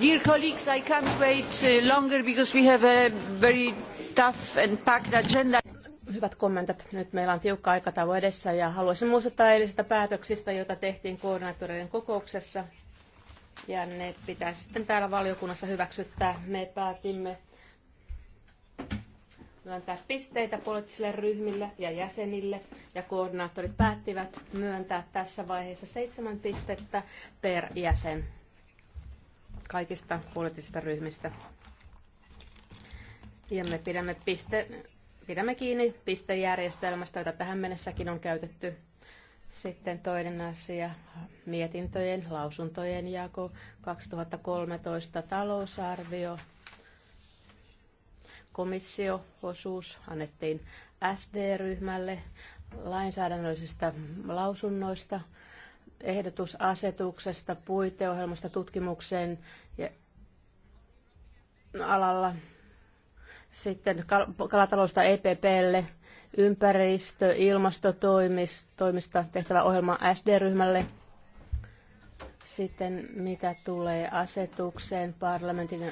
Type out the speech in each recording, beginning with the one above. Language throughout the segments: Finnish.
Dear colleagues, I can't wait uh, longer because we have a very tough and packed agenda. Hyvät kommentit. Nyt meillä on tiukka aikataulu edessä ja haluaisin muistuttaa eilisistä päätöksistä, joita tehtiin koordinaattoreiden kokouksessa. Ja ne pitäisi sitten täällä valiokunnassa hyväksyttää. Me päätimme myöntää pisteitä poliittisille ryhmille ja jäsenille, ja koordinaattorit päättivät myöntää tässä vaiheessa seitsemän pistettä per jäsen kaikista poliittisista ryhmistä. Ja me pidämme, piste, pidämme kiinni pistejärjestelmästä, jota tähän mennessäkin on käytetty. Sitten toinen asia, mietintöjen, lausuntojen jako 2013 talousarvio. Komissio-osuus annettiin SD-ryhmälle lainsäädännöllisistä lausunnoista ehdotus asetuksesta, puiteohjelmasta tutkimuksen ja alalla. Sitten kalatalousta EPPlle, ympäristö- ilmastotoimista tehtävä ohjelma SD-ryhmälle. Sitten mitä tulee asetukseen parlamentin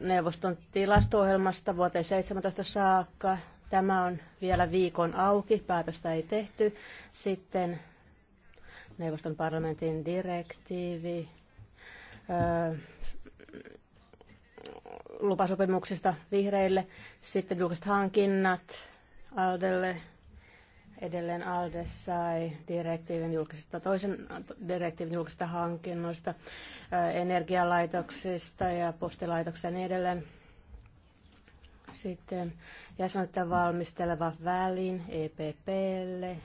neuvoston tilastoohjelmasta vuoteen 17 saakka. Tämä on vielä viikon auki, päätöstä ei tehty. Sitten neuvoston parlamentin direktiivi lupasopimuksista vihreille, sitten julkiset hankinnat Aldelle, edelleen ALDE sai direktiivin julkisista, toisen direktiivin julkisista hankinnoista, energialaitoksista ja postilaitoksista ja niin edelleen. Sitten jäsenyyttä valmisteleva välin EPPlle,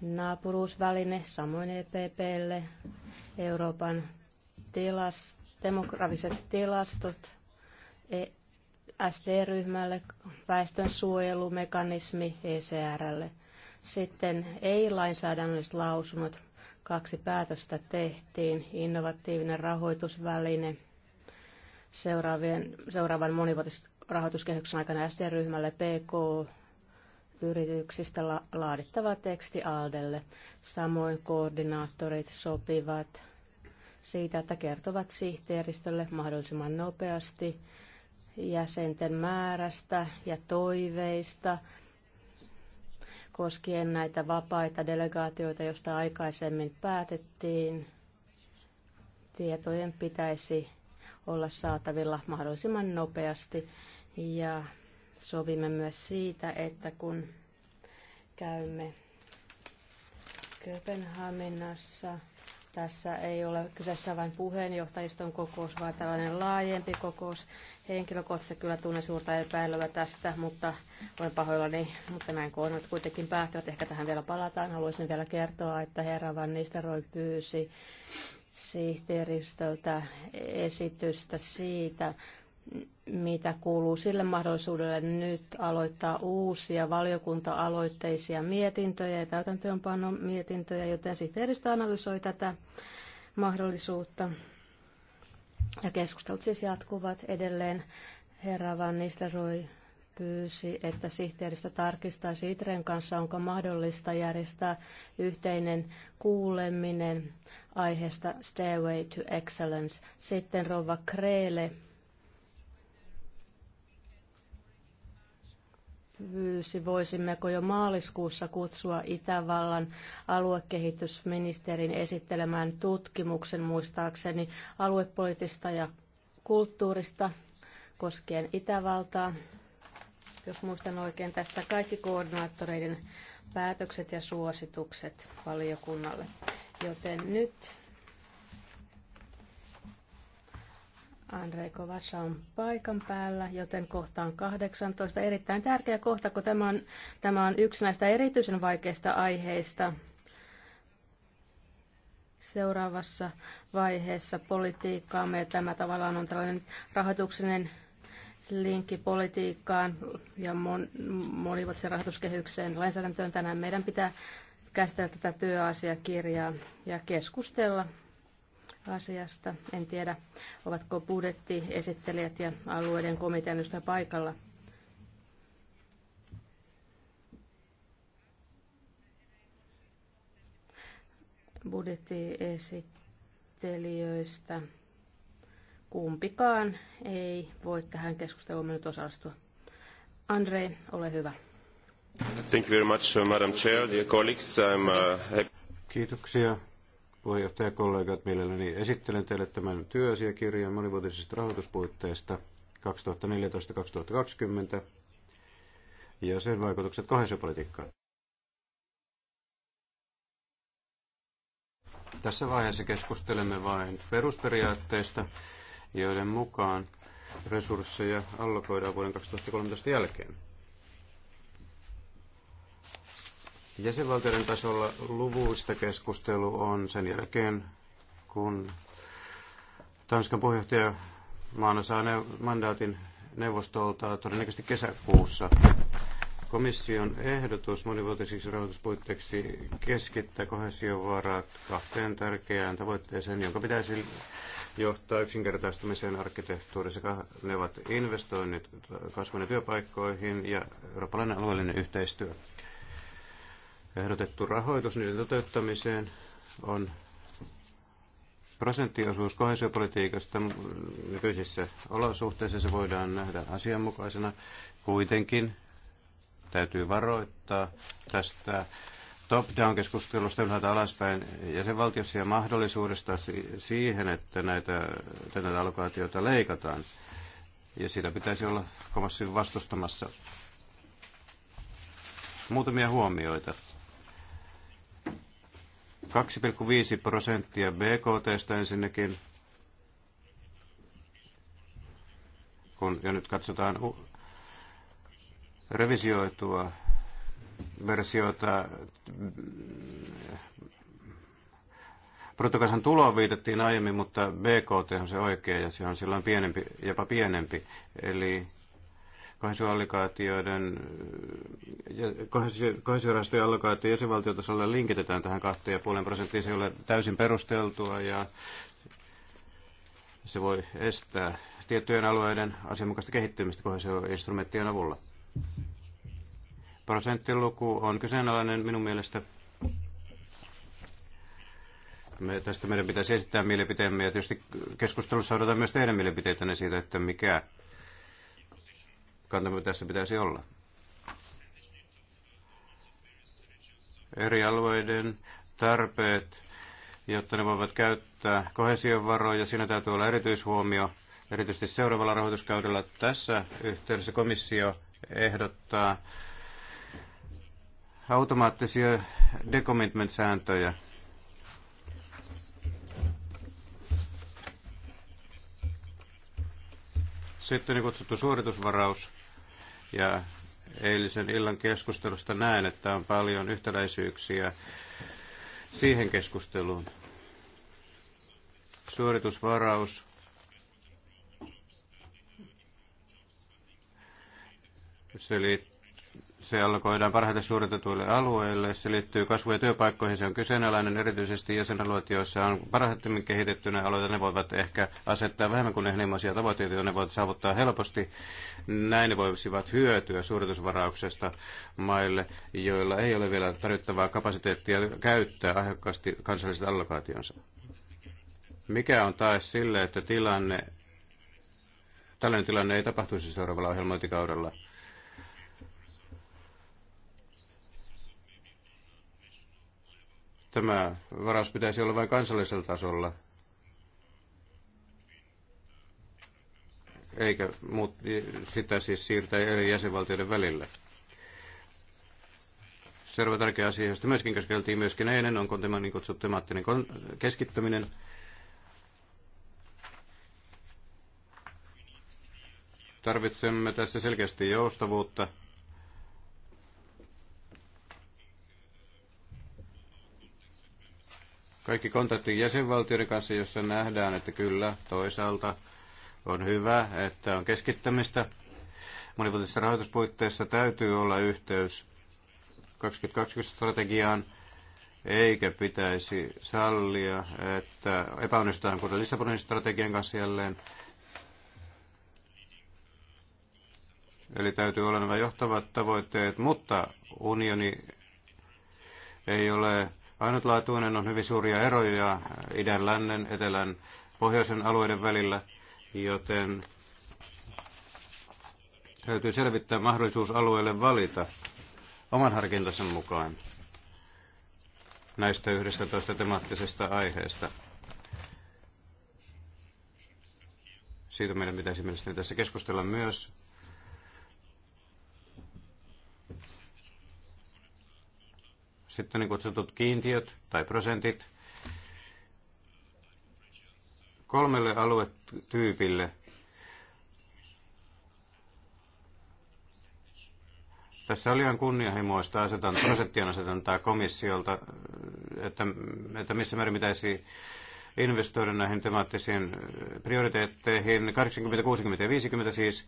naapuruusväline, samoin EPPlle, Euroopan tilas, demografiset tilastot, e- SD-ryhmälle, väestön suojelumekanismi ECRlle. Sitten ei-lainsäädännölliset lausunnot, kaksi päätöstä tehtiin, innovatiivinen rahoitusväline seuraavien, seuraavan monivuotisen rahoituskehyksen aikana SD-ryhmälle PK yrityksistä laadittava teksti Aldelle. Samoin koordinaattorit sopivat siitä, että kertovat sihteeristölle mahdollisimman nopeasti jäsenten määrästä ja toiveista koskien näitä vapaita delegaatioita, joista aikaisemmin päätettiin. Tietojen pitäisi olla saatavilla mahdollisimman nopeasti ja Sovimme myös siitä, että kun käymme Kööpenhaminassa, tässä ei ole kyseessä vain puheenjohtajiston kokous, vaan tällainen laajempi kokous. Henkilökohtaisesti kyllä tunnen suurta epäilyä tästä, mutta olen pahoillani, mutta näin on kuitenkin päättävät. Ehkä tähän vielä palataan. Haluaisin vielä kertoa, että herra Van Nistelrooy pyysi sihteeristöltä esitystä siitä, mitä kuuluu sille mahdollisuudelle nyt aloittaa uusia valiokunta-aloitteisia mietintöjä ja täytäntöönpanon mietintöjä, joten sihteeristö analysoi tätä mahdollisuutta. Ja keskustelut siis jatkuvat edelleen. Herra Van Nistelrooy pyysi, että sihteeristö tarkistaa Sitren kanssa, onko mahdollista järjestää yhteinen kuuleminen aiheesta Stairway to Excellence. Sitten Rova Kreele pyysi, voisimmeko jo maaliskuussa kutsua Itävallan aluekehitysministerin esittelemään tutkimuksen muistaakseni aluepoliittista ja kulttuurista koskien Itävaltaa. Jos muistan oikein, tässä kaikki koordinaattoreiden päätökset ja suositukset valiokunnalle. Joten nyt Andrei Kovassa on paikan päällä, joten kohtaan 18. Erittäin tärkeä kohta, kun tämä on, tämä on yksi näistä erityisen vaikeista aiheista. Seuraavassa vaiheessa politiikkaamme tämä tavallaan on tällainen rahoituksinen linkki politiikkaan ja mon, monivuotisen rahoituskehykseen lainsäädäntöön. Tänään meidän pitää käsitellä tätä työasiakirjaa ja keskustella asiasta. En tiedä, ovatko budjettiesittelijät ja alueiden komitean ystä paikalla. Budjettiesittelijöistä kumpikaan ei voi tähän keskusteluun nyt osallistua. Andrei, ole hyvä. Thank you very much, uh, Madam Chair, dear colleagues. I'm, uh, happy. Kiitoksia puheenjohtajakollegat, mielelläni esittelen teille tämän työasiakirjan monivuotisesta rahoituspuitteesta 2014-2020 ja sen vaikutukset kohesiopolitiikkaan. Tässä vaiheessa keskustelemme vain perusperiaatteista, joiden mukaan resursseja allokoidaan vuoden 2013 jälkeen. Jäsenvaltioiden tasolla luvuista keskustelu on sen jälkeen, kun Tanskan puheenjohtaja maana saa mandaatin neuvostolta todennäköisesti kesäkuussa. Komission ehdotus monivuotisiksi rahoituspuitteiksi keskittää kohesiovarat kahteen tärkeään tavoitteeseen, jonka pitäisi johtaa yksinkertaistumiseen arkkitehtuurissa. Ne ovat investoinnit kasvun ja työpaikkoihin ja eurooppalainen alueellinen yhteistyö ehdotettu rahoitus niiden toteuttamiseen on prosenttiosuus kohesiopolitiikasta nykyisissä olosuhteissa. Se voidaan nähdä asianmukaisena. Kuitenkin täytyy varoittaa tästä top-down-keskustelusta ylhäältä alaspäin jäsenvaltiossa ja mahdollisuudesta siihen, että näitä, tätä allokaatiota leikataan. Ja siitä pitäisi olla kovasti vastustamassa. Muutamia huomioita 2,5 prosenttia BKT ensinnäkin. Kun, ja nyt katsotaan revisioitua versiota. Bruttokansan tuloon viitettiin aiemmin, mutta BKT on se oikea ja se on silloin pienempi, jopa pienempi. Eli kohesioallokaatioiden, kohesiorahastojen allokaatio jäsenvaltiotasolla linkitetään tähän 2,5 prosenttiin. Se ei ole täysin perusteltua ja se voi estää tiettyjen alueiden asianmukaista kehittymistä kohesioinstrumenttien avulla. Prosenttiluku on kyseenalainen minun mielestä. Me, tästä meidän pitäisi esittää mielipiteemme ja tietysti keskustelussa odotetaan myös teidän mielipiteitänne siitä, että mikä kantamme tässä pitäisi olla. Eri alueiden tarpeet, jotta ne voivat käyttää kohesion varoja, siinä täytyy olla erityishuomio. Erityisesti seuraavalla rahoituskaudella tässä yhteydessä komissio ehdottaa automaattisia decommitment-sääntöjä. Sitten niin kutsuttu suoritusvaraus. Ja eilisen illan keskustelusta näen, että on paljon yhtäläisyyksiä siihen keskusteluun. Suoritusvaraus se liittyy se allokoidaan parhaiten suoritetuille alueille. Se liittyy kasvu- ja työpaikkoihin. Se on kyseenalainen erityisesti jäsenalueet, joissa on parhaiten kehitettynä alueita. Ne voivat ehkä asettaa vähemmän kuin ehdimmäisiä tavoitteita, joita ne voivat saavuttaa helposti. Näin ne voisivat hyötyä suoritusvarauksesta maille, joilla ei ole vielä tarjottavaa kapasiteettia käyttää ahjakkaasti kansalliset allokaationsa. Mikä on taas sille, että tilanne, tällainen tilanne ei tapahtuisi seuraavalla ohjelmointikaudella? Tämä varaus pitäisi olla vain kansallisella tasolla, eikä muut, sitä siis siirtää eri jäsenvaltioiden välille. Seuraava tärkeä asia, josta myöskin keskeltiin myöskin ennen on tämä niin kutsuttu temaattinen keskittäminen. Tarvitsemme tässä selkeästi joustavuutta kaikki kontaktit jäsenvaltioiden kanssa, jossa nähdään, että kyllä toisaalta on hyvä, että on keskittämistä. Monivuotisessa rahoituspuitteissa täytyy olla yhteys 2020-strategiaan, eikä pitäisi sallia, että epäonnistutaan kuten Lissabonin strategian kanssa jälleen. Eli täytyy olla nämä johtavat tavoitteet, mutta unioni ei ole ainutlaatuinen, on hyvin suuria eroja idän, lännen, etelän, pohjoisen alueiden välillä, joten täytyy selvittää mahdollisuus alueelle valita oman harkintansa mukaan näistä 11 temaattisesta aiheesta. Siitä meidän pitäisi mielestäni tässä keskustella myös. Sitten niin kutsutut kiintiöt tai prosentit. Kolmelle aluetyypille Tässä oli ihan kunnianhimoista asetan, prosenttien asetantaa komissiolta, että, että missä määrin pitäisi investoida näihin temaattisiin prioriteetteihin, 80, 60 ja 50 siis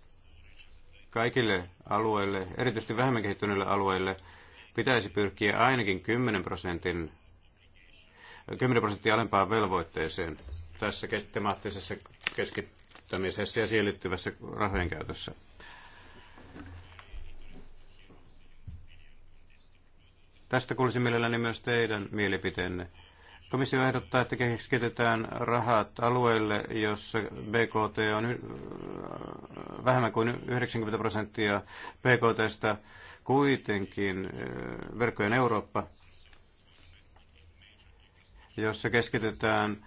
kaikille alueille, erityisesti vähemmän kehittyneille alueille pitäisi pyrkiä ainakin 10 prosentin 10 prosenttia alempaan velvoitteeseen tässä temaattisessa keskittämisessä ja siihen liittyvässä rahojen käytössä. Tästä kuulisin mielelläni myös teidän mielipiteenne. Komissio ehdottaa, että keskitetään rahat alueille, jossa BKT on vähemmän kuin 90 prosenttia BKTstä kuitenkin eh, verkkojen Eurooppa, jossa keskitytään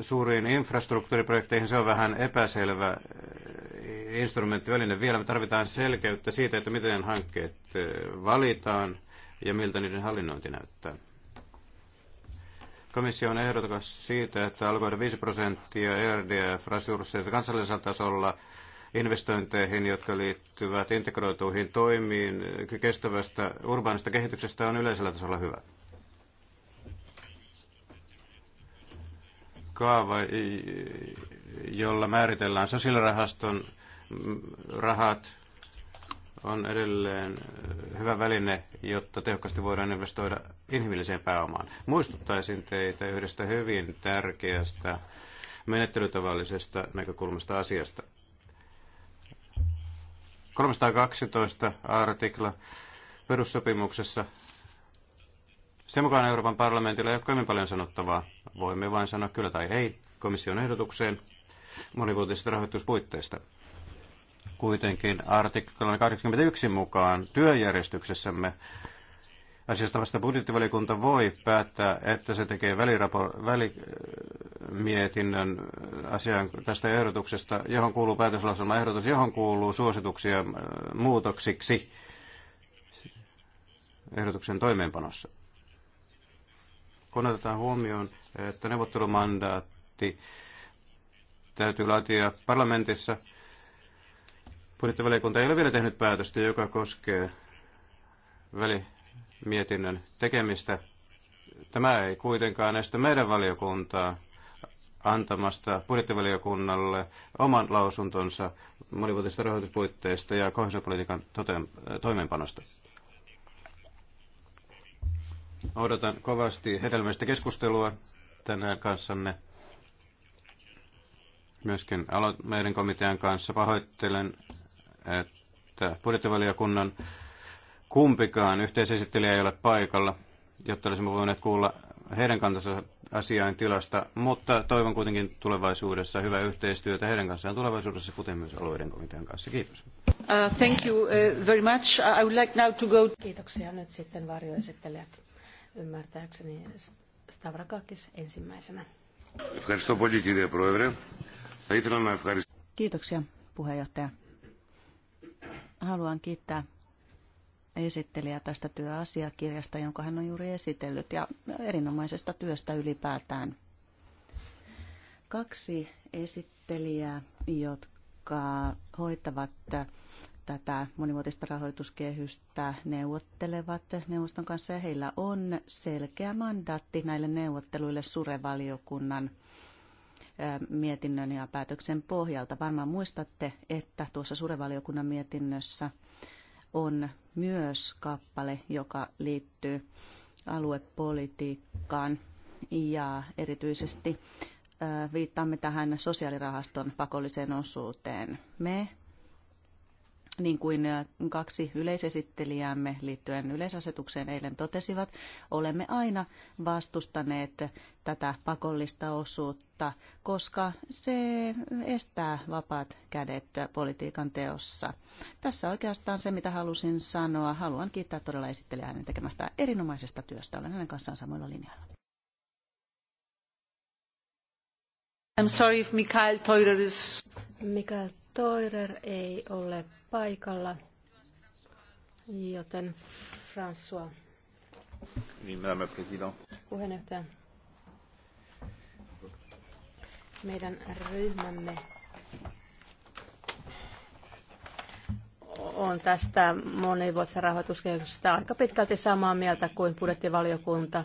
suuriin infrastruktuuriprojekteihin, se on vähän epäselvä eh, instrumenttiväline vielä. Me tarvitaan selkeyttä siitä, että miten hankkeet eh, valitaan ja miltä niiden hallinnointi näyttää. Komissio on ehdotukas siitä, että alkoida 5 prosenttia ERDF-resursseista kansallisella tasolla investointeihin, jotka liittyvät integroituihin toimiin kestävästä urbaanista kehityksestä, on yleisellä tasolla hyvä. Kaava, jolla määritellään sosiaalirahaston rahat, on edelleen hyvä väline, jotta tehokkaasti voidaan investoida inhimilliseen pääomaan. Muistuttaisin teitä yhdestä hyvin tärkeästä menettelytavallisesta näkökulmasta asiasta – 312 artikla perussopimuksessa. Sen mukaan Euroopan parlamentilla ei ole kovin paljon sanottavaa. Voimme vain sanoa kyllä tai ei komission ehdotukseen monivuotisista rahoituspuitteista. Kuitenkin artiklan 81 mukaan työjärjestyksessämme Asiasta vasta budjettivaliokunta voi päättää, että se tekee välirapor- välimietinnön asian tästä ehdotuksesta, johon kuuluu päätöslauselmaehdotus, johon kuuluu suosituksia äh, muutoksiksi ehdotuksen toimeenpanossa. Kun otetaan huomioon, että neuvottelumandaatti täytyy laatia parlamentissa, budjettivaliokunta ei ole vielä tehnyt päätöstä, joka koskee väli mietinnön tekemistä. Tämä ei kuitenkaan estä meidän valiokuntaa antamasta budjettivaliokunnalle oman lausuntonsa monivuotisesta rahoituspuitteista ja kohdallisuuspolitiikan toimeenpanosta. Odotan kovasti hedelmällistä keskustelua tänään kanssanne. Myöskin aloit meidän komitean kanssa pahoittelen, että budjettivaliokunnan Kumpikaan yhteisesittelijä ei ole paikalla, jotta olisimme voineet kuulla heidän kantansa asiain tilasta, mutta toivon kuitenkin tulevaisuudessa hyvää yhteistyötä heidän kanssaan tulevaisuudessa, kuten myös alueiden komitean kanssa. Kiitos. Uh, thank you uh, very much. I would like now to go... Kiitoksia nyt sitten varjoesittelijät. Ymmärtääkseni Stavrakakis ensimmäisenä. Kiitoksia puheenjohtaja. Haluan kiittää esittelijä tästä työasiakirjasta, jonka hän on juuri esitellyt, ja erinomaisesta työstä ylipäätään. Kaksi esittelijää, jotka hoitavat tätä monivuotista rahoituskehystä neuvottelevat neuvoston kanssa ja heillä on selkeä mandaatti näille neuvotteluille surevaliokunnan mietinnön ja päätöksen pohjalta. Varmaan muistatte, että tuossa surevaliokunnan mietinnössä on myös kappale, joka liittyy aluepolitiikkaan ja erityisesti viittaamme tähän sosiaalirahaston pakolliseen osuuteen. Me niin kuin äh, kaksi yleisesittelijäämme liittyen yleisasetukseen eilen totesivat, olemme aina vastustaneet tätä pakollista osuutta, koska se estää vapaat kädet politiikan teossa. Tässä oikeastaan se, mitä halusin sanoa. Haluan kiittää todella esittelijää hänen tekemästä erinomaisesta työstä. Olen hänen kanssaan samoilla linjoilla. I'm sorry if Mikael Toiler is... Mikael Steurer ei ole paikalla, joten François. Niin, madame president. Puheenjohtaja. Meidän ryhmämme on tästä monivuotisen rahoituskehityksestä aika pitkälti samaa mieltä kuin budjettivaliokunta.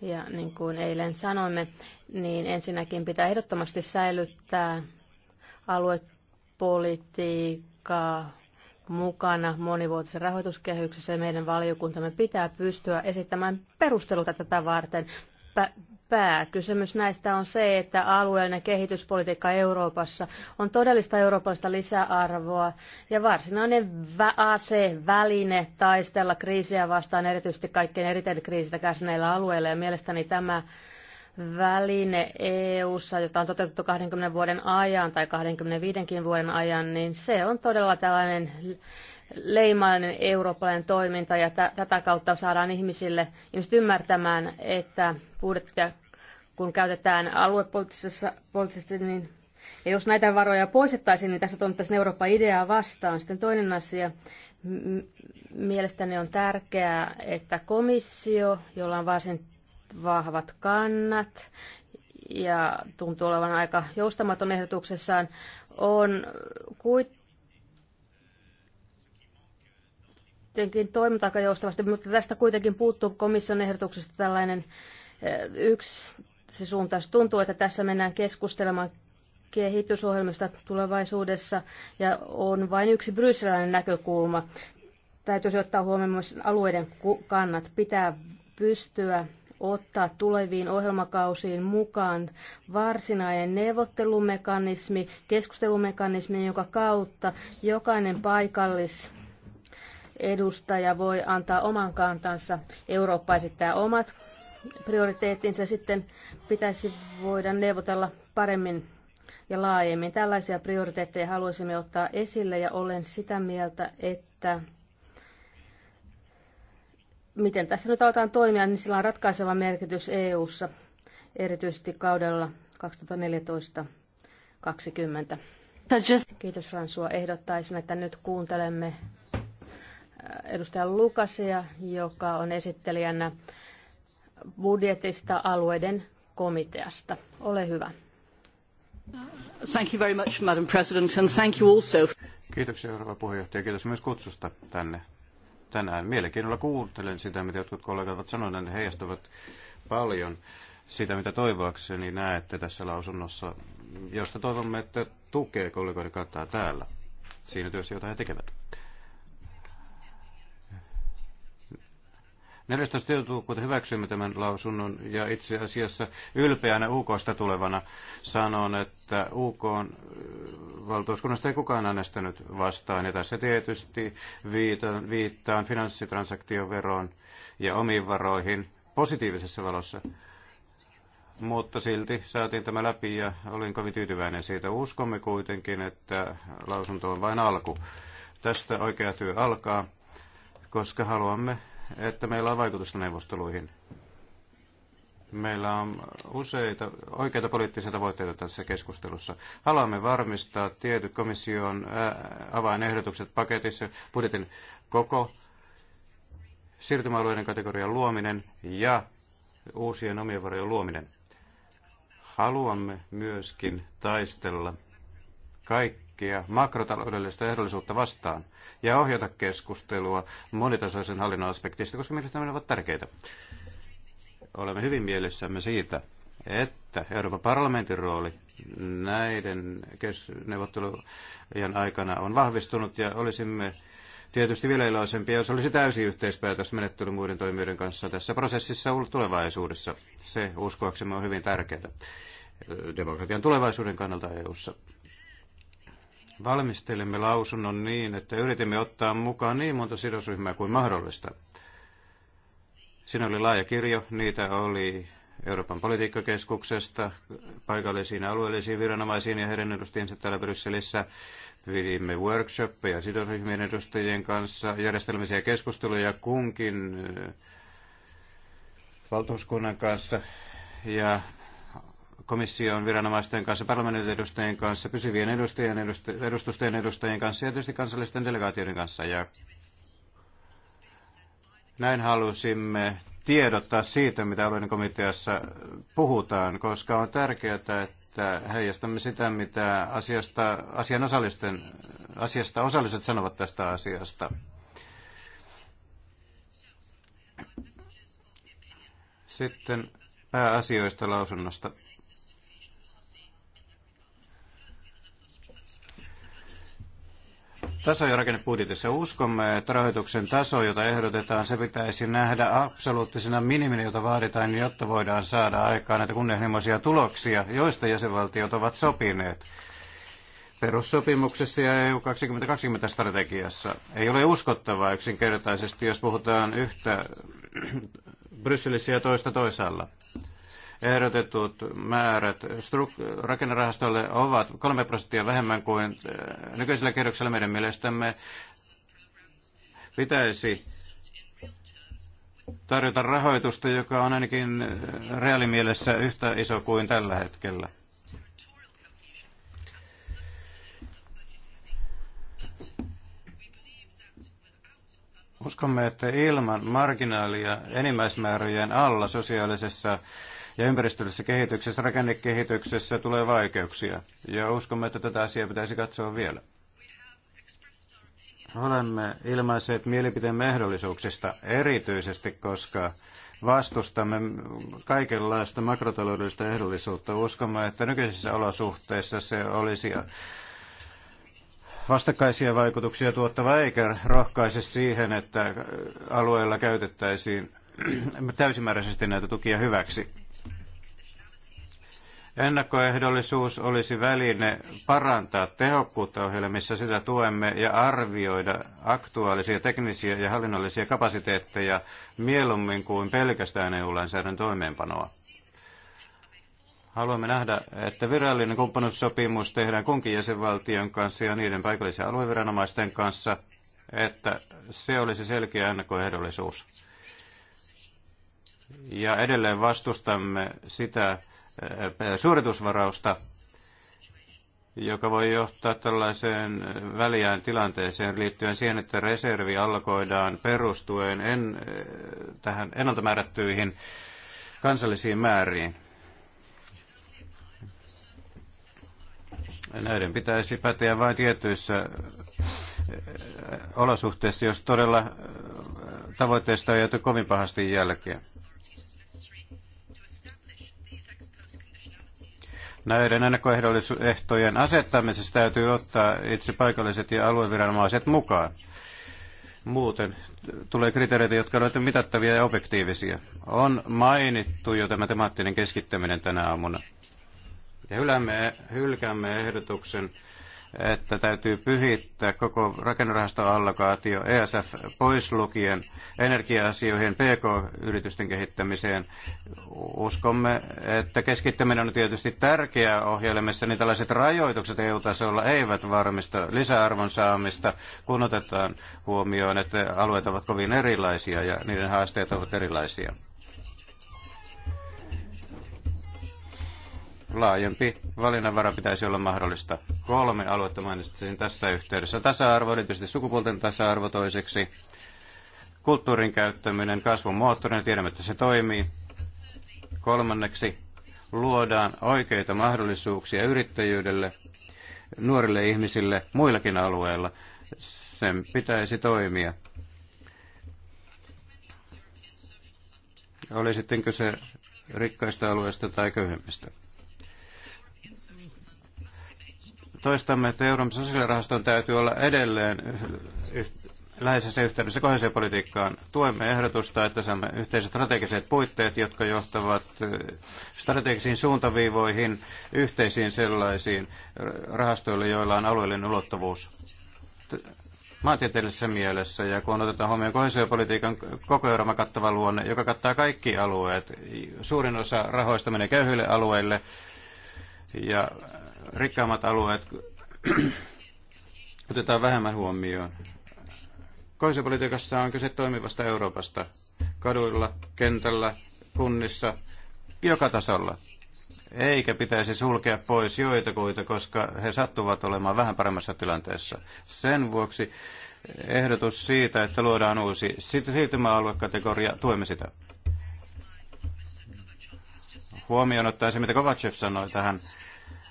Ja niin kuin eilen sanoimme, niin ensinnäkin pitää ehdottomasti säilyttää alue politiikka mukana monivuotisessa rahoituskehyksessä ja meidän valiokuntamme pitää pystyä esittämään perusteluta tätä varten. Pä- pääkysymys näistä on se, että alueellinen kehityspolitiikka Euroopassa on todellista eurooppalaista lisäarvoa ja varsinainen vä- ase, väline taistella kriisiä vastaan, erityisesti kaikkein eriten kriisistä kärsineillä alueilla. Ja mielestäni tämä väline EU-ssa, jota on toteutettu 20 vuoden ajan tai 25 vuoden ajan, niin se on todella tällainen leimallinen eurooppalainen toiminta ja tätä kautta saadaan ihmisille ihmiset ymmärtämään, että budjettia kun käytetään aluepoliittisesti, niin ja jos näitä varoja poistettaisiin, niin tässä tuntuisi Euroopan ideaa vastaan. Sitten toinen asia, mielestäni on tärkeää, että komissio, jolla on varsin vahvat kannat ja tuntuu olevan aika joustamaton ehdotuksessaan, on kuitenkin toiminta aika joustavasti, mutta tästä kuitenkin puuttuu komission ehdotuksesta tällainen eh, yksi se suuntaus. Tuntuu, että tässä mennään keskustelemaan kehitysohjelmista tulevaisuudessa ja on vain yksi brysseläinen näkökulma. Täytyisi ottaa huomioon myös alueiden kannat. Pitää pystyä ottaa tuleviin ohjelmakausiin mukaan varsinainen neuvottelumekanismi, keskustelumekanismi, jonka kautta jokainen paikallis edustaja voi antaa oman kantansa. Eurooppa esittää omat prioriteettinsa sitten pitäisi voida neuvotella paremmin ja laajemmin. Tällaisia prioriteetteja haluaisimme ottaa esille ja olen sitä mieltä, että miten tässä nyt aletaan toimia, niin sillä on ratkaiseva merkitys EU:ssa erityisesti kaudella 2014 2020 Kiitos Fransua Ehdottaisin, että nyt kuuntelemme äh, edustaja Lukasia, joka on esittelijänä budjetista alueiden komiteasta. Ole hyvä. Thank you very much, Madam President, and thank you also. Kiitoksia, rouva puheenjohtaja. Kiitos myös kutsusta tänne tänään. Mielenkiinnolla kuuntelen sitä, mitä jotkut kollegat ovat sanoneet, ne heijastavat paljon sitä, mitä toivoakseni näette tässä lausunnossa, josta toivomme, että tukee kollegoiden kantaa täällä siinä työssä, jota he tekevät. 14. joulukuuta hyväksyimme tämän lausunnon ja itse asiassa ylpeänä UKsta tulevana sanon, että UK äh, valtuuskunnasta ei kukaan äänestänyt vastaan. Ja tässä tietysti viitaan, viittaan finanssitransaktioveroon ja omiin varoihin positiivisessa valossa. Mutta silti saatiin tämä läpi ja olin kovin tyytyväinen siitä. Uskomme kuitenkin, että lausunto on vain alku. Tästä oikea työ alkaa, koska haluamme että meillä on vaikutusta neuvosteluihin. Meillä on useita oikeita poliittisia tavoitteita tässä keskustelussa. Haluamme varmistaa tietyt komission avainehdotukset paketissa, budjetin koko, siirtymäalueiden kategorian luominen ja uusien omien varojen luominen. Haluamme myöskin taistella kaikki kaikkea makrotaloudellista ehdollisuutta vastaan ja ohjata keskustelua monitasoisen hallinnon aspektista, koska mielestäni ne ovat tärkeitä. Olemme hyvin mielessämme siitä, että Euroopan parlamentin rooli näiden neuvottelujen aikana on vahvistunut ja olisimme tietysti vielä iloisempia, jos olisi yhteispäätös menettely muiden toimijoiden kanssa tässä prosessissa ollut tulevaisuudessa. Se uskoaksemme on hyvin tärkeää demokratian tulevaisuuden kannalta EU:ssa. Valmistelimme lausunnon niin, että yritimme ottaa mukaan niin monta sidosryhmää kuin mahdollista. Siinä oli laaja kirjo, niitä oli Euroopan politiikkakeskuksesta paikallisiin ja alueellisiin viranomaisiin ja heidän edustajiensa täällä Brysselissä. Pidimme workshoppeja sidosryhmien edustajien kanssa, järjestelmisiä keskusteluja kunkin äh, valtuuskunnan kanssa ja komission viranomaisten kanssa, parlamentin edustajien kanssa, pysyvien edustajien, edustajien, edustustojen edustajien kanssa ja tietysti kansallisten delegaatioiden kanssa. Ja näin halusimme tiedottaa siitä, mitä alueiden komiteassa puhutaan, koska on tärkeää, että heijastamme sitä, mitä asiasta, asian osallisten, asiasta osalliset sanovat tästä asiasta. Sitten pääasioista lausunnosta. taso- jo rakennebudjetissa. Uskomme, että rahoituksen taso, jota ehdotetaan, se pitäisi nähdä absoluuttisena minimin, jota vaaditaan, jotta voidaan saada aikaan näitä kunnianhimoisia tuloksia, joista jäsenvaltiot ovat sopineet perussopimuksessa ja EU 2020-strategiassa. Ei ole uskottavaa yksinkertaisesti, jos puhutaan yhtä Brysselissä ja toista toisaalla ehdotetut määrät struk- rakennerahastolle ovat 3 prosenttia vähemmän kuin äh, nykyisellä kerroksella meidän mielestämme pitäisi tarjota rahoitusta, joka on ainakin äh, reaalimielessä yhtä iso kuin tällä hetkellä. Uskomme, että ilman marginaalia enimmäismäärien alla sosiaalisessa ja ympäristöllisessä kehityksessä, rakennekehityksessä tulee vaikeuksia. Ja uskomme, että tätä asiaa pitäisi katsoa vielä. Olemme ilmaiseet mielipiteemme ehdollisuuksista erityisesti, koska vastustamme kaikenlaista makrotaloudellista ehdollisuutta. Uskomme, että nykyisissä olosuhteissa se olisi vastakkaisia vaikutuksia tuottava eikä rohkaise siihen, että alueella käytettäisiin täysimääräisesti näitä tukia hyväksi. Ennakkoehdollisuus olisi väline parantaa tehokkuutta ohjelmissa, sitä tuemme ja arvioida aktuaalisia teknisiä ja hallinnollisia kapasiteetteja mieluummin kuin pelkästään EU-lainsäädännön toimeenpanoa. Haluamme nähdä, että virallinen kumppanuussopimus tehdään kunkin jäsenvaltion kanssa ja niiden paikallisen alueviranomaisten kanssa, että se olisi selkeä ennakkoehdollisuus ja edelleen vastustamme sitä suoritusvarausta, joka voi johtaa tällaiseen väliään tilanteeseen liittyen siihen, että reservi alkoidaan perustuen en, tähän ennalta määrättyihin kansallisiin määriin. Näiden pitäisi päteä vain tietyissä olosuhteissa, jos todella tavoitteista on jäänyt kovin pahasti jälkeen. Näiden ennakkoehtojen asettamisessa täytyy ottaa itse paikalliset ja alueviranomaiset mukaan. Muuten tulee kriteereitä, jotka ovat mitattavia ja objektiivisia. On mainittu jo tämä temaattinen keskittäminen tänä aamuna. Ja hylämme, hylkäämme ehdotuksen että täytyy pyhittää koko rakennerahastoallokaatio ESF pois lukien energia-asioihin, PK-yritysten kehittämiseen. Uskomme, että keskittäminen on tietysti tärkeää ohjelmissa, niin tällaiset rajoitukset EU-tasolla eivät varmista lisäarvon saamista, kun otetaan huomioon, että alueet ovat kovin erilaisia ja niiden haasteet ovat erilaisia. laajempi valinnanvara pitäisi olla mahdollista. Kolme aluetta mainitsin tässä yhteydessä. Tasa-arvo, erityisesti sukupuolten tasa-arvo toiseksi. Kulttuurin käyttäminen kasvun moottorina, tiedämme, että se toimii. Kolmanneksi, luodaan oikeita mahdollisuuksia yrittäjyydelle, nuorille ihmisille muillakin alueilla. Sen pitäisi toimia. Oli sitten kyse rikkaista alueista tai köyhemmistä. toistamme, että Euroopan sosiaalirahaston täytyy olla edelleen läheisessä yhteydessä kohesiopolitiikkaan. Tuemme ehdotusta, että saamme yhteiset strategiset puitteet, jotka johtavat eh, strategisiin suuntaviivoihin, yhteisiin sellaisiin rahastoille, joilla on alueellinen ulottuvuus maantieteellisessä mielessä, ja kun otetaan huomioon kohesiopolitiikan koko Euroopan kattava luonne, joka kattaa kaikki alueet, suurin osa rahoista menee köyhille alueille, ja rikkaammat alueet otetaan vähemmän huomioon. Koisapolitiikassa on kyse toimivasta Euroopasta, kaduilla, kentällä, kunnissa, joka tasolla. Eikä pitäisi sulkea pois joitakuita, koska he sattuvat olemaan vähän paremmassa tilanteessa. Sen vuoksi ehdotus siitä, että luodaan uusi siirtymäaluekategoria, tuemme sitä. Huomioon ottaen se, mitä Kovacev sanoi tähän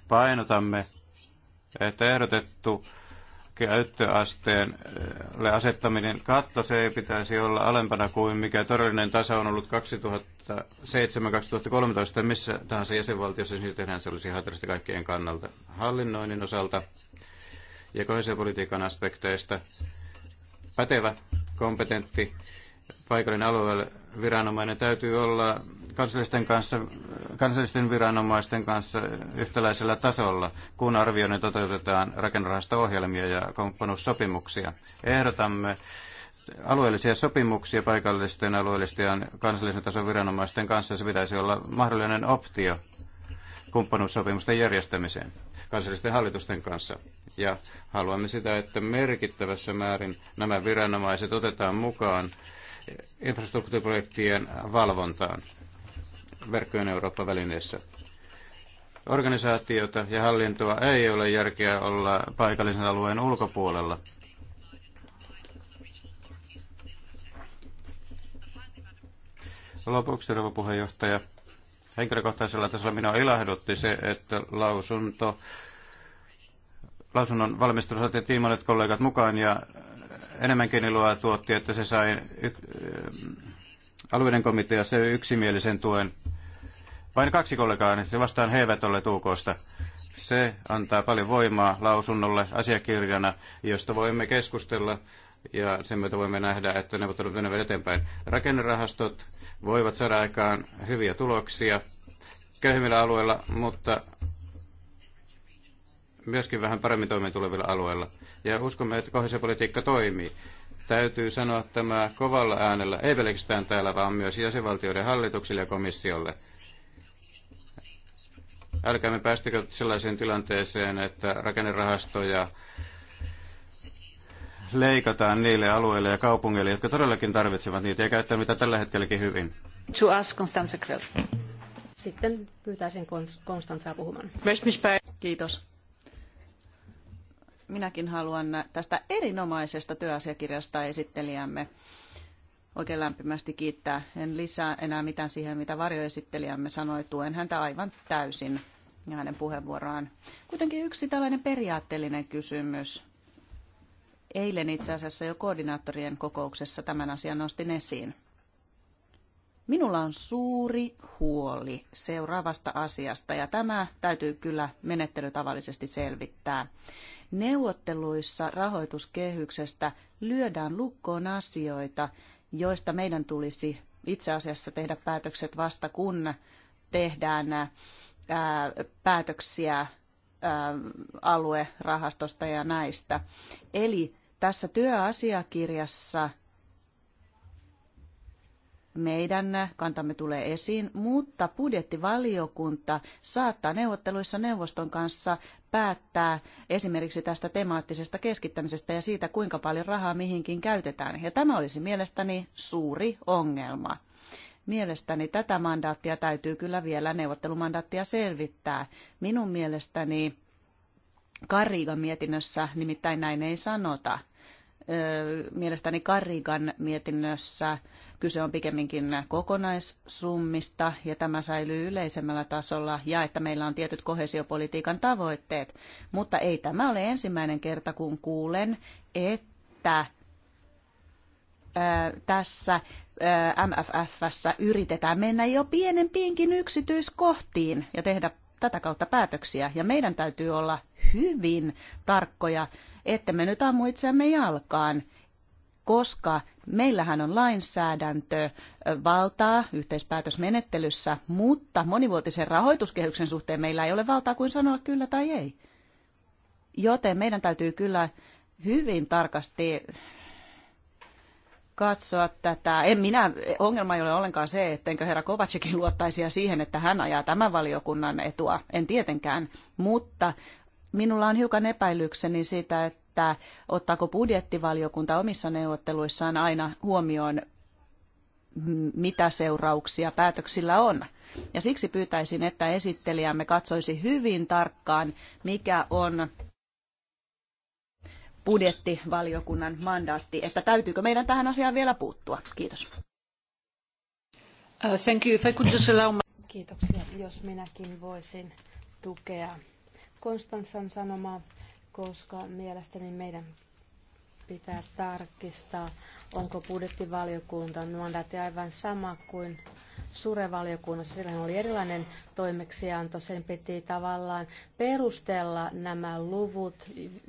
Painotamme, että ehdotettu käyttöasteelle asettaminen katto, se ei pitäisi olla alempana kuin mikä todellinen taso on ollut 2007-2013, missä tahansa jäsenvaltiossa niin tehdään se olisi haitallista kaikkien kannalta hallinnoinnin osalta ja kohesiopolitiikan aspekteista. Pätevä, kompetentti, paikallinen alueelle viranomainen täytyy olla kansallisten, kanssa, kansallisten viranomaisten kanssa yhtäläisellä tasolla, kun arvioinnin toteutetaan rakennerahasto-ohjelmia ja kumppanuussopimuksia. Ehdotamme alueellisia sopimuksia paikallisten, alueellisten ja kansallisen tason viranomaisten kanssa. Se pitäisi olla mahdollinen optio kumppanuussopimusten järjestämiseen kansallisten hallitusten kanssa. Ja haluamme sitä, että merkittävässä määrin nämä viranomaiset otetaan mukaan infrastruktuuriprojektien valvontaan verkkojen Eurooppa-välineessä. Organisaatiota ja hallintoa ei ole järkeä olla paikallisen alueen ulkopuolella. Lopuksi, rouva puheenjohtaja, henkilökohtaisella tasolla minua ilahdutti se, että lausunto, lausunnon valmistelussa saatiin tiimonet kollegat mukaan ja enemmänkin iloa tuotti, että se sai y- alueiden komitea se yksimielisen tuen vain kaksi kollegaa niin se vastaan, he eivät ole tuukosta. Se antaa paljon voimaa lausunnolle asiakirjana, josta voimme keskustella ja sen myötä voimme nähdä, että neuvottelut menevät eteenpäin. Rakennerahastot voivat saada aikaan hyviä tuloksia köyhimmillä alueilla, mutta myöskin vähän paremmin toimeen tulevilla alueilla. Ja uskomme, että kohdallisuuspolitiikka toimii. Täytyy sanoa tämä kovalla äänellä, ei pelkästään täällä, vaan myös jäsenvaltioiden hallituksille ja komissiolle. Älkäämme päästykö sellaiseen tilanteeseen, että rakennerahastoja leikataan niille alueille ja kaupungeille, jotka todellakin tarvitsevat niitä ja käyttää mitä tällä hetkelläkin hyvin. To ask Constanze Sitten pyytäisin Konstantsaa puhumaan. Kiitos. Minäkin haluan tästä erinomaisesta työasiakirjasta esittelijämme oikein lämpimästi kiittää. En lisää enää mitään siihen, mitä varjoesittelijämme sanoi. Tuen häntä aivan täysin ja hänen puheenvuoroaan. Kuitenkin yksi tällainen periaatteellinen kysymys. Eilen itse asiassa jo koordinaattorien kokouksessa tämän asian nostin esiin. Minulla on suuri huoli seuraavasta asiasta ja tämä täytyy kyllä menettelytavallisesti selvittää. Neuvotteluissa rahoituskehyksestä lyödään lukkoon asioita, joista meidän tulisi itse asiassa tehdä päätökset vasta kun tehdään ää, päätöksiä ää, aluerahastosta ja näistä. Eli tässä työasiakirjassa meidän kantamme tulee esiin, mutta budjettivaliokunta saattaa neuvotteluissa neuvoston kanssa päättää esimerkiksi tästä temaattisesta keskittämisestä ja siitä, kuinka paljon rahaa mihinkin käytetään. Ja tämä olisi mielestäni suuri ongelma. Mielestäni tätä mandaattia täytyy kyllä vielä neuvottelumandaattia selvittää. Minun mielestäni Karriikan mietinnössä nimittäin näin ei sanota – mielestäni Karrigan mietinnössä kyse on pikemminkin kokonaissummista ja tämä säilyy yleisemmällä tasolla ja että meillä on tietyt kohesiopolitiikan tavoitteet. Mutta ei tämä ole ensimmäinen kerta, kun kuulen, että ää, tässä ää, MFFssä yritetään mennä jo pienempiinkin yksityiskohtiin ja tehdä tätä kautta päätöksiä. Ja meidän täytyy olla hyvin tarkkoja että me nyt ammu itseämme jalkaan, koska meillähän on lainsäädäntö valtaa yhteispäätösmenettelyssä, mutta monivuotisen rahoituskehyksen suhteen meillä ei ole valtaa kuin sanoa kyllä tai ei. Joten meidän täytyy kyllä hyvin tarkasti katsoa tätä. En minä, ongelma ei ole ollenkaan se, ettenkö herra Kovacekin luottaisi siihen, että hän ajaa tämän valiokunnan etua. En tietenkään, mutta Minulla on hiukan epäilykseni siitä, että ottaako budjettivaliokunta omissa neuvotteluissaan aina huomioon, mitä seurauksia päätöksillä on. Ja siksi pyytäisin, että esittelijämme katsoisi hyvin tarkkaan, mikä on budjettivaliokunnan mandaatti, että täytyykö meidän tähän asiaan vielä puuttua. Kiitos. Uh, thank you. If I could just allow... Kiitoksia. Jos minäkin voisin tukea Konstantsan sanomaa, koska mielestäni meidän pitää tarkistaa, onko budjettivaliokunta mandaatti aivan sama kuin surevaliokunnassa. Sillähän oli erilainen toimeksianto. Sen piti tavallaan perustella nämä luvut,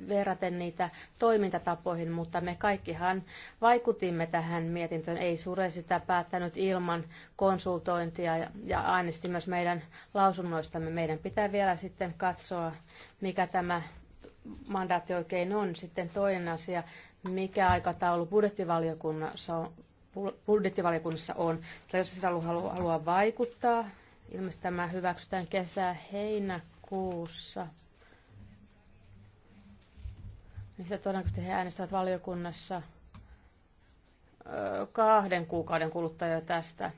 verraten niitä toimintatapoihin, mutta me kaikkihan vaikutimme tähän mietintöön. Ei sure sitä päättänyt ilman konsultointia ja, ja äänesti myös meidän lausunnoistamme. Meidän pitää vielä sitten katsoa, mikä tämä mandaatti oikein on. Sitten toinen asia, mikä aikataulu budjettivaliokunnassa on, budjettivaliokunnassa on. Jos siis haluaa, haluaa vaikuttaa, ilmeisesti tämä hyväksytään kesä-heinäkuussa. Niistä todennäköisesti he äänestävät valiokunnassa kahden kuukauden kuluttaja tästä,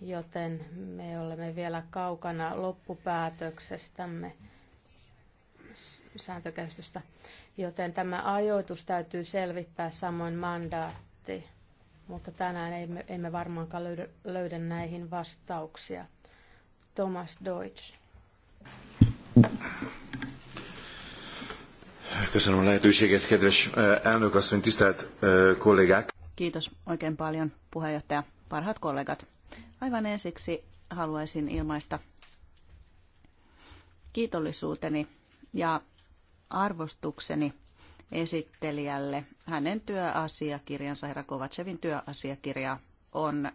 joten me olemme vielä kaukana loppupäätöksestämme sääntökäsitystä joten tämä ajoitus täytyy selvittää samoin mandaatti. Mutta tänään emme, emme varmaankaan löydä, löydä näihin vastauksia. Thomas Deutsch. Köszönöm a lehetőséget, kedves eh, elnök tisztelt eh, kollégák! Kiitos oikein paljon puheenjohtaja, parhaat kollegat. Aivan ensiksi haluaisin ilmaista kiitollisuuteni ja arvostukseni esittelijälle. Hänen työasiakirjansa, herra Kovacevin työasiakirja, on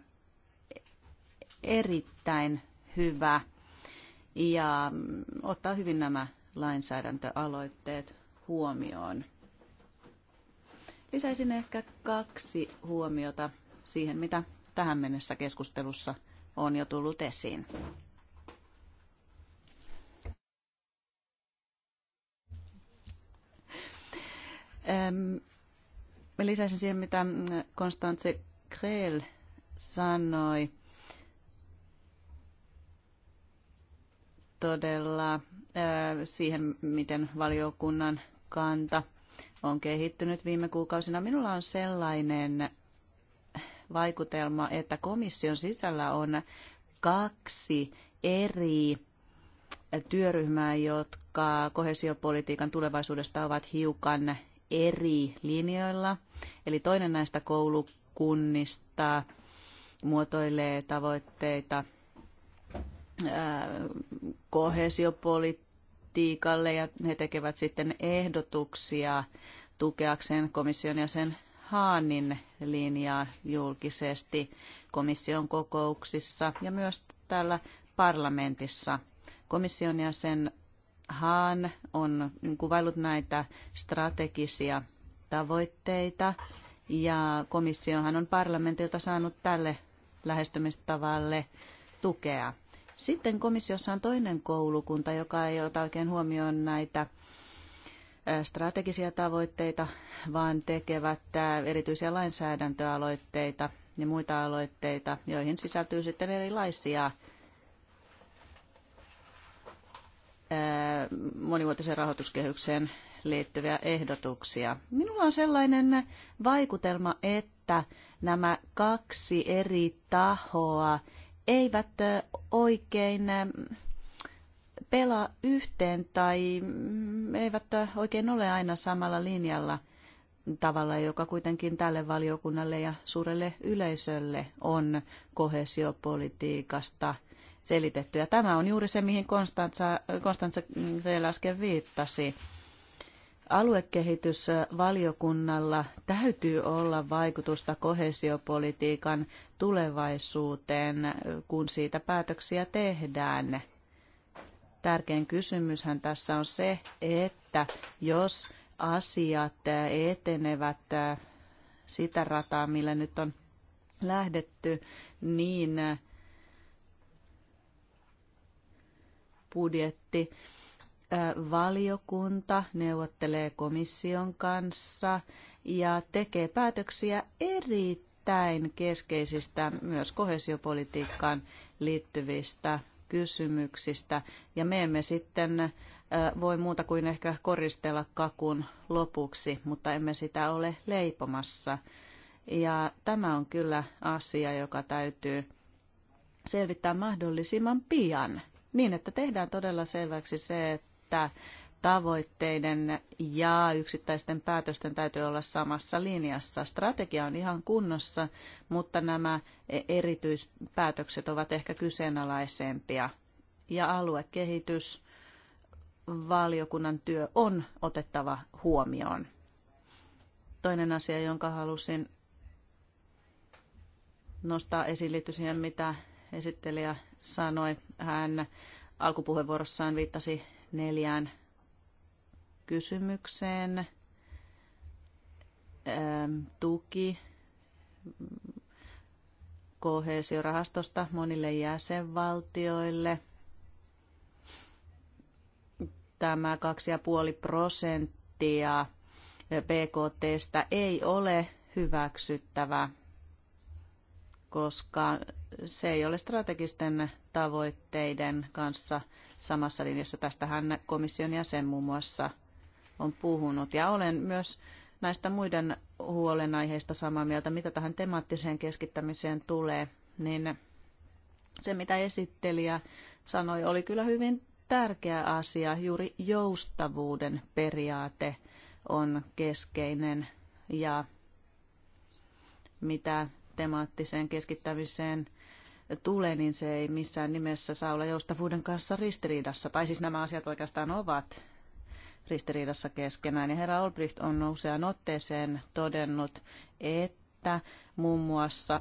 erittäin hyvä ja ottaa hyvin nämä lainsäädäntöaloitteet huomioon. Lisäisin ehkä kaksi huomiota siihen, mitä tähän mennessä keskustelussa on jo tullut esiin. Mä lisäisin siihen, mitä Konstantse Kreel sanoi. Todella siihen, miten valiokunnan kanta on kehittynyt viime kuukausina. Minulla on sellainen vaikutelma, että komission sisällä on kaksi eri työryhmää, jotka kohesiopolitiikan tulevaisuudesta ovat hiukan eri linjoilla. Eli toinen näistä koulukunnista muotoilee tavoitteita kohesiopolitiikalle ja he tekevät sitten ehdotuksia tukeakseen komission ja sen Haanin linjaa julkisesti komission kokouksissa ja myös täällä parlamentissa. Komission ja sen Haan on kuvailut näitä strategisia tavoitteita ja komissiohan on parlamentilta saanut tälle lähestymistavalle tukea. Sitten komissiossa on toinen koulukunta, joka ei ota oikein huomioon näitä strategisia tavoitteita, vaan tekevät erityisiä lainsäädäntöaloitteita ja muita aloitteita, joihin sisältyy sitten erilaisia monivuotiseen rahoituskehykseen liittyviä ehdotuksia. Minulla on sellainen vaikutelma, että nämä kaksi eri tahoa eivät oikein pelaa yhteen tai eivät oikein ole aina samalla linjalla tavalla, joka kuitenkin tälle valiokunnalle ja suurelle yleisölle on kohesiopolitiikasta – selitetty. Ja tämä on juuri se, mihin Konstantsa, Konstantsa äsken viittasi. Aluekehitysvaliokunnalla täytyy olla vaikutusta kohesiopolitiikan tulevaisuuteen, kun siitä päätöksiä tehdään. Tärkein kysymyshän tässä on se, että jos asiat etenevät sitä rataa, millä nyt on lähdetty, niin budjetti valiokunta neuvottelee komission kanssa ja tekee päätöksiä erittäin keskeisistä myös kohesiopolitiikkaan liittyvistä kysymyksistä. Ja me emme sitten voi muuta kuin ehkä koristella kakun lopuksi, mutta emme sitä ole leipomassa. Ja tämä on kyllä asia, joka täytyy selvittää mahdollisimman pian niin, että tehdään todella selväksi se, että tavoitteiden ja yksittäisten päätösten täytyy olla samassa linjassa. Strategia on ihan kunnossa, mutta nämä erityispäätökset ovat ehkä kyseenalaisempia. Ja aluekehitys valiokunnan työ on otettava huomioon. Toinen asia, jonka halusin nostaa esiin, liittyy siihen, mitä esittelijä sanoi. Hän alkupuheenvuorossaan viittasi neljään kysymykseen. Tuki kohesiorahastosta monille jäsenvaltioille. Tämä 2,5 prosenttia BKTstä ei ole hyväksyttävä, koska se ei ole strategisten tavoitteiden kanssa samassa linjassa. Tästähän komission jäsen muun muassa on puhunut. Ja olen myös näistä muiden huolenaiheista samaa mieltä, mitä tähän temaattiseen keskittämiseen tulee, niin se mitä esittelijä sanoi oli kyllä hyvin tärkeä asia. Juuri joustavuuden periaate on keskeinen ja mitä temaattiseen keskittämiseen – tulee, niin se ei missään nimessä saa olla joustavuuden kanssa ristiriidassa. Tai siis nämä asiat oikeastaan ovat ristiriidassa keskenään. Ja herra Olbricht on usean otteeseen todennut, että muun muassa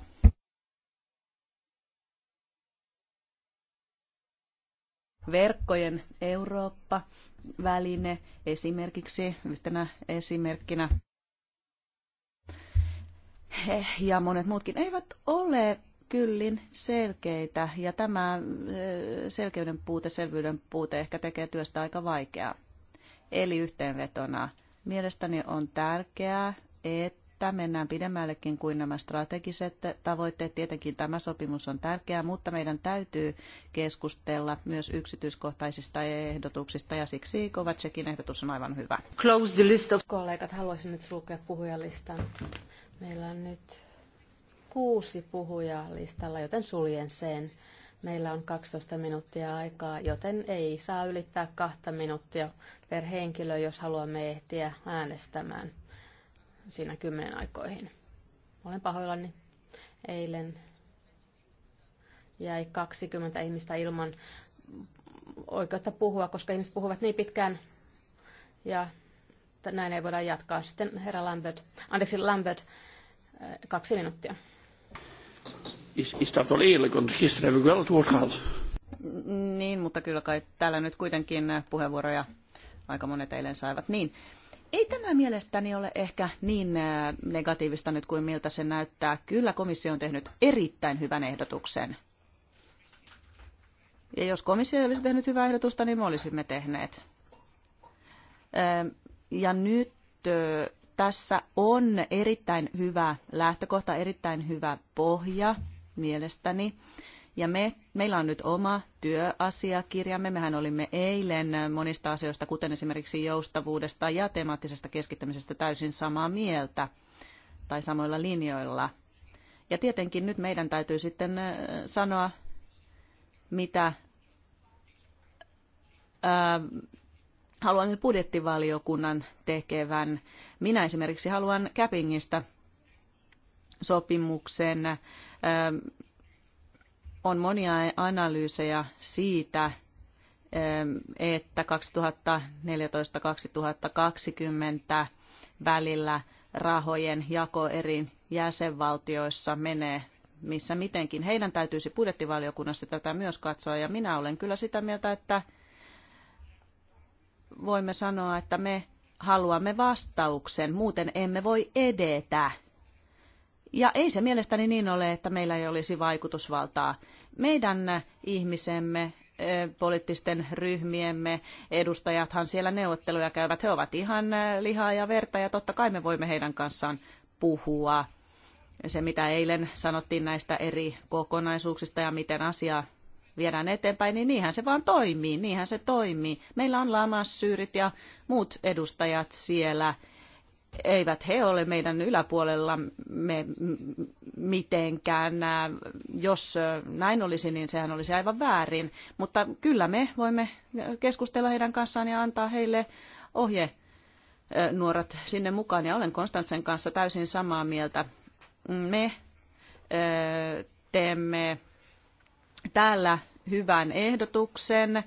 verkkojen Eurooppa-väline esimerkiksi yhtenä esimerkkinä eh, ja monet muutkin eivät ole kyllin selkeitä ja tämä äh, selkeyden puute, selvyyden puute ehkä tekee työstä aika vaikeaa. Eli yhteenvetona mielestäni on tärkeää, että mennään pidemmällekin kuin nämä strategiset tavoitteet. Tietenkin tämä sopimus on tärkeää, mutta meidän täytyy keskustella myös yksityiskohtaisista ehdotuksista ja siksi Kovacekin ehdotus on aivan hyvä. Close the list of... Kollegat, haluaisin nyt sulkea puhujalistan. Meillä on nyt kuusi puhujaa listalla, joten suljen sen. Meillä on 12 minuuttia aikaa, joten ei saa ylittää kahta minuuttia per henkilö, jos haluamme ehtiä äänestämään siinä kymmenen aikoihin. Olen pahoillani. Eilen jäi 20 ihmistä ilman oikeutta puhua, koska ihmiset puhuvat niin pitkään ja näin ei voida jatkaa. Sitten herra Lambert, anteeksi Lambert, kaksi minuuttia. Is, is dat wel eerlijk? Want gisteren heb ik wel het woord gehad. Niin, mutta kyllä kai täällä nyt kuitenkin eh, puheenvuoroja aika monet eilen saivat. Niin, ei tämä mielestäni ole ehkä niin eh, negatiivista nyt kuin miltä se näyttää. Kyllä komissio on tehnyt erittäin hyvän ehdotuksen. Ja jos komissio olisi tehnyt hyvää ehdotusta, niin me olisimme tehneet. Eh, ja nyt tässä on erittäin hyvä lähtökohta, erittäin hyvä pohja mielestäni. Ja me, meillä on nyt oma työasiakirjamme. Mehän olimme eilen monista asioista, kuten esimerkiksi joustavuudesta ja temaattisesta keskittämisestä täysin samaa mieltä tai samoilla linjoilla. Ja tietenkin nyt meidän täytyy sitten sanoa, mitä haluamme budjettivaliokunnan tekevän. Minä esimerkiksi haluan Käpingistä sopimuksen. On monia analyysejä siitä, että 2014-2020 välillä rahojen jako eri jäsenvaltioissa menee missä mitenkin. Heidän täytyisi budjettivaliokunnassa tätä myös katsoa ja minä olen kyllä sitä mieltä, että voimme sanoa, että me haluamme vastauksen, muuten emme voi edetä. Ja ei se mielestäni niin ole, että meillä ei olisi vaikutusvaltaa. Meidän ihmisemme, poliittisten ryhmiemme edustajathan siellä neuvotteluja käyvät. He ovat ihan lihaa ja verta ja totta kai me voimme heidän kanssaan puhua. Se, mitä eilen sanottiin näistä eri kokonaisuuksista ja miten asia viedään eteenpäin, niin niinhän se vaan toimii, niinhän se toimii. Meillä on lamassyyrit ja muut edustajat siellä. Eivät he ole meidän yläpuolella me mitenkään. Jos näin olisi, niin sehän olisi aivan väärin. Mutta kyllä me voimme keskustella heidän kanssaan ja antaa heille ohje nuoret sinne mukaan. Ja olen Konstantsen kanssa täysin samaa mieltä. Me teemme täällä hyvän ehdotuksen.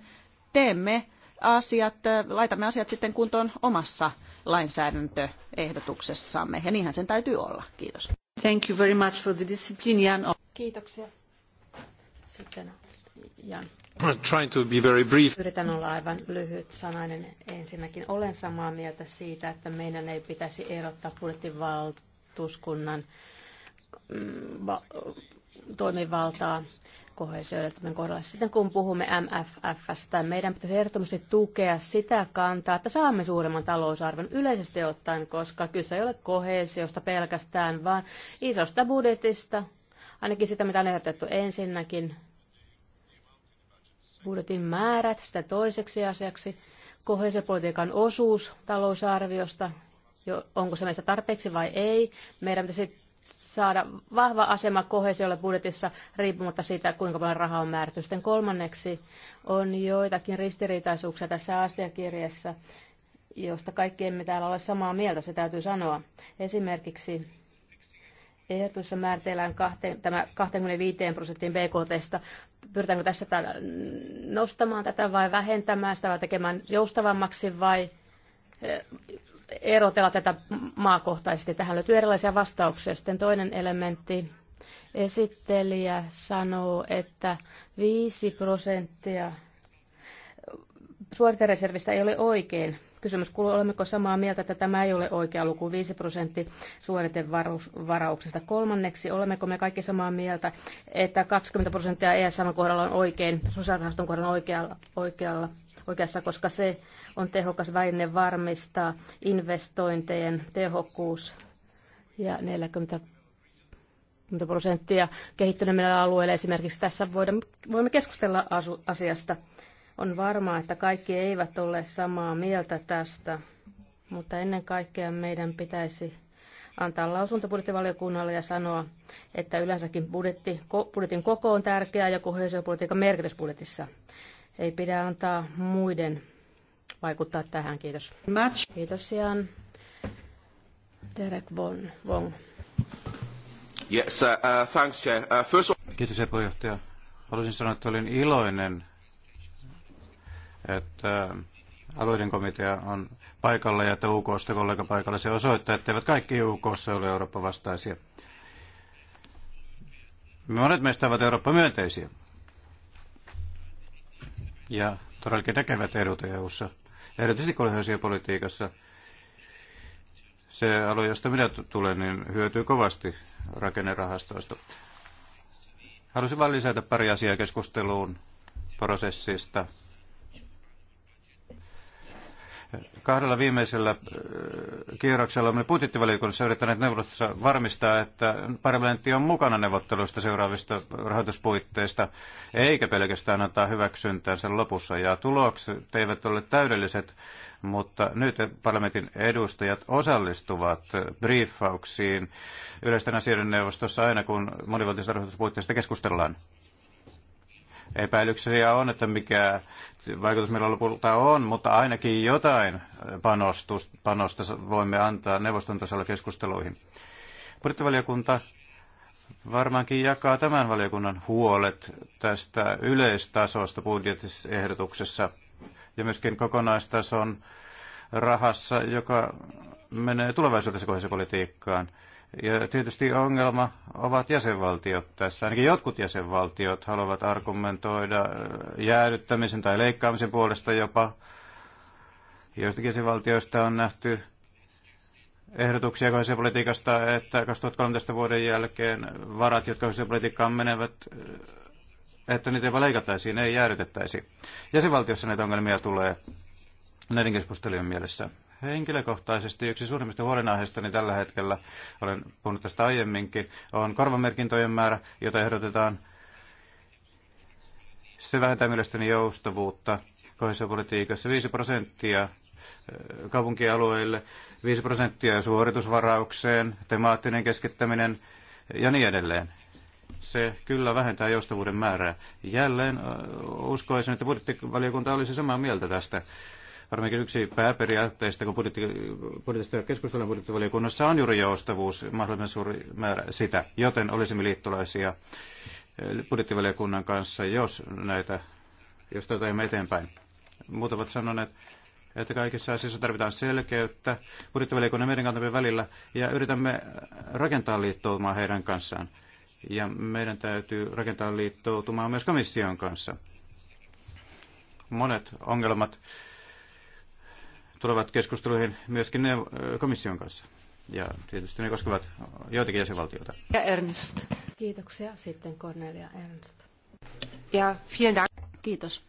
Teemme asiat, laitamme asiat sitten kuntoon omassa lainsäädäntöehdotuksessamme, ja niinhän sen täytyy olla. Kiitos. Thank you very much for the discipline, Jan. Oh. Kiitoksia. Sitten Jan. Trying to be very brief. Yritän olla aivan lyhyt sanainen. Ensinnäkin olen samaa mieltä siitä, että meidän ei pitäisi erottaa budjettivaltuuskunnan mm, toimivaltaa tämän kohdalla. Sitten kun puhumme MFFstä, meidän pitäisi ehdottomasti tukea sitä kantaa, että saamme suuremman talousarvon yleisesti ottaen, koska kyse ei ole koheesiosta pelkästään, vaan isosta budjetista, ainakin sitä, mitä on ehdotettu ensinnäkin, budjetin määrät, sitä toiseksi asiaksi, koheesiopolitiikan osuus talousarviosta, jo, onko se meistä tarpeeksi vai ei. Meidän pitäisi saada vahva asema kohesiolle budjetissa riippumatta siitä, kuinka paljon rahaa on määrätty. Sitten kolmanneksi on joitakin ristiriitaisuuksia tässä asiakirjassa, josta kaikki emme täällä ole samaa mieltä, se täytyy sanoa. Esimerkiksi ehdotuksessa määritellään kahte, tämä 25 prosentin BKTstä. Pyritäänkö tässä tämän, nostamaan tätä vai vähentämään sitä vai tekemään joustavammaksi vai eh, erotella tätä maakohtaisesti. Tähän löytyy erilaisia vastauksia. Sitten toinen elementti. Esittelijä sanoo, että 5 prosenttia suoritereservistä ei ole oikein. Kysymys kuuluu, olemmeko samaa mieltä, että tämä ei ole oikea luku, 5 prosentti suoritevarauksesta. Kolmanneksi, olemmeko me kaikki samaa mieltä, että 20 prosenttia ESM kohdalla on oikein, sosiaalirahaston kohdalla on oikealla, oikealla oikeassa, koska se on tehokas väline varmistaa investointejen tehokkuus ja 40 prosenttia kehittyneemmillä alueilla esimerkiksi tässä voidaan, voimme keskustella asu, asiasta. On varmaa, että kaikki eivät ole samaa mieltä tästä, mutta ennen kaikkea meidän pitäisi antaa lausunto budjettivaliokunnalle ja sanoa, että yleensäkin budjetti, budjetin koko on tärkeää ja kohesiopolitiikan merkitys budjetissa. Ei pidä antaa muiden vaikuttaa tähän. Kiitos. Match. Kiitos Jan. Derek Von, Wong. Yes, uh, uh thanks, Chair. Uh, first... Kiitos, puheenjohtaja. Haluaisin sanoa, että olin iloinen, että alueiden komitea on paikalla ja että UKsta kollega paikalla. Se osoittaa, että eivät kaikki UKssa ole Eurooppa vastaisia. Monet meistä ovat Eurooppa myönteisiä ja todellakin näkevät edut EU-ssa, erityisesti kohesiopolitiikassa. Se alue, josta minä tulen, niin hyötyy kovasti rakennerahastoista. Haluaisin vain lisätä pari asiaa keskusteluun prosessista Kahdella viimeisellä äh, kierroksella me budjettivaliokunnassa yrittäneet neuvostossa varmistaa, että parlamentti on mukana neuvotteluista seuraavista rahoituspuitteista, eikä pelkästään antaa sen lopussa. Ja tulokset eivät ole täydelliset, mutta nyt parlamentin edustajat osallistuvat briefauksiin yleisten asioiden neuvostossa aina, kun monivaltaisista rahoituspuitteista keskustellaan. Epäilyksiä on, että mikä vaikutus meillä lopulta on, mutta ainakin jotain panostus, panosta voimme antaa neuvoston tasolla keskusteluihin. Budjettivaliokunta varmaankin jakaa tämän valiokunnan huolet tästä yleistasosta budjetisehdotuksessa ja myöskin kokonaistason rahassa, joka menee tulevaisuudessa kohdassa politiikkaan. Ja tietysti ongelma ovat jäsenvaltiot tässä. Ainakin jotkut jäsenvaltiot haluavat argumentoida äh, jäädyttämisen tai leikkaamisen puolesta jopa. Joistakin jäsenvaltioista on nähty ehdotuksia kohesiopolitiikasta, että 2013 vuoden jälkeen varat, jotka kohesiopolitiikkaan menevät, äh, että niitä jopa leikataisiin, ei jäädytettäisi. Jäsenvaltiossa näitä ongelmia tulee näiden keskustelujen mielessä. Henkilökohtaisesti yksi suurimmista huolenaiheistani tällä hetkellä, olen puhunut tästä aiemminkin, on korvamerkintojen määrä, jota ehdotetaan. Se vähentää mielestäni joustavuutta kohdistuspolitiikassa 5 prosenttia kaupunkialueille, 5 prosenttia suoritusvaraukseen, temaattinen keskittäminen ja niin edelleen. Se kyllä vähentää joustavuuden määrää. Jälleen uskoisin, että budjettivaliokunta olisi samaa mieltä tästä. Varmaankin yksi pääperiaatteista, kun budjetti, budjetista keskustelun budjettivaliokunnassa, on juuri joustavuus, mahdollisimman suuri määrä sitä, joten olisimme liittolaisia eh, budjettivaliokunnan kanssa, jos näitä, jos tätä emme eteenpäin. Muut ovat sanoneet, että kaikissa asioissa tarvitaan selkeyttä budjettivaliokunnan meidän kantamme välillä ja yritämme rakentaa liittoutumaa heidän kanssaan. Ja meidän täytyy rakentaa liittoutumaa myös komission kanssa. Monet ongelmat tulevat keskusteluihin myöskin ne komission kanssa. Ja tietysti ne koskevat joitakin jäsenvaltioita. Ja Ernst. Kiitoksia. Sitten Cornelia Ernst. Ja vielen dank. Kiitos.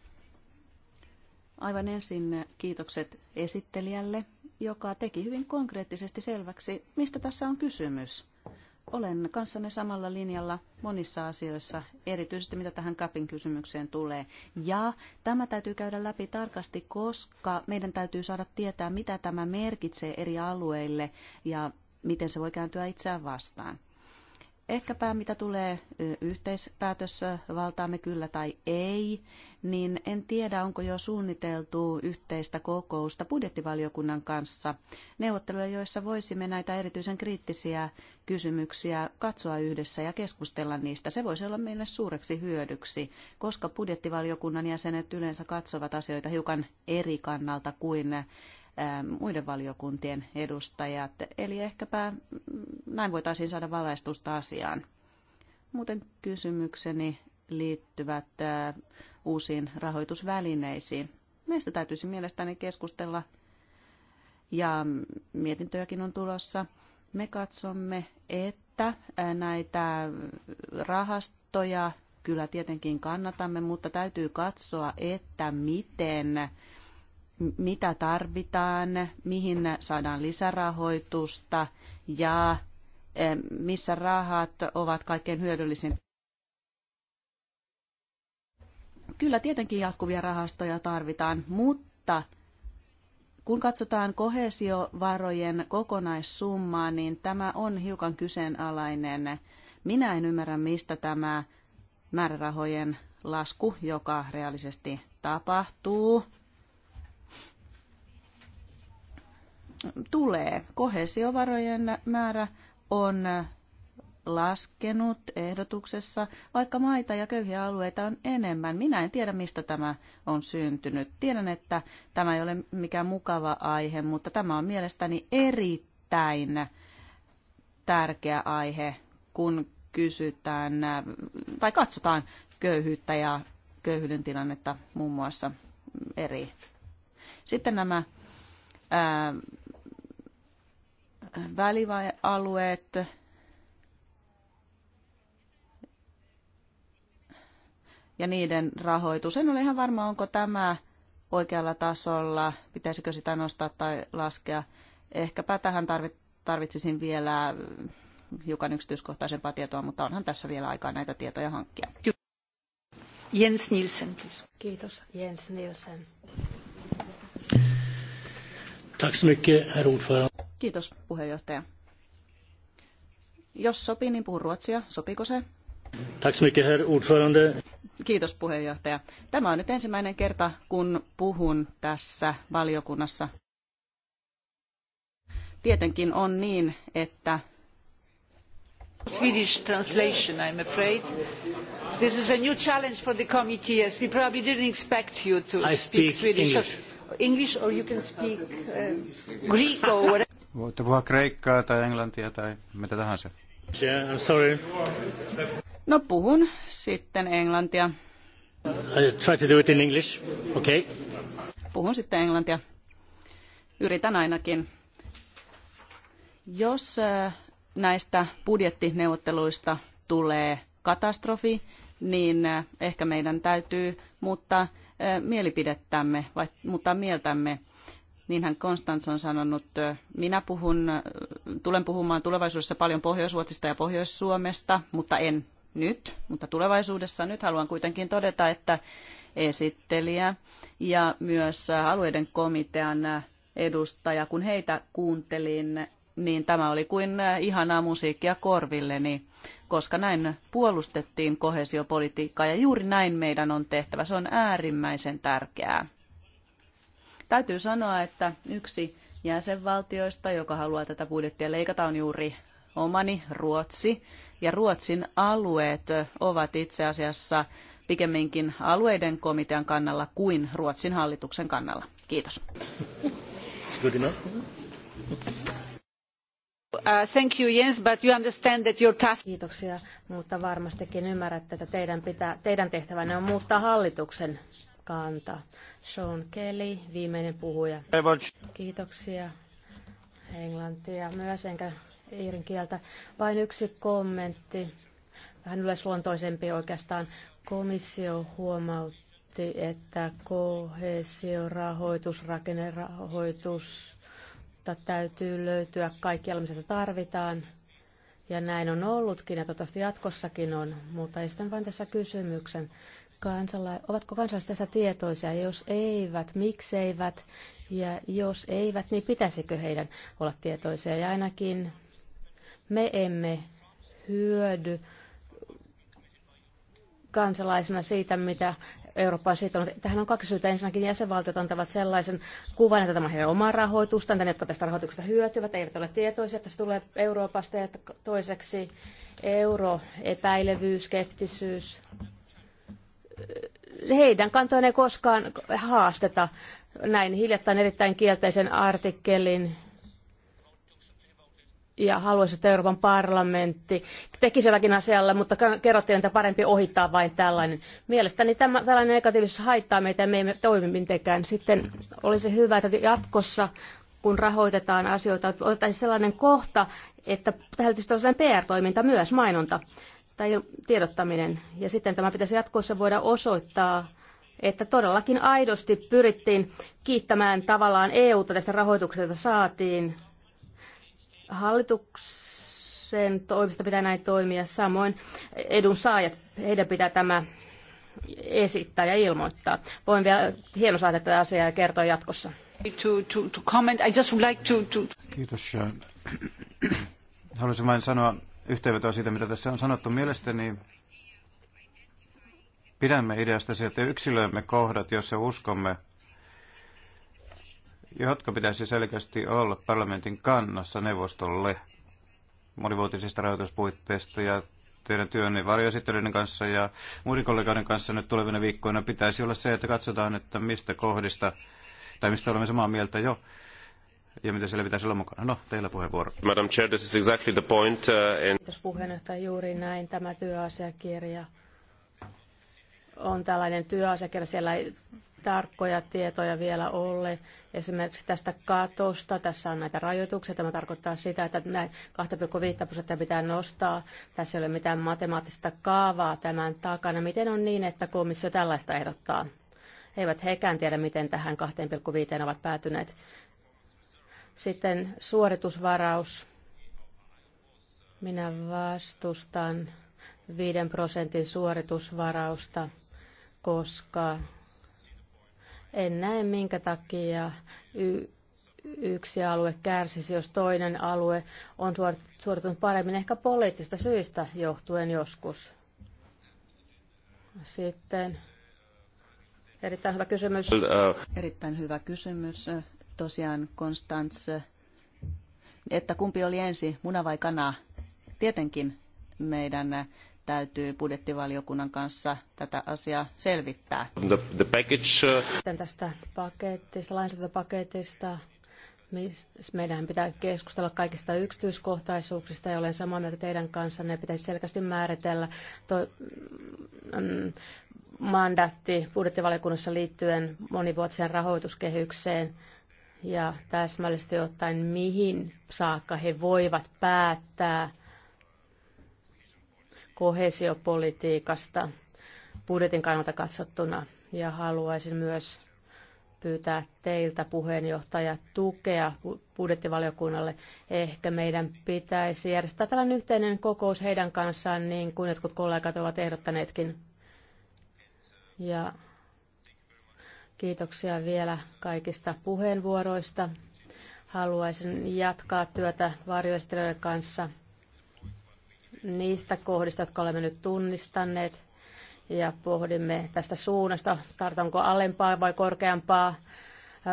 Aivan ensin kiitokset esittelijälle, joka teki hyvin konkreettisesti selväksi, mistä tässä on kysymys. Olen kanssanne samalla linjalla monissa asioissa, erityisesti mitä tähän kapin kysymykseen tulee. Ja tämä täytyy käydä läpi tarkasti, koska meidän täytyy saada tietää, mitä tämä merkitsee eri alueille ja miten se voi kääntyä itseään vastaan ehkäpä mitä tulee yhteispäätösvaltaamme kyllä tai ei, niin en tiedä, onko jo suunniteltu yhteistä kokousta budjettivaliokunnan kanssa neuvotteluja, joissa voisimme näitä erityisen kriittisiä kysymyksiä katsoa yhdessä ja keskustella niistä. Se voisi olla meille suureksi hyödyksi, koska budjettivaliokunnan jäsenet yleensä katsovat asioita hiukan eri kannalta kuin Ähm, muiden valiokuntien edustajat. Eli ehkäpä mm, näin voitaisiin saada valaistusta asiaan. Muuten kysymykseni liittyvät äh, uusiin rahoitusvälineisiin. Näistä täytyisi mielestäni keskustella ja mm, mietintöjäkin on tulossa. Me katsomme, että äh, näitä rahastoja kyllä tietenkin kannatamme, mutta täytyy katsoa, että miten mitä tarvitaan, mihin saadaan lisärahoitusta ja eh, missä rahat ovat kaikkein hyödyllisin. Kyllä tietenkin jatkuvia rahastoja tarvitaan, mutta kun katsotaan kohesiovarojen kokonaissummaa, niin tämä on hiukan kyseenalainen. Minä en ymmärrä, mistä tämä määrärahojen lasku, joka reaalisesti tapahtuu, tulee. Kohesiovarojen määrä on laskenut ehdotuksessa, vaikka maita ja köyhiä alueita on enemmän. Minä en tiedä, mistä tämä on syntynyt. Tiedän, että tämä ei ole mikään mukava aihe, mutta tämä on mielestäni erittäin tärkeä aihe, kun kysytään tai katsotaan köyhyyttä ja köyhyyden tilannetta muun muassa eri. Sitten nämä ää, välialueet, ja niiden rahoitus. En ole ihan varma, onko tämä oikealla tasolla, pitäisikö sitä nostaa tai laskea. Ehkäpä tähän tarvitsisin vielä hiukan yksityiskohtaisempaa tietoa, mutta onhan tässä vielä aikaa näitä tietoja hankkia. Jens Nielsen, please. Kiitos. Jens Nielsen. Tack så mycket, herr ordförande. Kiitos puheenjohtaja. Jos sopii, niin puhun ruotsia. Sopiko se? Tack så mycket, herr ordförande. Kiitos puheenjohtaja. Tämä on nyt ensimmäinen kerta, kun puhun tässä valiokunnassa. Tietenkin on niin, että Swedish translation, I'm afraid. This is a new challenge for the committee, as we probably didn't expect you to speak, speak Swedish. English. English, or you can speak uh, Greek or whatever. Voitte puhua kreikkaa tai englantia tai mitä tahansa. Yeah, I'm sorry. No puhun sitten englantia. I try to do it in English. Okay. Puhun sitten englantia. Yritän ainakin. Jos äh, näistä budjettineuvotteluista tulee katastrofi, niin äh, ehkä meidän täytyy muuttaa äh, mielipidettämme vai muuttaa mieltämme niinhän Konstans on sanonut, minä puhun, tulen puhumaan tulevaisuudessa paljon Pohjois-Ruotsista ja Pohjois-Suomesta, mutta en nyt, mutta tulevaisuudessa nyt haluan kuitenkin todeta, että esittelijä ja myös alueiden komitean edustaja, kun heitä kuuntelin, niin tämä oli kuin ihanaa musiikkia korvilleni, koska näin puolustettiin kohesiopolitiikkaa ja juuri näin meidän on tehtävä. Se on äärimmäisen tärkeää. Täytyy sanoa, että yksi jäsenvaltioista, joka haluaa tätä budjettia leikata, on juuri omani Ruotsi. Ja Ruotsin alueet ovat itse asiassa pikemminkin alueiden komitean kannalla kuin Ruotsin hallituksen kannalla. Kiitos. Uh, thank you, Jens, but you understand that your task... Kiitoksia, mutta varmastikin ymmärrätte, että teidän, pitää, teidän tehtävänne on muuttaa hallituksen kanta. Sean Kelly, viimeinen puhuja. Kiitoksia englantia myös, enkä iirin kieltä. Vain yksi kommentti, vähän yleisluontoisempi oikeastaan. Komissio huomautti, että kohesiorahoitus, rakennerahoitus, täytyy löytyä kaikkialla, missä tarvitaan. Ja näin on ollutkin ja toivottavasti jatkossakin on, mutta esitän vain tässä kysymyksen kansala- ovatko kansalaiset tässä tietoisia? Jos eivät, mikseivät? Ja jos eivät, niin pitäisikö heidän olla tietoisia? Ja ainakin me emme hyödy kansalaisena siitä, mitä Eurooppa on siitä. Tähän on kaksi syytä. Ensinnäkin jäsenvaltiot antavat sellaisen kuvan, että tämä on heidän omaa rahoitustaan, ne, jotka tästä rahoituksesta hyötyvät, eivät ole tietoisia, että se tulee Euroopasta. Ja toiseksi euroepäilevyys, skeptisyys heidän kantojaan ei koskaan haasteta. Näin hiljattain erittäin kielteisen artikkelin ja haluaisi, että Euroopan parlamentti tekisi jotakin asialla, mutta kerrottiin, että parempi ohittaa vain tällainen. Mielestäni tämä, tällainen negatiivisuus haittaa meitä ja me emme toimi mitenkään. Sitten olisi hyvä, että jatkossa kun rahoitetaan asioita, otettaisiin sellainen kohta, että täytyisi olla sellainen PR-toiminta myös, mainonta tai tiedottaminen. Ja sitten tämä pitäisi jatkossa voida osoittaa, että todellakin aidosti pyrittiin kiittämään tavallaan EU-ta tästä rahoituksesta saatiin. Hallituksen toimista pitää näin toimia, samoin edun saajat, heidän pitää tämä esittää ja ilmoittaa. Voin vielä saada tätä asiaa ja kertoa jatkossa. To, to, to I just would like to, to... Kiitos Haluaisin vain sanoa yhteenvetoa siitä, mitä tässä on sanottu. Mielestäni pidämme ideasta se, että yksilöimme kohdat, joissa uskomme, jotka pitäisi selkeästi olla parlamentin kannassa neuvostolle monivuotisista rahoituspuitteista ja teidän työnne varjoesittelyiden kanssa ja muiden kollegoiden kanssa nyt tulevina viikkoina pitäisi olla se, että katsotaan, että mistä kohdista tai mistä olemme samaa mieltä jo ja mitä siellä pitäisi olla mukana. No, teillä puheenvuoro. Madam Chair, this is exactly the point. Uh, in... Kiitos puheenjohtaja, juuri näin tämä työasiakirja on tällainen työasiakirja, siellä ei tarkkoja tietoja vielä ole. Esimerkiksi tästä katosta, tässä on näitä rajoituksia. Tämä tarkoittaa sitä, että näin 2,5 prosenttia pitää nostaa. Tässä ei ole mitään matemaattista kaavaa tämän takana. Miten on niin, että komissio tällaista ehdottaa? He eivät hekään tiedä, miten tähän 2,5 ovat päätyneet. Sitten suoritusvaraus. Minä vastustan 5 prosentin suoritusvarausta, koska en näe minkä takia y- yksi alue kärsisi, jos toinen alue on suoritunut paremmin, ehkä poliittisista syistä johtuen joskus. Sitten erittäin hyvä kysymys. Erittäin hyvä kysymys tosiaan Konstans, että kumpi oli ensi, muna vai kana? Tietenkin meidän täytyy budjettivaliokunnan kanssa tätä asiaa selvittää. The, the package, uh... Tästä paketista, lainsäädäntöpaketista, meidän pitää keskustella kaikista yksityiskohtaisuuksista ja olen samaa mieltä teidän kanssa. Ne pitäisi selkeästi määritellä toi, mm, mm, mandaatti budjettivaliokunnassa liittyen monivuotiseen rahoituskehykseen ja täsmällisesti ottaen, mihin saakka he voivat päättää kohesiopolitiikasta budjetin kannalta katsottuna. Ja haluaisin myös pyytää teiltä puheenjohtaja tukea budjettivaliokunnalle. Ehkä meidän pitäisi järjestää tällainen yhteinen kokous heidän kanssaan, niin kuin jotkut kollegat ovat ehdottaneetkin. Ja Kiitoksia vielä kaikista puheenvuoroista. Haluaisin jatkaa työtä varjoistelijoiden kanssa niistä kohdista, jotka olemme nyt tunnistaneet ja pohdimme tästä suunnasta, tartanko alempaa vai korkeampaa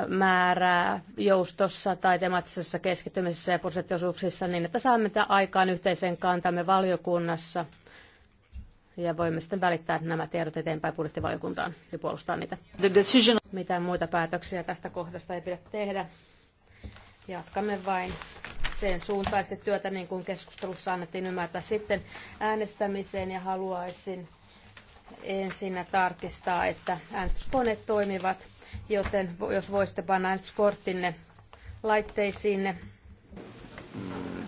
määrää joustossa tai temaattisessa keskittymisessä ja prosenttiosuuksissa niin, että saamme aikaan yhteisen kantamme valiokunnassa – ja voimme sitten välittää nämä tiedot eteenpäin budjettivaliokuntaan ja puolustaa niitä. Mitään muita päätöksiä tästä kohdasta ei pidä tehdä. Jatkamme vain sen suuntaisesti työtä, niin kuin keskustelussa annettiin ymmärtää sitten äänestämiseen ja haluaisin ensin tarkistaa, että äänestyskoneet toimivat, joten jos voisitte panna äänestyskorttinne laitteisiinne,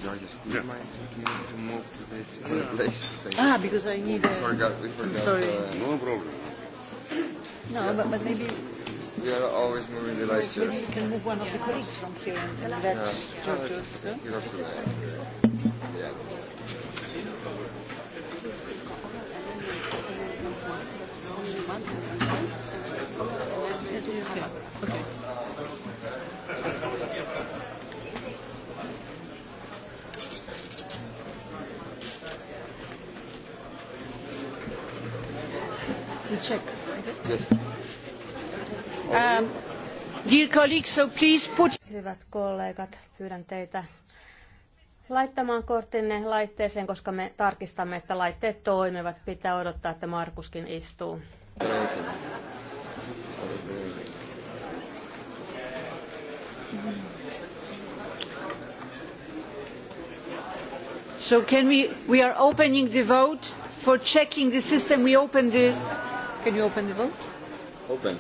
George's would to move to this place? ah, because I need. We forgot. We forgot. Sorry. Uh, no problem. No, yeah. but, but maybe. We are always moving the lights. Maybe you can move one of the colleagues from here and, and let yeah. George's. No, yeah. Yeah. Thank check. Yes. Um, dear colleagues, so please put... Hyvät kollegat, pyydän teitä laittamaan kortinne laitteeseen, koska me tarkistamme, että laitteet toimivat. Pitää odottaa, että Markuskin istuu. So can we, we are opening the vote for checking the system. We open the Can you open the vote? Open.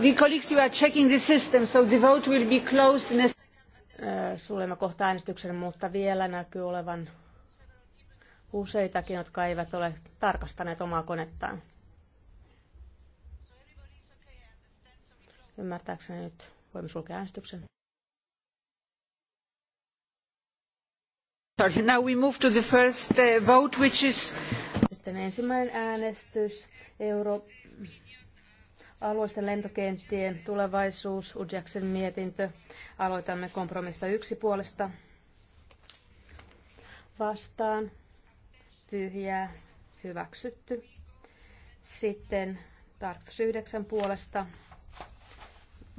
the uh, colleagues, you are checking the system, so the vote will be closed in a... Äh, Suljemme kohta äänestyksen, mutta vielä näkyy olevan useitakin, jotka eivät ole tarkastaneet omaa konettaan. Ymmärtääkseni nyt voimme sulkea äänestyksen. now we move to the first uh, vote, which is... Sitten ensimmäinen äänestys, euro lentokenttien tulevaisuus, Ujaksen mietintö. Aloitamme kompromista yksi puolesta. Vastaan, tyhjää, hyväksytty. Sitten tarkoitus yhdeksän puolesta.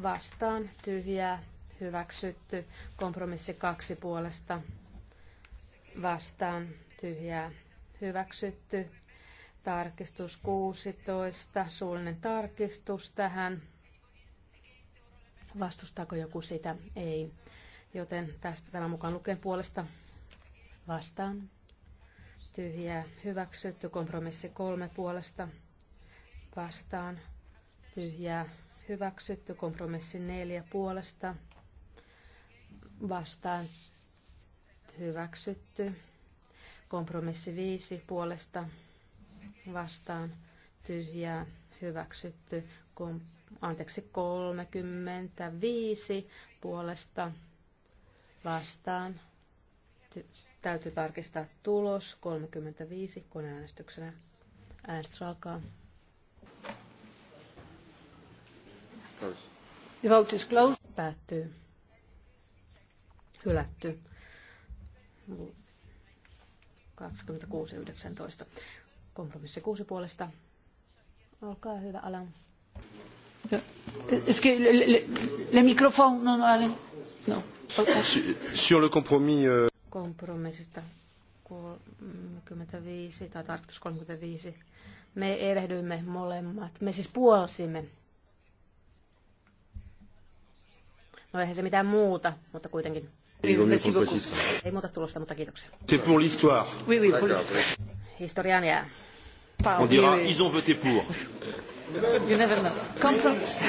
Vastaan, tyhjää, hyväksytty. Kompromissi kaksi puolesta vastaan tyhjää hyväksytty. Tarkistus 16, suullinen tarkistus tähän. Vastustaako joku sitä? Ei. Joten tästä tämän mukaan lukeen puolesta vastaan. Tyhjää hyväksytty. Kompromissi kolme puolesta vastaan. Tyhjää hyväksytty. Kompromissi neljä puolesta vastaan hyväksytty. Kompromissi 5 puolesta vastaan tyhjää hyväksytty. Kom- anteeksi, 35 puolesta vastaan. Ty- täytyy tarkistaa tulos 35 koneäänestyksenä. Äänestys alkaa. The vote is closed. Päättyy. Hylätty. 26.19. Kompromissi kuusi puolesta. Olkaa hyvä, Alan. Est-ce que le, le, le microphone... Non, non, Alan. Non. Sur le compromis... Euh... Kompromissista 35 tai tarkoitus 35. Me erehdyimme molemmat. Me siis puolsimme No eihän se mitään muuta, mutta kuitenkin. Ei muuta tulosta, mutta kiitoksia. C'est pour l'histoire. Oui, oui, pour l'histoire. Historiaan jää. On dira, ils ont voté pour. You never know. Compromise.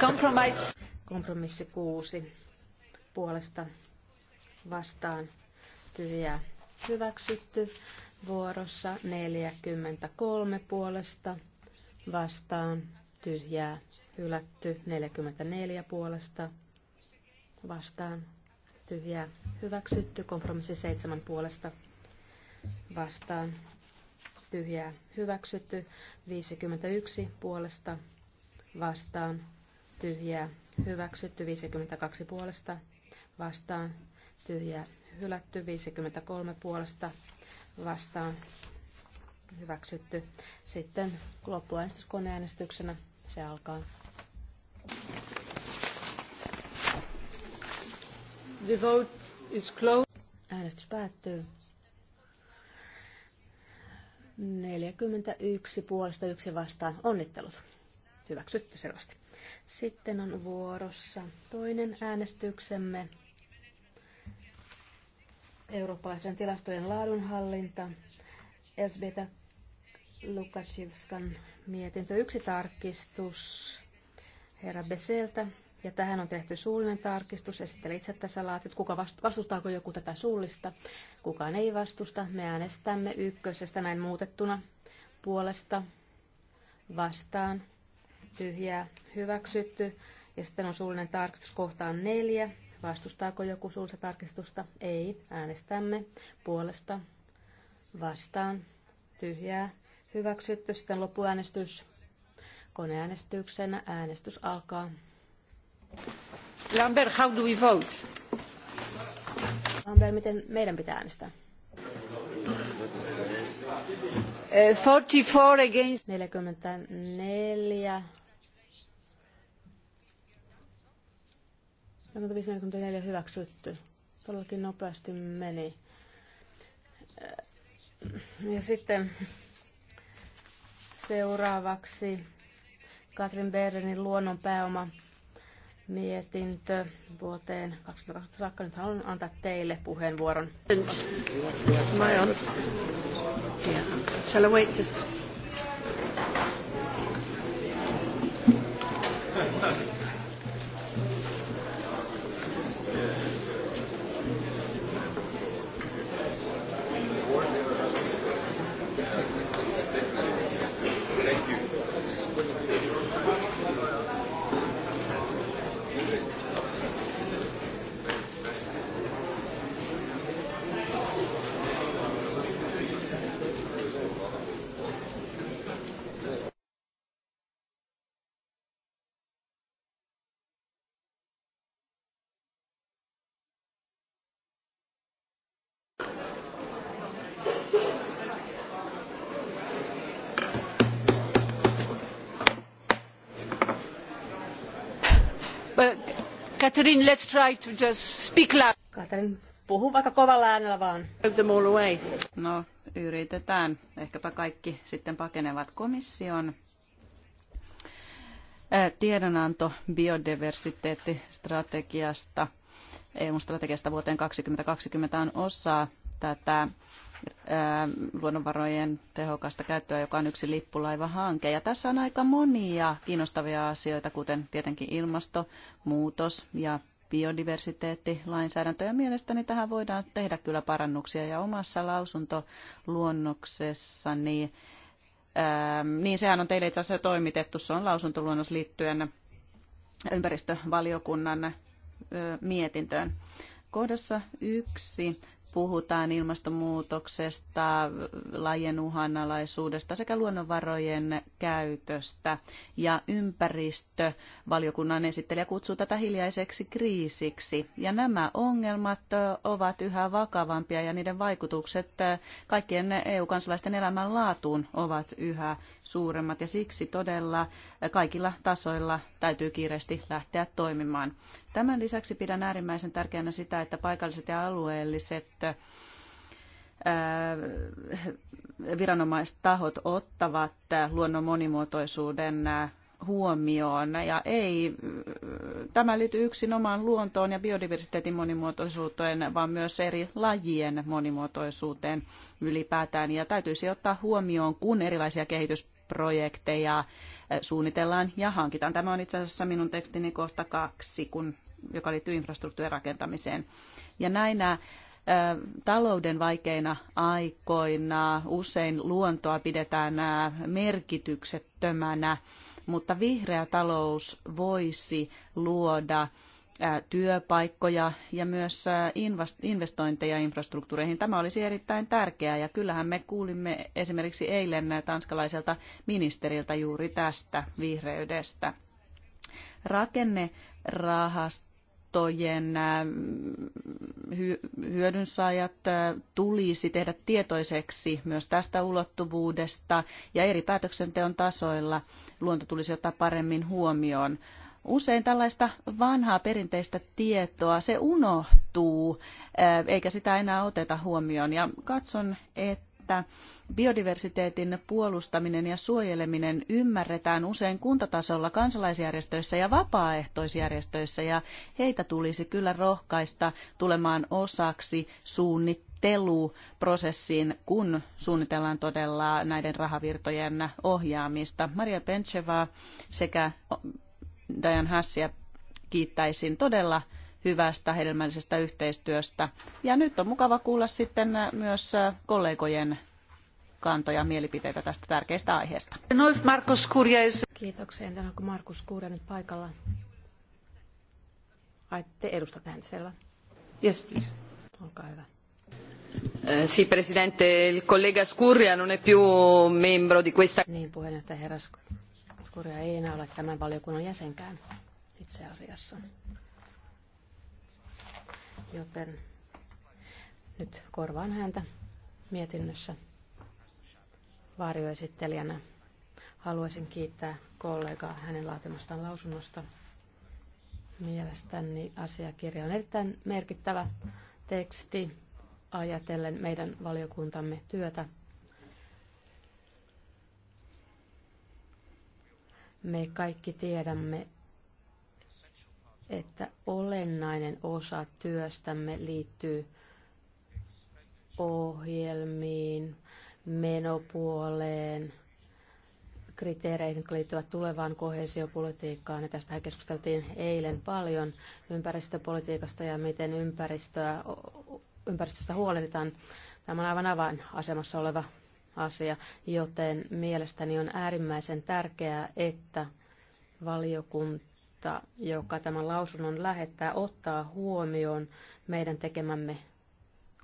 Compromise. Kompromissi kuusi. Puolesta vastaan Tyhjä hyväksytty. Vuorossa 43 puolesta vastaan tyhjää hylätty. 44 puolesta vastaan tyhjää hyväksytty. Kompromissi seitsemän puolesta vastaan tyhjää hyväksytty. 51 puolesta vastaan tyhjää hyväksytty. 52 puolesta vastaan tyhjää hylätty. 53 puolesta vastaan hyväksytty. Sitten loppuäänestys koneäänestyksenä. Se alkaa. The vote is closed. Äänestys päättyy. 41 puolesta yksi vastaan. Onnittelut. Hyväksytty selvästi. Sitten on vuorossa toinen äänestyksemme. Eurooppalaisen tilastojen laadunhallinta. Esbeta Lukashivskan mietintö. Yksi tarkistus herra Beseltä ja tähän on tehty suullinen tarkistus. Esittelen itse tässä laatit. Kuka vastustaako joku tätä suullista? Kukaan ei vastusta. Me äänestämme ykkösestä näin muutettuna puolesta vastaan. Tyhjää hyväksytty. Ja sitten on suullinen tarkistus kohtaan neljä. Vastustaako joku suullista tarkistusta? Ei. Äänestämme puolesta vastaan. Tyhjää hyväksytty. Sitten loppuäänestys koneäänestyksenä. Äänestys alkaa. Lambert, how do we vote? Lambert, miten meidän pitää äänestää? 44 eh, against 44 45-44 hyväksytty. Todellakin nopeasti meni. Eh, ja sitten seuraavaksi Katrin Berenin luonnon mietintö vuoteen 2020 saakka. Nyt haluan antaa teille puheenvuoron. Shall I wait just? Catherine, let's try to just speak loud. Catherine, puhu vaikka kovalla äänellä vaan. Move Them all away. No, yritetään. Ehkäpä kaikki sitten pakenevat komission äh, tiedonanto biodiversiteettistrategiasta, EU-strategiasta vuoteen 2020 on osa tätä luonnonvarojen tehokasta käyttöä, joka on yksi lippulaivahanke. Ja tässä on aika monia kiinnostavia asioita, kuten tietenkin ilmastonmuutos ja biodiversiteetti, lainsäädäntö Ja mielestäni tähän voidaan tehdä kyllä parannuksia. Ja omassa lausuntoluonnoksessani, ää, niin sehän on teille itse asiassa toimitettu, se on lausuntoluonnos liittyen ympäristövaliokunnan mietintöön. Kohdassa yksi puhutaan ilmastonmuutoksesta, lajien uhanalaisuudesta sekä luonnonvarojen käytöstä. Ja ympäristövaliokunnan esittelijä kutsuu tätä hiljaiseksi kriisiksi. Ja nämä ongelmat ovat yhä vakavampia ja niiden vaikutukset kaikkien EU-kansalaisten elämänlaatuun ovat yhä suuremmat. Ja siksi todella kaikilla tasoilla täytyy kiireesti lähteä toimimaan. Tämän lisäksi pidän äärimmäisen tärkeänä sitä, että paikalliset ja alueelliset viranomaistahot ottavat luonnon monimuotoisuuden huomioon. Ja ei, tämä liittyy yksin omaan luontoon ja biodiversiteetin monimuotoisuuteen, vaan myös eri lajien monimuotoisuuteen ylipäätään. Ja täytyisi ottaa huomioon, kun erilaisia kehitysprojekteja suunnitellaan ja hankitaan. Tämä on itse asiassa minun tekstini kohta kaksi, kun, joka liittyy infrastruktuurin rakentamiseen. Ja näinä talouden vaikeina aikoina usein luontoa pidetään merkityksettömänä, mutta vihreä talous voisi luoda työpaikkoja ja myös investointeja infrastruktuureihin. Tämä olisi erittäin tärkeää ja kyllähän me kuulimme esimerkiksi eilen tanskalaiselta ministeriltä juuri tästä vihreydestä. Rakennerahasto tietojen hyödynsaajat tulisi tehdä tietoiseksi myös tästä ulottuvuudesta ja eri päätöksenteon tasoilla luonto tulisi ottaa paremmin huomioon. Usein tällaista vanhaa perinteistä tietoa, se unohtuu, eikä sitä enää oteta huomioon. Ja katson, että että biodiversiteetin puolustaminen ja suojeleminen ymmärretään usein kuntatasolla kansalaisjärjestöissä ja vapaaehtoisjärjestöissä ja heitä tulisi kyllä rohkaista tulemaan osaksi suunnitteluprosessiin, kun suunnitellaan todella näiden rahavirtojen ohjaamista. Maria Pentsevaa sekä Dajan Hassia kiittäisin todella hyvästä hedelmällisestä yhteistyöstä. Ja nyt on mukava kuulla sitten myös äh, kollegojen kantoja ja mielipiteitä tästä tärkeästä aiheesta. Markus Kiitoksia. Entä onko Markus Kurja nyt paikalla? Ai, te edustatte häntä, selvä. Yes, please. Olkaa hyvä. Eh, sì, Presidente, il collega Scurria non è più membro di questa... Niin, puheenjohtaja herra Scurria ei enää ole tämän valiokunnan jäsenkään itse asiassa joten nyt korvaan häntä mietinnössä varjoesittelijänä. Haluaisin kiittää kollegaa hänen laatimastaan lausunnosta. Mielestäni asiakirja on erittäin merkittävä teksti ajatellen meidän valiokuntamme työtä. Me kaikki tiedämme, että olennainen osa työstämme liittyy ohjelmiin, menopuoleen, kriteereihin, jotka liittyvät tulevaan kohesiopolitiikkaan. Ja tästä keskusteltiin eilen paljon ympäristöpolitiikasta ja miten ympäristöä, ympäristöstä huolehditaan. Tämä on aivan avainasemassa oleva asia, joten mielestäni on äärimmäisen tärkeää, että valiokunta valiokunta, joka tämän lausunnon lähettää, ottaa huomioon meidän tekemämme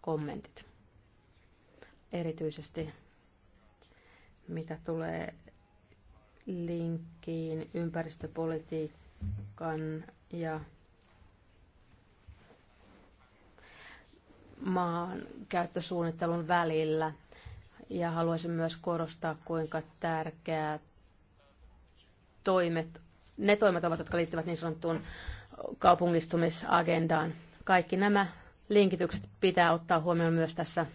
kommentit. Erityisesti mitä tulee linkkiin ympäristöpolitiikan ja maan käyttösuunnittelun välillä. Ja haluaisin myös korostaa, kuinka tärkeää toimet ne toimet ovat, jotka liittyvät niin sanottuun kaupungistumisagendaan. Kaikki nämä linkitykset pitää ottaa huomioon myös tässä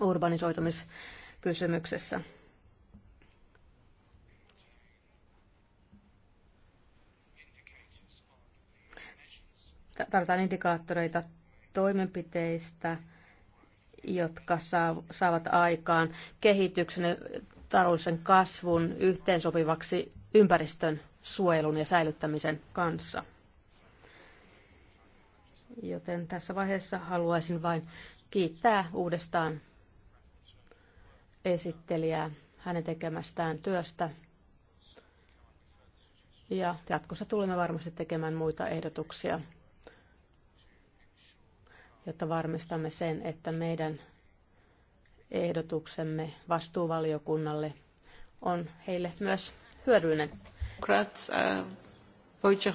urbanisoitumiskysymyksessä. Tarvitaan indikaattoreita toimenpiteistä, jotka saavat aikaan kehityksen, taloudellisen kasvun yhteensopivaksi ympäristön suojelun ja säilyttämisen kanssa. Joten tässä vaiheessa haluaisin vain kiittää uudestaan esittelijää hänen tekemästään työstä. Ja jatkossa tulemme varmasti tekemään muita ehdotuksia, jotta varmistamme sen, että meidän ehdotuksemme vastuuvaliokunnalle on heille myös hyödyllinen. Kratz, Wojciech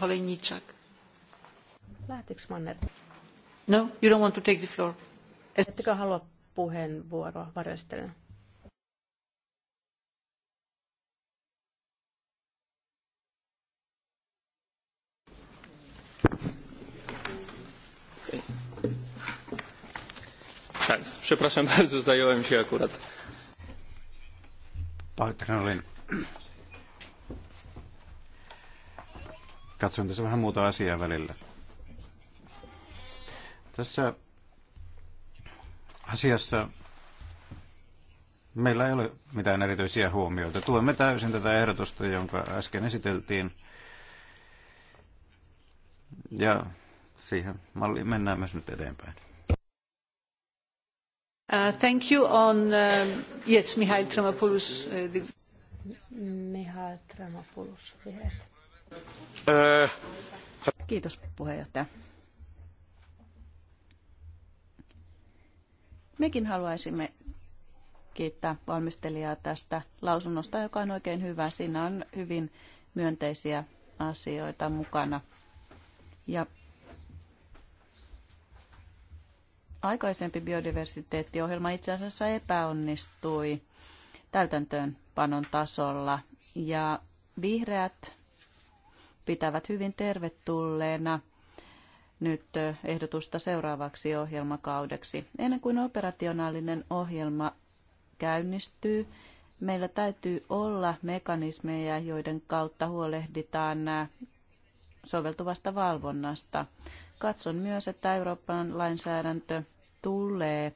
No, you don't want to take the floor. Ettekö halua puheenvuoroa varjostelijana? Przepraszam bardzo, zająłem się akurat. Pahoittelen, olin Katson tässä vähän muuta asiaa välillä. Tässä asiassa meillä ei ole mitään erityisiä huomioita. Tuemme täysin tätä ehdotusta, jonka äsken esiteltiin. Ja siihen malliin mennään myös nyt eteenpäin. Uh, thank you on, uh, yes, Mihail Tramopoulos. Uh, the... Mihail Tramopoulos, vihreästä. Kiitos puheenjohtaja. Mekin haluaisimme kiittää valmistelijaa tästä lausunnosta, joka on oikein hyvä. Siinä on hyvin myönteisiä asioita mukana. Ja aikaisempi biodiversiteettiohjelma itse asiassa epäonnistui täytäntöönpanon tasolla. Ja vihreät pitävät hyvin tervetulleena nyt ehdotusta seuraavaksi ohjelmakaudeksi. Ennen kuin operationaalinen ohjelma käynnistyy, meillä täytyy olla mekanismeja, joiden kautta huolehditaan soveltuvasta valvonnasta. Katson myös, että Euroopan lainsäädäntö tulee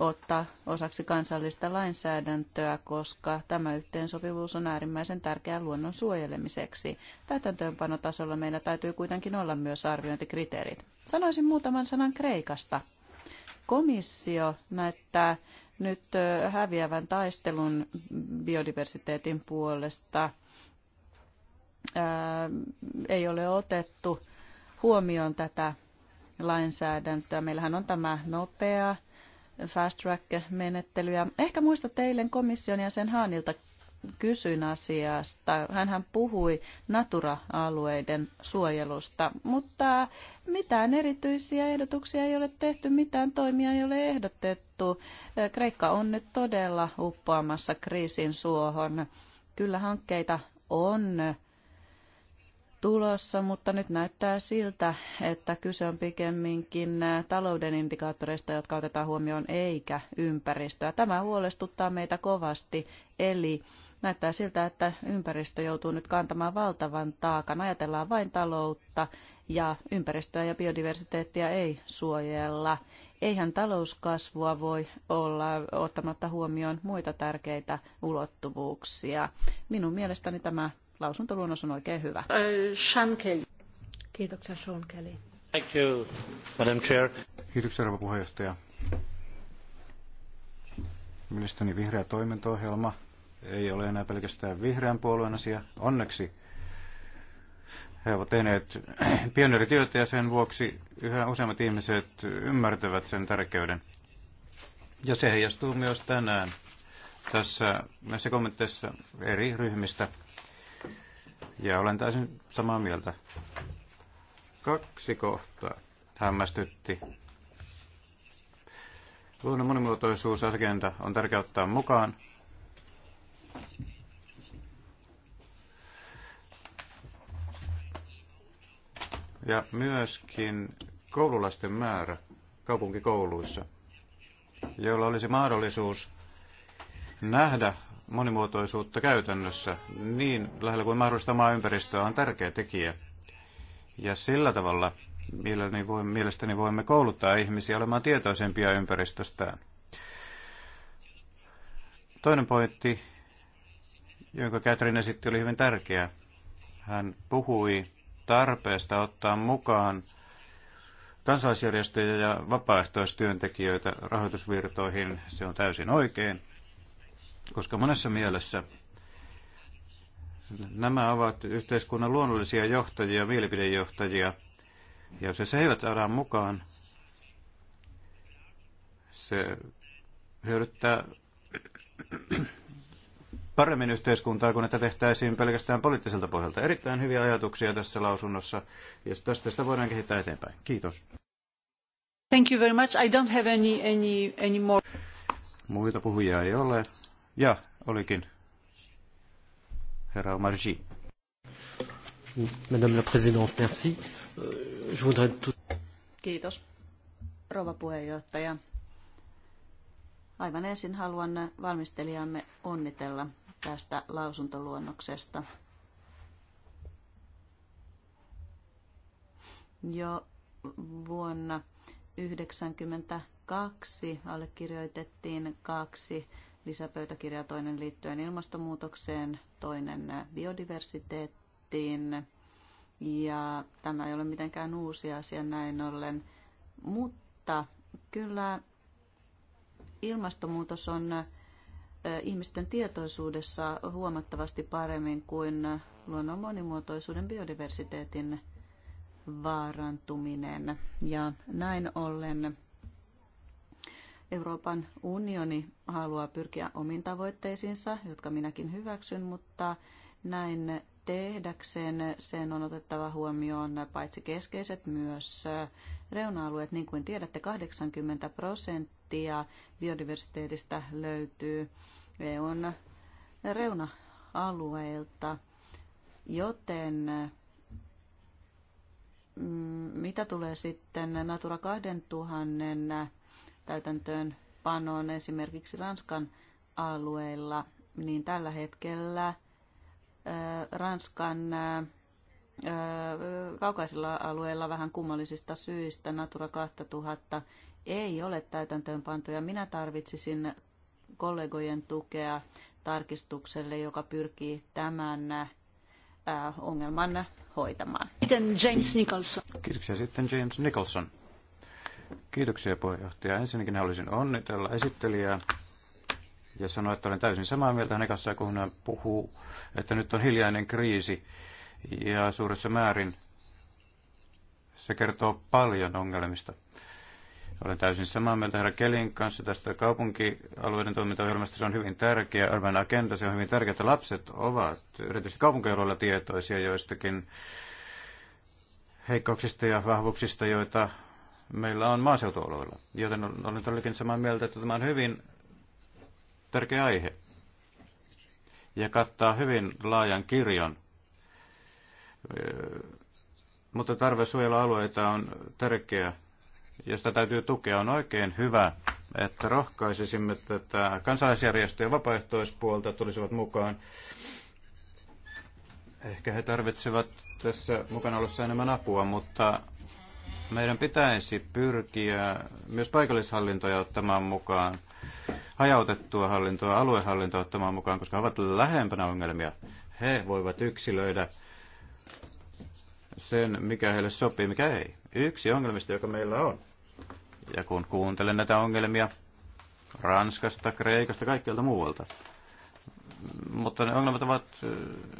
ottaa osaksi kansallista lainsäädäntöä, koska tämä yhteensopivuus on äärimmäisen tärkeää luonnon suojelemiseksi. Täytäntöönpanotasolla meillä täytyy kuitenkin olla myös arviointikriteerit. Sanoisin muutaman sanan Kreikasta. Komissio näyttää nyt häviävän taistelun biodiversiteetin puolesta. Ää, ei ole otettu huomioon tätä lainsäädäntöä. Meillähän on tämä nopea fast track-menettelyä. Ehkä muista teille komission ja sen Haanilta kysyin asiasta. Hänhän puhui Natura-alueiden suojelusta, mutta mitään erityisiä ehdotuksia ei ole tehty, mitään toimia ei ole ehdotettu. Kreikka on nyt todella uppoamassa kriisin suohon. Kyllä hankkeita on tulossa, mutta nyt näyttää siltä, että kyse on pikemminkin talouden indikaattoreista, jotka otetaan huomioon, eikä ympäristöä. Tämä huolestuttaa meitä kovasti, eli näyttää siltä, että ympäristö joutuu nyt kantamaan valtavan taakan. Ajatellaan vain taloutta ja ympäristöä ja biodiversiteettia ei suojella. Eihän talouskasvua voi olla ottamatta huomioon muita tärkeitä ulottuvuuksia. Minun mielestäni tämä lausuntoluonnos on oikein hyvä. Sean Kelly. Kiitoksia Sean Kelly. Thank you, Madam Chair. Kiitoksia rouva puheenjohtaja. Mielestäni vihreä toimintaohjelma ei ole enää pelkästään vihreän puolueen asia. Onneksi he ovat tehneet pioneerityötä ja sen vuoksi yhä useammat ihmiset ymmärtävät sen tärkeyden. Ja se heijastuu myös tänään tässä näissä kommentteissa eri ryhmistä. Ja olen täysin samaa mieltä. Kaksi kohtaa hämmästytti. Luonnon monimuotoisuusagenda on tärkeää ottaa mukaan. Ja myöskin koululaisten määrä kaupunkikouluissa, joilla olisi mahdollisuus nähdä monimuotoisuutta käytännössä niin lähellä kuin mahdollista omaa ympäristöä on tärkeä tekijä. Ja sillä tavalla mielestäni voimme kouluttaa ihmisiä olemaan tietoisempia ympäristöstään. Toinen pointti, jonka Katrin esitti, oli hyvin tärkeä. Hän puhui tarpeesta ottaa mukaan kansalaisjärjestöjä ja vapaaehtoistyöntekijöitä rahoitusvirtoihin. Se on täysin oikein koska monessa mielessä nämä ovat yhteiskunnan luonnollisia johtajia, mielipidejohtajia, ja jos he eivät saada mukaan, se hyödyttää paremmin yhteiskuntaa kuin että tehtäisiin pelkästään poliittiselta pohjalta. Erittäin hyviä ajatuksia tässä lausunnossa, ja tästä sitä voidaan kehittää eteenpäin. Kiitos. Thank you very much. I don't have any, any, any more. Muita puhujia ei ole. Ja, olikin. Herra Omarji. Madame la Présidente, merci. Euh, je voudrais tout... Kiitos, rouva puheenjohtaja. Aivan ensin haluan valmistelijamme onnitella tästä lausuntoluonnoksesta. Jo vuonna 1992 allekirjoitettiin kaksi lisäpöytäkirjaa, toinen liittyen ilmastonmuutokseen, toinen biodiversiteettiin. Ja tämä ei ole mitenkään uusi asia näin ollen, mutta kyllä ilmastonmuutos on ihmisten tietoisuudessa huomattavasti paremmin kuin luonnon monimuotoisuuden biodiversiteetin vaarantuminen. Ja näin ollen Euroopan unioni haluaa pyrkiä omiin tavoitteisiinsa, jotka minäkin hyväksyn, mutta näin tehdäkseen sen on otettava huomioon paitsi keskeiset myös reuna-alueet. Niin kuin tiedätte, 80 prosenttia biodiversiteetistä löytyy EUn reuna-alueilta, joten mm, mitä tulee sitten Natura 2000 täytäntöön panoon esimerkiksi Ranskan alueilla, niin tällä hetkellä Ranskan kaukaisilla alueilla vähän kummallisista syistä Natura 2000 ei ole täytäntöönpantu ja minä tarvitsisin kollegojen tukea tarkistukselle, joka pyrkii tämän ongelman hoitamaan. Sitten James Nicholson? Kiitoksia sitten James Nicholson. Kiitoksia puheenjohtaja. Ensinnäkin haluaisin onnitella esittelijää ja sanoa, että olen täysin samaa mieltä hänen kanssaan, kun hän puhuu, että nyt on hiljainen kriisi ja suuressa määrin se kertoo paljon ongelmista. Olen täysin samaa mieltä herra Kelin kanssa tästä kaupunkialueiden toimintaohjelmasta. Se on hyvin tärkeä. Urban Agenda, se on hyvin tärkeää, että lapset ovat erityisesti kaupunkialueilla tietoisia joistakin heikkouksista ja vahvuuksista, joita meillä on maaseutuoloilla. Joten olen todellakin samaa mieltä, että tämä on hyvin tärkeä aihe ja kattaa hyvin laajan kirjon. Mutta tarve suojella alueita on tärkeä ja sitä täytyy tukea. On oikein hyvä, että rohkaisisimme tätä kansalaisjärjestöjen vapaaehtoispuolta tulisivat mukaan. Ehkä he tarvitsevat tässä mukana olossa enemmän apua, mutta meidän pitäisi pyrkiä myös paikallishallintoja ottamaan mukaan, hajautettua hallintoa, aluehallintoa ottamaan mukaan, koska he ovat lähempänä ongelmia. He voivat yksilöidä sen, mikä heille sopii, mikä ei. Yksi ongelmista, joka meillä on. Ja kun kuuntelen näitä ongelmia Ranskasta, Kreikasta, kaikkialta muualta, mutta ne ongelmat ovat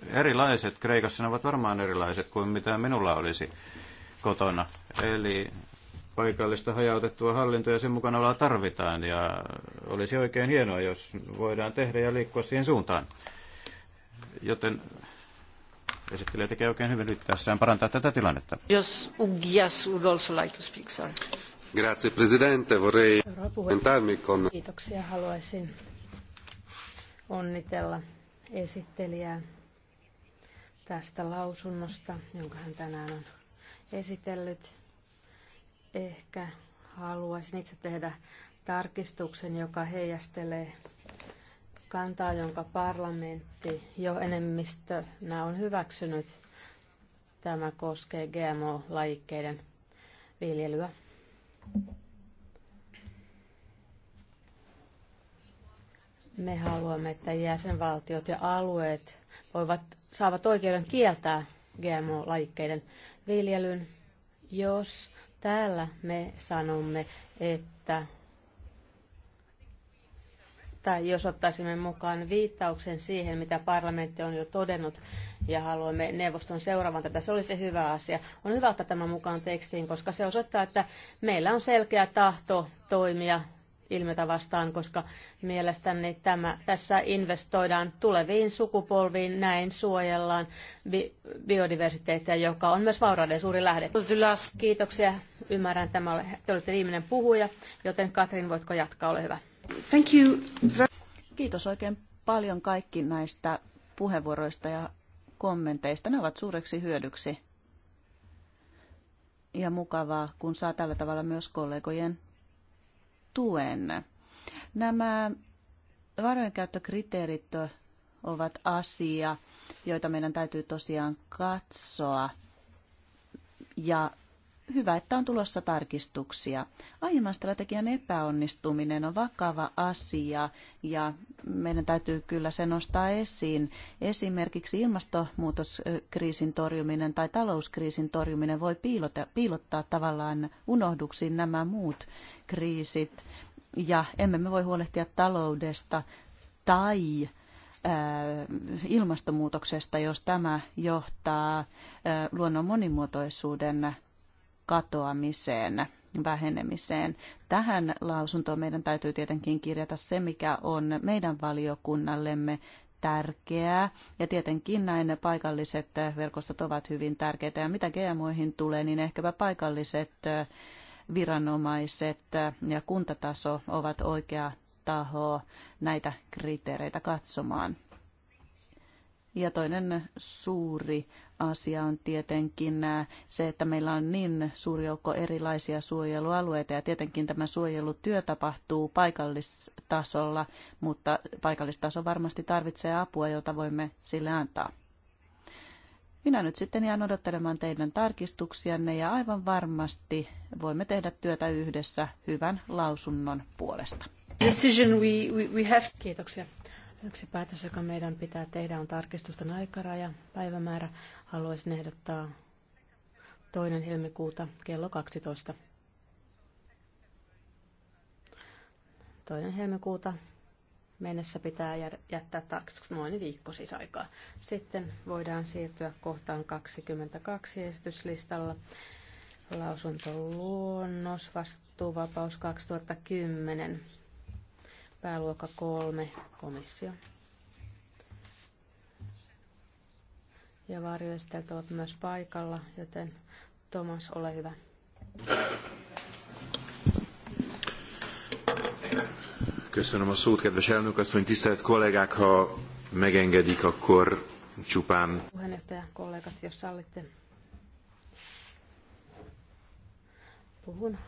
erilaiset. Kreikassa ne ovat varmaan erilaiset kuin mitä minulla olisi kotona. Eli paikallista hajautettua hallintoa ja sen mukana olla tarvitaan ja olisi oikein hienoa, jos voidaan tehdä ja liikkua siihen suuntaan. Joten esittelijä tekee oikein hyvin yrittäessään parantaa tätä tilannetta. Jos Ugias would also like to speak, sorry. Grazie Presidente, vorrei commentarmi con... Kiitoksia, haluaisin onnitella esittelijää tästä lausunnosta, jonka hän tänään on esitellyt. Ehkä haluaisin itse tehdä tarkistuksen, joka heijastelee kantaa, jonka parlamentti jo enemmistönä on hyväksynyt. Tämä koskee GMO-lajikkeiden viljelyä. Me haluamme, että jäsenvaltiot ja alueet voivat, saavat oikeuden kieltää GMO-lajikkeiden viljelyn, jos täällä me sanomme, että tai jos ottaisimme mukaan viittauksen siihen, mitä parlamentti on jo todennut ja haluamme neuvoston seuraavan tätä, se olisi hyvä asia. On hyvä ottaa tämä mukaan tekstiin, koska se osoittaa, että meillä on selkeä tahto toimia ilmetä vastaan, koska mielestäni tämä, tässä investoidaan tuleviin sukupolviin, näin suojellaan bi- biodiversiteettiä, joka on myös vaurauden suuri lähde. Kiitoksia, ymmärrän tämä, te olette viimeinen puhuja, joten Katrin, voitko jatkaa, ole hyvä. Thank you. Kiitos oikein paljon kaikki näistä puheenvuoroista ja kommenteista. Ne ovat suureksi hyödyksi ja mukavaa, kun saa tällä tavalla myös kollegojen tuen. Nämä varojenkäyttökriteerit ovat asia, joita meidän täytyy tosiaan katsoa ja hyvä, että on tulossa tarkistuksia. Aiemman strategian epäonnistuminen on vakava asia ja meidän täytyy kyllä se nostaa esiin. Esimerkiksi ilmastonmuutoskriisin torjuminen tai talouskriisin torjuminen voi piilota, piilottaa tavallaan unohduksiin nämä muut kriisit. Ja emme me voi huolehtia taloudesta tai ilmastonmuutoksesta, jos tämä johtaa luonnon monimuotoisuuden katoamiseen, vähenemiseen. Tähän lausuntoon meidän täytyy tietenkin kirjata se, mikä on meidän valiokunnallemme tärkeää. Ja tietenkin näin paikalliset verkostot ovat hyvin tärkeitä. Ja mitä GMOihin tulee, niin ehkäpä paikalliset viranomaiset ja kuntataso ovat oikea taho näitä kriteereitä katsomaan. Ja toinen suuri asia on tietenkin äh, se, että meillä on niin suuri joukko erilaisia suojelualueita ja tietenkin tämä suojelutyö tapahtuu paikallistasolla, mutta paikallistaso varmasti tarvitsee apua, jota voimme sille antaa. Minä nyt sitten jään odottelemaan teidän tarkistuksianne ja aivan varmasti voimme tehdä työtä yhdessä hyvän lausunnon puolesta. Kiitoksia. Yksi päätös, joka meidän pitää tehdä, on tarkistusten aikaraja, päivämäärä. Haluaisin ehdottaa toinen helmikuuta kello 12. Toinen helmikuuta mennessä pitää jättää tarkistukset noin viikko siis aikaa. Sitten voidaan siirtyä kohtaan 22 esityslistalla. Lausuntoluonnos, vastuuvapaus 2010. Pääluokka kolme, komissio. Ja varjoistajat ovat myös paikalla, joten Tomas, ole hyvä. Köszönöm a szót, kedves elnök asszony, tisztelt kollégák, ha megengedik, akkor csupán... Puheenjohtaja, kollégat, jos sallitte. Puhun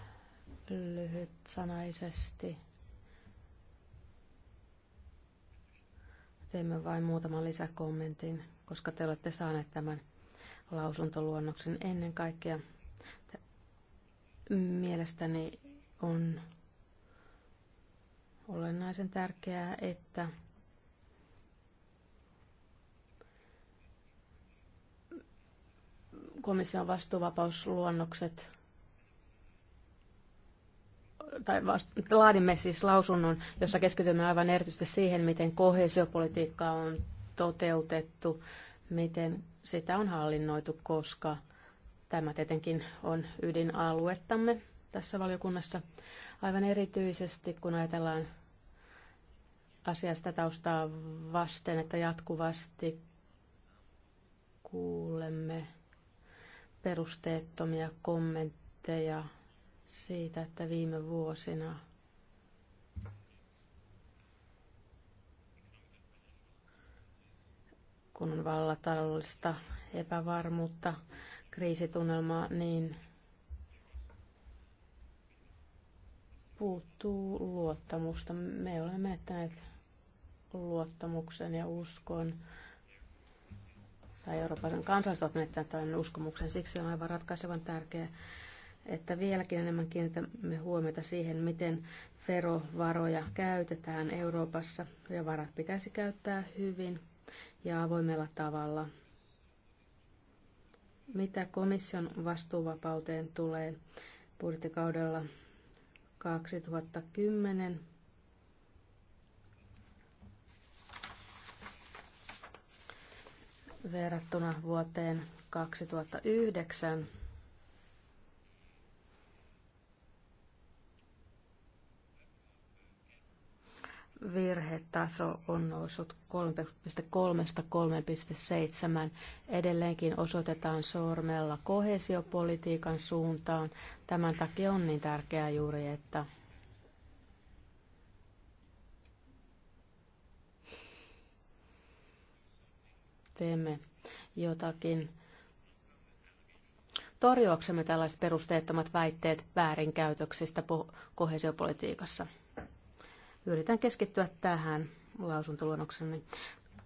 lyhyt sanaisesti Teemme vain muutaman lisäkommentin, koska te olette saaneet tämän lausuntoluonnoksen ennen kaikkea. Mielestäni on olennaisen tärkeää, että komission vastuuvapausluonnokset tai vasta, laadimme siis lausunnon, jossa keskitymme aivan erityisesti siihen, miten kohesiopolitiikkaa on toteutettu, miten sitä on hallinnoitu, koska tämä tietenkin on ydinaluettamme tässä valiokunnassa. Aivan erityisesti, kun ajatellaan asiasta taustaa vasten, että jatkuvasti kuulemme perusteettomia kommentteja siitä, että viime vuosina kun on vallalla taloudellista epävarmuutta, kriisitunnelmaa, niin puuttuu luottamusta. Me olemme menettäneet luottamuksen ja uskon, tai Euroopan kansalaiset ovat menettäneet tällainen uskomuksen. Siksi on aivan ratkaisevan tärkeää, että vieläkin enemmän kiinnitämme huomiota siihen, miten verovaroja käytetään Euroopassa ja varat pitäisi käyttää hyvin ja avoimella tavalla. Mitä komission vastuuvapauteen tulee budjettikaudella 2010 verrattuna vuoteen 2009 virhetaso on noussut 3,3-3,7. Edelleenkin osoitetaan sormella kohesiopolitiikan suuntaan. Tämän takia on niin tärkeää juuri, että teemme jotakin torjuaksemme tällaiset perusteettomat väitteet väärinkäytöksistä kohesiopolitiikassa. Yritän keskittyä tähän lausuntoluonnokseni.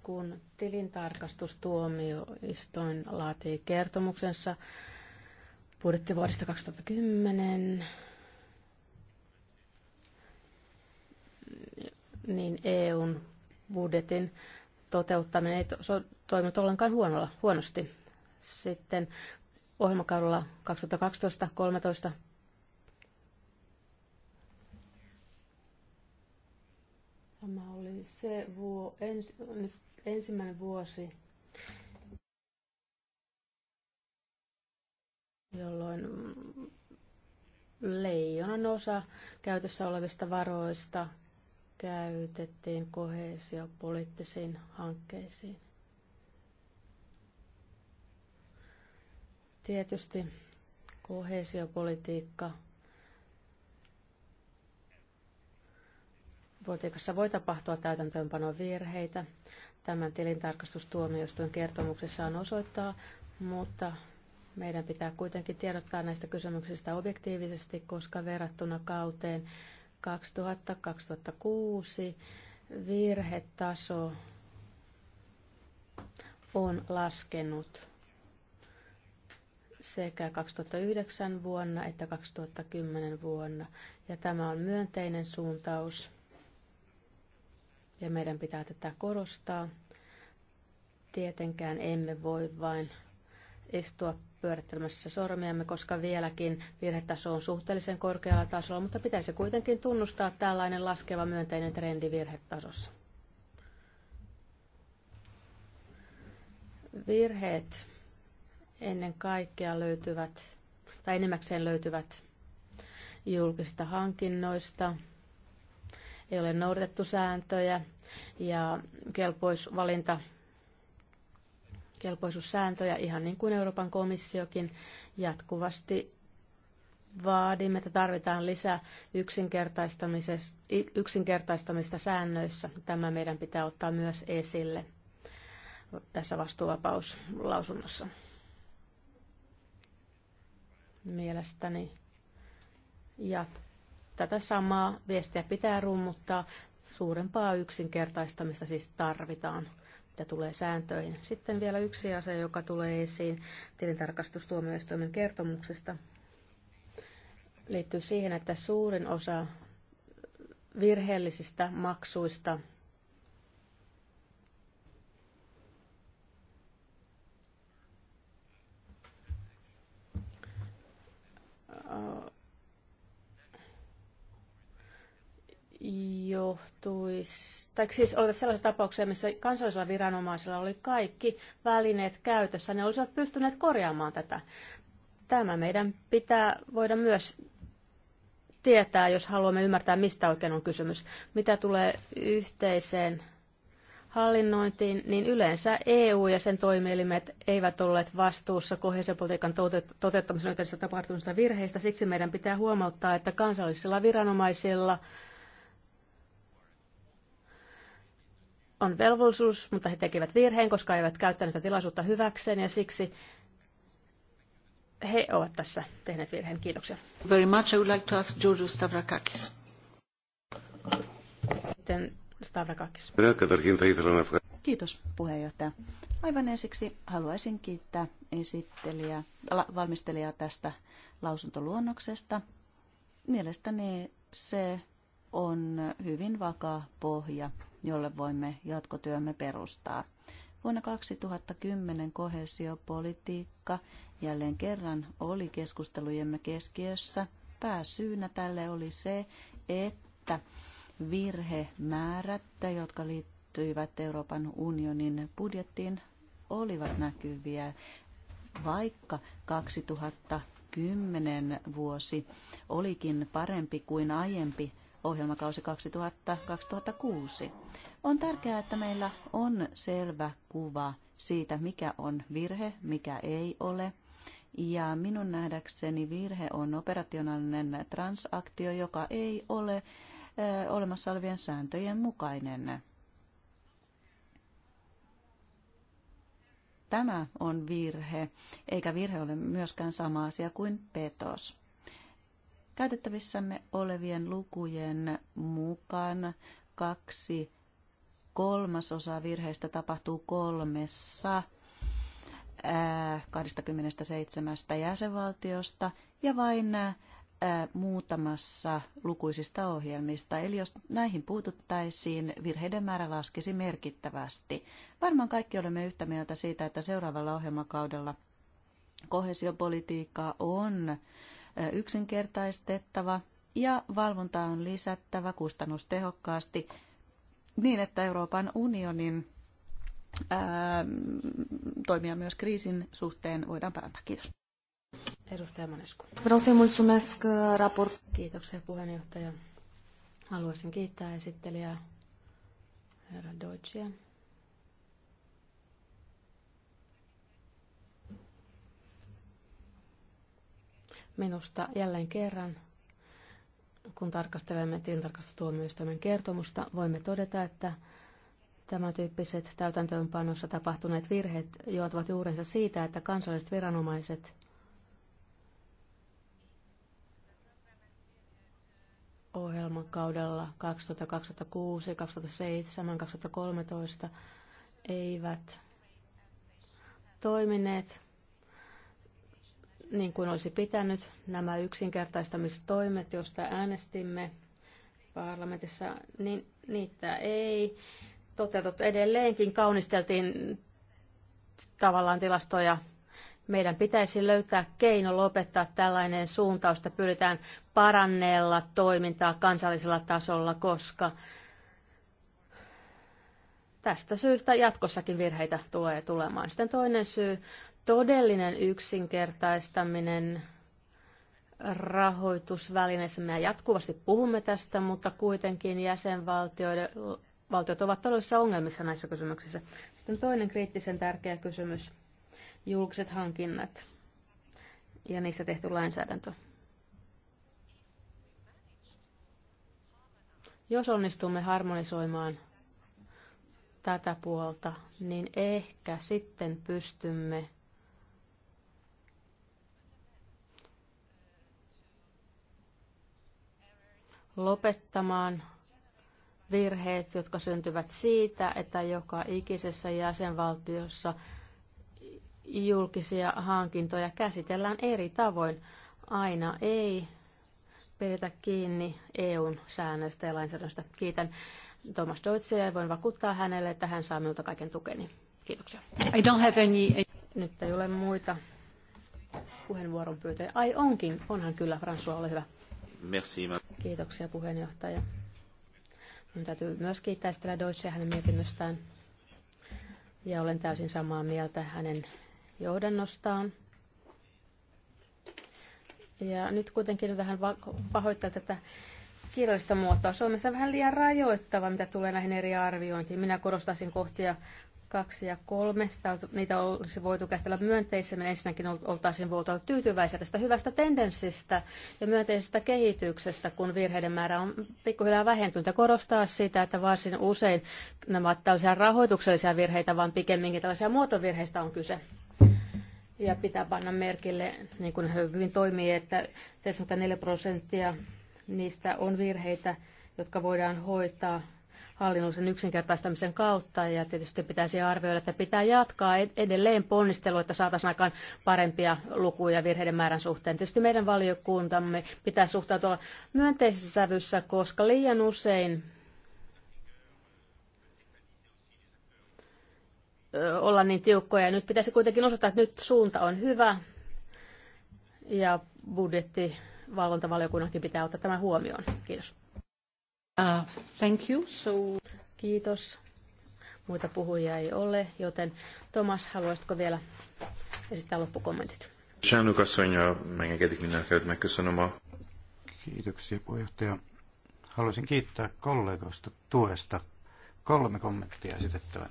Kun tilintarkastustuomioistuin laatii kertomuksensa budjettivuodesta 2010, niin EUn budjetin toteuttaminen ei to- toiminut ollenkaan huonolla, huonosti. Sitten ohjelmakaudella 2012 se vuo, ens, ensimmäinen vuosi, jolloin leijonan osa käytössä olevista varoista käytettiin kohesiopoliittisiin hankkeisiin. Tietysti kohesiopolitiikka Politiikassa voi tapahtua täytäntöönpanon virheitä. Tämän tilintarkastustuomioistuin on osoittaa, mutta meidän pitää kuitenkin tiedottaa näistä kysymyksistä objektiivisesti, koska verrattuna kauteen 2000-2006 virhetaso on laskenut sekä 2009 vuonna että 2010 vuonna. Ja tämä on myönteinen suuntaus ja meidän pitää tätä korostaa. Tietenkään emme voi vain istua pyörittelemässä sormiamme, koska vieläkin virhetaso on suhteellisen korkealla tasolla, mutta pitäisi kuitenkin tunnustaa tällainen laskeva myönteinen trendi virhetasossa. Virheet ennen kaikkea löytyvät, tai enimmäkseen löytyvät julkisista hankinnoista, ei ole noudatettu sääntöjä ja kelpoisvalinta kelpoisuussääntöjä, ihan niin kuin Euroopan komissiokin jatkuvasti vaadimme, että tarvitaan lisää yksinkertaistamista säännöissä. Tämä meidän pitää ottaa myös esille tässä vastuuvapauslausunnossa. Mielestäni jatkaa Tätä samaa viestiä pitää rummuttaa. Suurempaa yksinkertaistamista siis tarvitaan mitä tulee sääntöihin. Sitten vielä yksi asia, joka tulee esiin tilintarkastustuomioistuimen kertomuksesta, liittyy siihen, että suurin osa virheellisistä maksuista – johtuisi, tai siis olivat sellaisia tapauksia, missä kansallisella viranomaisella oli kaikki välineet käytössä, ne niin olisivat pystyneet korjaamaan tätä. Tämä meidän pitää voida myös tietää, jos haluamme ymmärtää, mistä oikein on kysymys. Mitä tulee yhteiseen hallinnointiin, niin yleensä EU ja sen toimielimet eivät olleet vastuussa kohesiopolitiikan toteuttamisen yhteydessä tapahtumista virheistä. Siksi meidän pitää huomauttaa, että kansallisilla viranomaisilla – on velvollisuus, mutta he tekivät virheen, koska he eivät käyttäneet tilaisuutta hyväkseen ja siksi he ovat tässä tehneet virheen. Kiitoksia. Very much. I would like to ask Georgios Stavrakakis. Sitten Stavrakakis. Kiitos puheenjohtaja. Aivan ensiksi haluaisin kiittää esittelijää, valmistelijaa tästä lausuntoluonnoksesta. Mielestäni se on hyvin vakaa pohja, jolle voimme jatkotyömme perustaa. Vuonna 2010 kohesiopolitiikka jälleen kerran oli keskustelujemme keskiössä. Pääsyynä tälle oli se, että virhemäärät, jotka liittyivät Euroopan unionin budjettiin, olivat näkyviä, vaikka 2010 vuosi olikin parempi kuin aiempi ohjelmakausi 2000-2006. On tärkeää, että meillä on selvä kuva siitä, mikä on virhe, mikä ei ole. Ja minun nähdäkseni virhe on operationaalinen transaktio, joka ei ole ö, olemassa olevien sääntöjen mukainen. Tämä on virhe, eikä virhe ole myöskään sama asia kuin petos. Käytettävissämme olevien lukujen mukaan kaksi kolmasosa virheistä tapahtuu kolmessa 27 jäsenvaltiosta ja vain muutamassa lukuisista ohjelmista. Eli jos näihin puututtaisiin, virheiden määrä laskisi merkittävästi. Varmaan kaikki olemme yhtä mieltä siitä, että seuraavalla ohjelmakaudella kohesiopolitiikka on yksinkertaistettava ja valvontaa on lisättävä kustannustehokkaasti niin, että Euroopan unionin ää, ähm, toimia myös kriisin suhteen voidaan parantaa. Kiitos. Edustaja Manesku. raport. Kiitoksia puheenjohtaja. Haluaisin kiittää esittelijää herra Deutschia Minusta jälleen kerran, kun tarkastelemme tilintarkastustuomioistuimen kertomusta, voimme todeta, että tämän tyyppiset täytäntöönpanossa tapahtuneet virheet johtuvat juurensa siitä, että kansalliset viranomaiset ohjelmakaudella 2006, 2007, 2013 eivät toimineet niin kuin olisi pitänyt. Nämä yksinkertaistamistoimet, joista äänestimme parlamentissa, niin niitä ei toteutettu. Edelleenkin kaunisteltiin tavallaan tilastoja meidän pitäisi löytää keino lopettaa tällainen suuntaus, että pyritään paranneella toimintaa kansallisella tasolla, koska tästä syystä jatkossakin virheitä tulee tulemaan. Sitten toinen syy todellinen yksinkertaistaminen rahoitusvälineissä. Me jatkuvasti puhumme tästä, mutta kuitenkin jäsenvaltioiden valtiot ovat todellisissa ongelmissa näissä kysymyksissä. Sitten toinen kriittisen tärkeä kysymys, julkiset hankinnat ja niistä tehty lainsäädäntö. Jos onnistumme harmonisoimaan tätä puolta, niin ehkä sitten pystymme lopettamaan virheet, jotka syntyvät siitä, että joka ikisessä jäsenvaltiossa julkisia hankintoja käsitellään eri tavoin. Aina ei pidetä kiinni EUn säännöistä ja lainsäädännöstä. Kiitän Thomas Deutsche ja voin vakuuttaa hänelle, että hän saa minulta kaiken tukeni. Kiitoksia. I don't have any... Nyt ei ole muita puheenvuoron pyytäjä. Ai onkin, onhan kyllä, François, ole hyvä. Merci, Kiitoksia puheenjohtaja. Minun täytyy myös kiittää Stella Deutsche hänen mietinnöstään. Ja olen täysin samaa mieltä hänen johdannostaan. Ja nyt kuitenkin vähän pahoittaa tätä kirjallista muotoa. Se on vähän liian rajoittava, mitä tulee näihin eri arviointiin. Minä korostaisin kohtia kaksi ja kolme. Sitä, niitä olisi voitu käsitellä myönteisemmin. Ensinnäkin oltaisiin voitu olla tyytyväisiä tästä hyvästä tendenssistä ja myönteisestä kehityksestä, kun virheiden määrä on pikkuhiljaa vähentynyt. Ja korostaa sitä, että varsin usein nämä ovat tällaisia rahoituksellisia virheitä, vaan pikemminkin tällaisia muotovirheistä on kyse. Ja pitää panna merkille, niin kuin hyvin toimii, että 74 prosenttia niistä on virheitä, jotka voidaan hoitaa hallinnollisen yksinkertaistamisen kautta ja tietysti pitäisi arvioida, että pitää jatkaa edelleen ponnistelua, että saataisiin aikaan parempia lukuja virheiden määrän suhteen. Tietysti meidän valiokuntamme pitää suhtautua myönteisessä sävyssä, koska liian usein olla niin tiukkoja. Nyt pitäisi kuitenkin osoittaa, että nyt suunta on hyvä ja valvontavaliokunnankin pitää ottaa tämä huomioon. Kiitos. Uh, thank you. So... Kiitos. Muita puhujia ei ole, joten Tomas, haluaisitko vielä esittää loppukommentit? Sánuk asszony, megengedik mindenkit, megköszönöm a... Kiitoksia puheenjohtaja. Haluaisin kiittää kollegoista tuesta. Kolme kommenttia esitettävänä.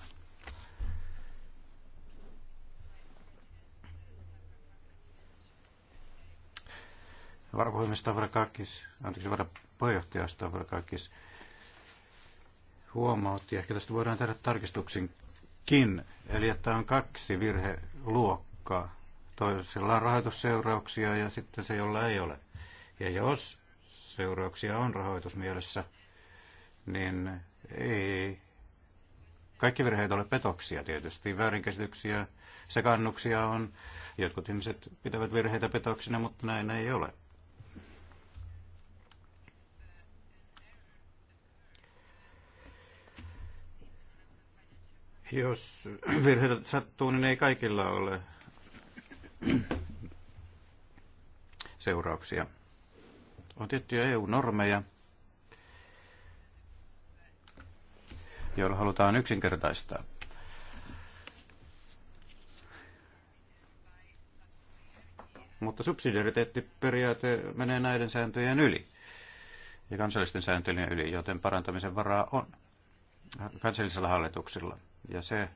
Varapuhemies Kakis, anteeksi varapuhemies puheenjohtaja Stavrakakis huomautti, ehkä tästä voidaan tehdä tarkistuksinkin, eli että on kaksi virheluokkaa. Toisella on rahoitusseurauksia ja sitten se, jolla ei ole. Ja jos seurauksia on rahoitusmielessä, niin ei kaikki virheet ole petoksia tietysti, väärinkäsityksiä, sekannuksia on. Jotkut ihmiset pitävät virheitä petoksina, mutta näin ei ole. Jos virheitä sattuu, niin ei kaikilla ole seurauksia. On tiettyjä EU-normeja, joilla halutaan yksinkertaistaa. Mutta subsidiariteettiperiaate menee näiden sääntöjen yli ja kansallisten sääntöjen yli, joten parantamisen varaa on kansallisella hallituksilla ja se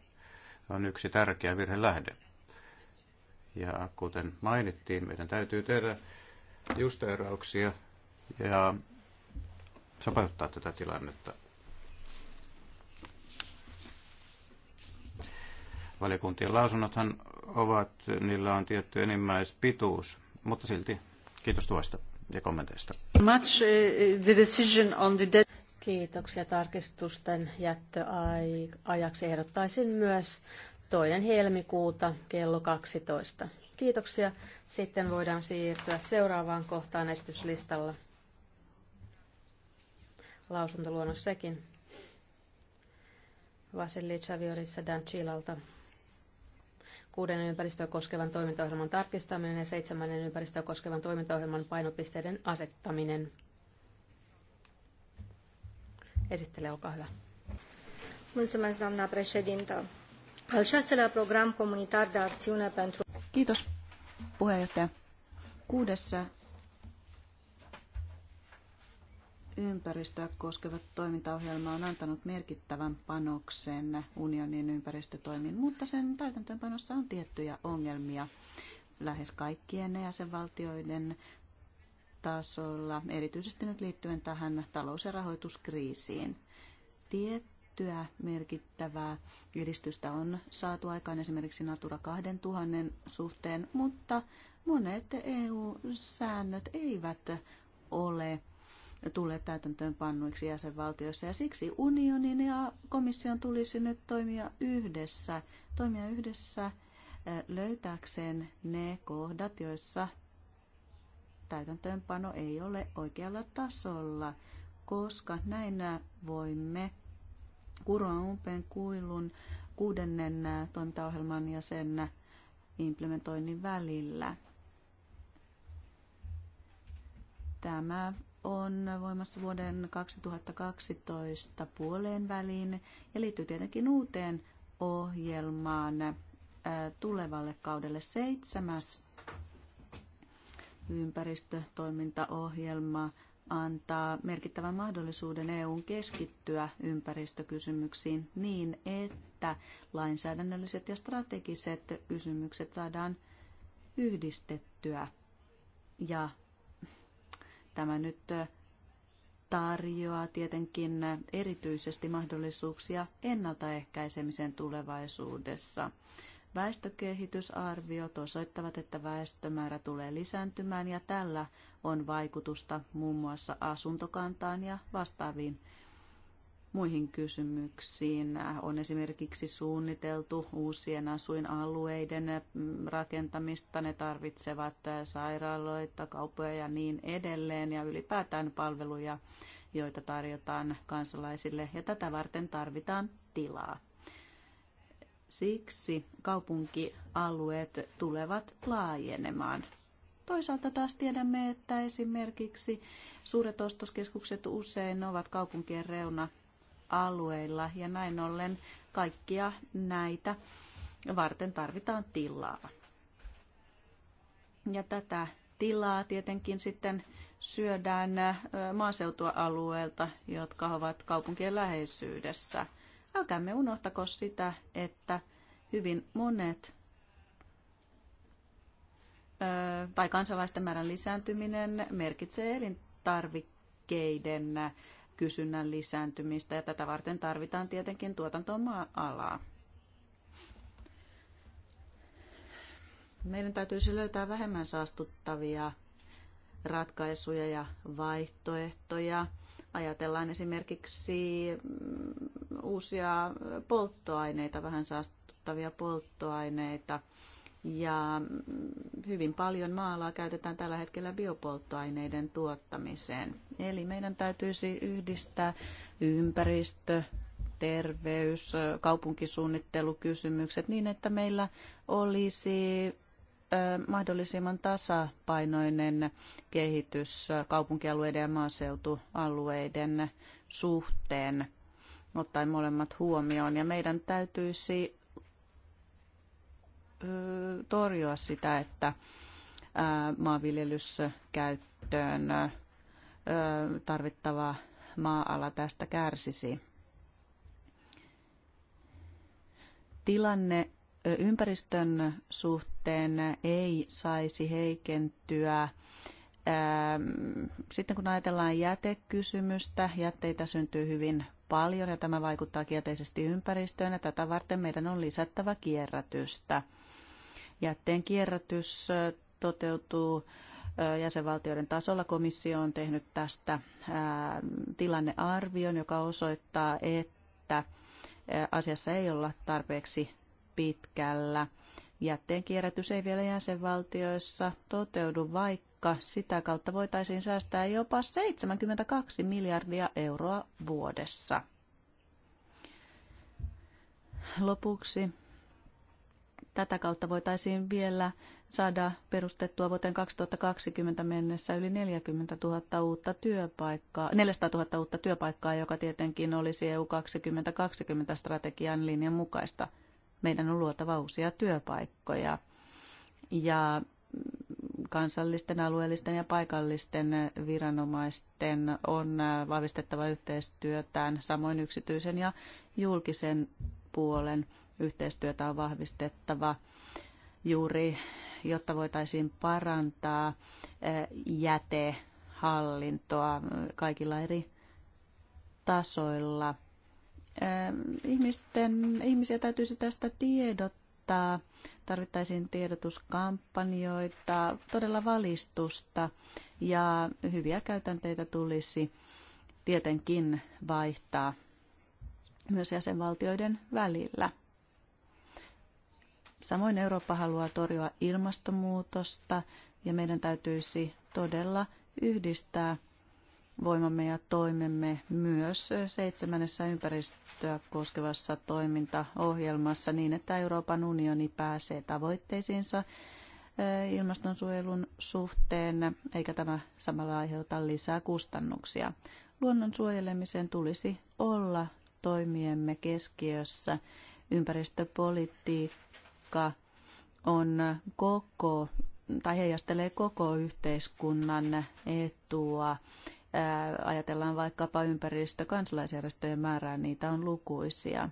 on yksi tärkeä virhelähde. Ja kuten mainittiin, meidän täytyy tehdä justeerauksia ja sopeuttaa tätä tilannetta. Valiokuntien lausunnothan ovat, niillä on tietty enimmäispituus, mutta silti kiitos tuosta ja kommenteista. Much, eh, the decision on the Kiitoksia tarkistusten jättöajaksi. Ehdottaisin myös toinen helmikuuta kello 12. Kiitoksia. Sitten voidaan siirtyä seuraavaan kohtaan esityslistalla. Lausuntoluonnos sekin. Vasili Chaviorissa Chilalta. Kuuden ympäristöä koskevan toimintaohjelman tarkistaminen ja seitsemännen ympäristöä koskevan toimintaohjelman painopisteiden asettaminen. Esittele, olkaa hyvä. Mulțumesc, doamna președintă. Al șaselea program comunitar de acțiune pentru... Kiitos, puheenjohtaja. Kuudessa ympäristöä koskevat toimintaohjelma on antanut merkittävän panoksen unionin ympäristötoimiin, mutta sen täytäntöönpanossa on tiettyjä ongelmia. Lähes kaikkien jäsenvaltioiden tasolla, erityisesti nyt liittyen tähän talous- ja rahoituskriisiin. Tiettyä merkittävää edistystä on saatu aikaan esimerkiksi Natura 2000 suhteen, mutta monet EU-säännöt eivät ole tulleet täytäntöönpannuiksi jäsenvaltioissa. Ja siksi unionin ja komission tulisi nyt toimia yhdessä, toimia yhdessä löytääkseen ne kohdat, joissa täytäntöönpano ei ole oikealla tasolla, koska näin voimme kuroa umpeen kuilun kuudennen toimintaohjelman ja sen implementoinnin välillä. Tämä on voimassa vuoden 2012 puoleen väliin ja liittyy tietenkin uuteen ohjelmaan tulevalle kaudelle seitsemäs ympäristötoimintaohjelma antaa merkittävän mahdollisuuden EUn keskittyä ympäristökysymyksiin niin, että lainsäädännölliset ja strategiset kysymykset saadaan yhdistettyä. Ja tämä nyt tarjoaa tietenkin erityisesti mahdollisuuksia ennaltaehkäisemisen tulevaisuudessa. Väestökehitysarviot osoittavat, että väestömäärä tulee lisääntymään ja tällä on vaikutusta muun muassa asuntokantaan ja vastaaviin muihin kysymyksiin. On esimerkiksi suunniteltu uusien asuinalueiden rakentamista. Ne tarvitsevat sairaaloita, kauppoja ja niin edelleen ja ylipäätään palveluja, joita tarjotaan kansalaisille. Ja tätä varten tarvitaan tilaa. Siksi kaupunkialueet tulevat laajenemaan. Toisaalta taas tiedämme, että esimerkiksi suuret ostoskeskukset usein ovat kaupunkien reuna-alueilla ja näin ollen kaikkia näitä varten tarvitaan tilaa. Ja tätä tilaa tietenkin sitten syödään maaseutualueelta, jotka ovat kaupunkien läheisyydessä – älkäämme unohtako sitä, että hyvin monet tai kansalaisten määrän lisääntyminen merkitsee elintarvikkeiden kysynnän lisääntymistä ja tätä varten tarvitaan tietenkin tuotantomaa-alaa. Meidän täytyisi löytää vähemmän saastuttavia ratkaisuja ja vaihtoehtoja. Ajatellaan esimerkiksi mm, uusia polttoaineita, vähän saastuttavia polttoaineita. Ja mm, hyvin paljon maalaa käytetään tällä hetkellä biopolttoaineiden tuottamiseen. Eli meidän täytyisi yhdistää ympäristö, terveys, kaupunkisuunnittelukysymykset niin, että meillä olisi mahdollisimman tasapainoinen kehitys kaupunkialueiden ja maaseutualueiden suhteen, ottaen molemmat huomioon. Ja meidän täytyisi torjua sitä, että maanviljelyskäyttöön tarvittava maa-ala tästä kärsisi. Tilanne ympäristön suhteen ei saisi heikentyä. Ähm, sitten kun ajatellaan jätekysymystä, jätteitä syntyy hyvin paljon ja tämä vaikuttaa kielteisesti ympäristöön ja tätä varten meidän on lisättävä kierrätystä. Jätteen kierrätys äh, toteutuu äh, jäsenvaltioiden tasolla. Komissio on tehnyt tästä äh, tilannearvion, joka osoittaa, että asiassa ei olla tarpeeksi pitkällä. Jätteen kierrätys ei vielä jäsenvaltioissa toteudu, vaikka sitä kautta voitaisiin säästää jopa 72 miljardia euroa vuodessa. Lopuksi tätä kautta voitaisiin vielä saada perustettua vuoteen 2020 mennessä yli 40 000 uutta työpaikkaa, 400 000 uutta työpaikkaa, joka tietenkin olisi EU 2020 strategian linjan mukaista meidän on luotava uusia työpaikkoja. Ja kansallisten, alueellisten ja paikallisten viranomaisten on vahvistettava yhteistyötään, samoin yksityisen ja julkisen puolen yhteistyötä on vahvistettava juuri, jotta voitaisiin parantaa jätehallintoa kaikilla eri tasoilla – Ihmisten, ihmisiä täytyisi tästä tiedottaa. Tarvittaisiin tiedotuskampanjoita, todella valistusta ja hyviä käytänteitä tulisi tietenkin vaihtaa myös jäsenvaltioiden välillä. Samoin Eurooppa haluaa torjua ilmastonmuutosta ja meidän täytyisi todella yhdistää voimamme ja toimemme myös seitsemännessä ympäristöä koskevassa toimintaohjelmassa niin, että Euroopan unioni pääsee tavoitteisiinsa eh, ilmastonsuojelun suhteen, eikä tämä samalla aiheuta lisää kustannuksia. Luonnon suojelemisen tulisi olla toimiemme keskiössä. Ympäristöpolitiikka on koko tai heijastelee koko yhteiskunnan etua Ajatellaan vaikkapa ympäristö- kansalaisjärjestöjen määrää, niitä on lukuisia.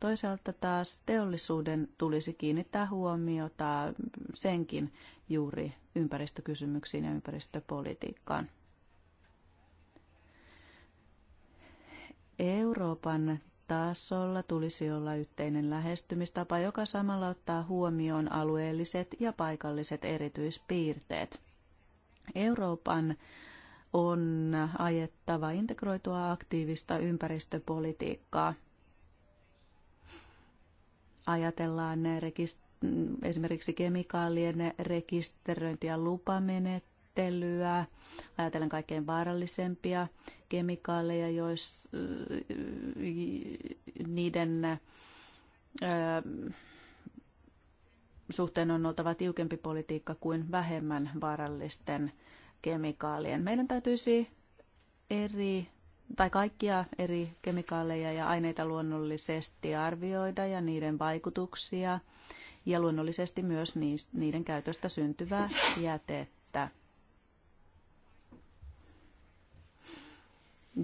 Toisaalta taas teollisuuden tulisi kiinnittää huomiota senkin juuri ympäristökysymyksiin ja ympäristöpolitiikkaan. Euroopan tasolla tulisi olla yhteinen lähestymistapa, joka samalla ottaa huomioon alueelliset ja paikalliset erityispiirteet. Euroopan on ajettava integroitua aktiivista ympäristöpolitiikkaa. Ajatellaan esimerkiksi kemikaalien rekisteröintiä ja lupamenettelyä, ajatellen kaikkein vaarallisempia kemikaaleja, jos niiden suhteen on oltava tiukempi politiikka kuin vähemmän vaarallisten kemikaalien. Meidän täytyisi eri tai kaikkia eri kemikaaleja ja aineita luonnollisesti arvioida ja niiden vaikutuksia ja luonnollisesti myös niiden käytöstä syntyvää jätettä.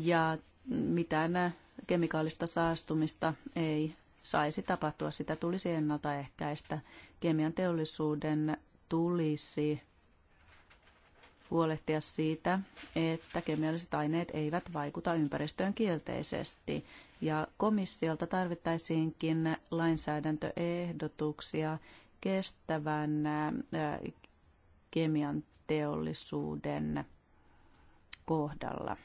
Ja mitään kemikaalista saastumista ei saisi tapahtua, sitä tulisi ennaltaehkäistä. Kemian teollisuuden tulisi huolehtia siitä, että kemialliset aineet eivät vaikuta ympäristöön kielteisesti. Ja komissiolta tarvittaisiinkin lainsäädäntöehdotuksia kestävän kemian teollisuuden kohdalla.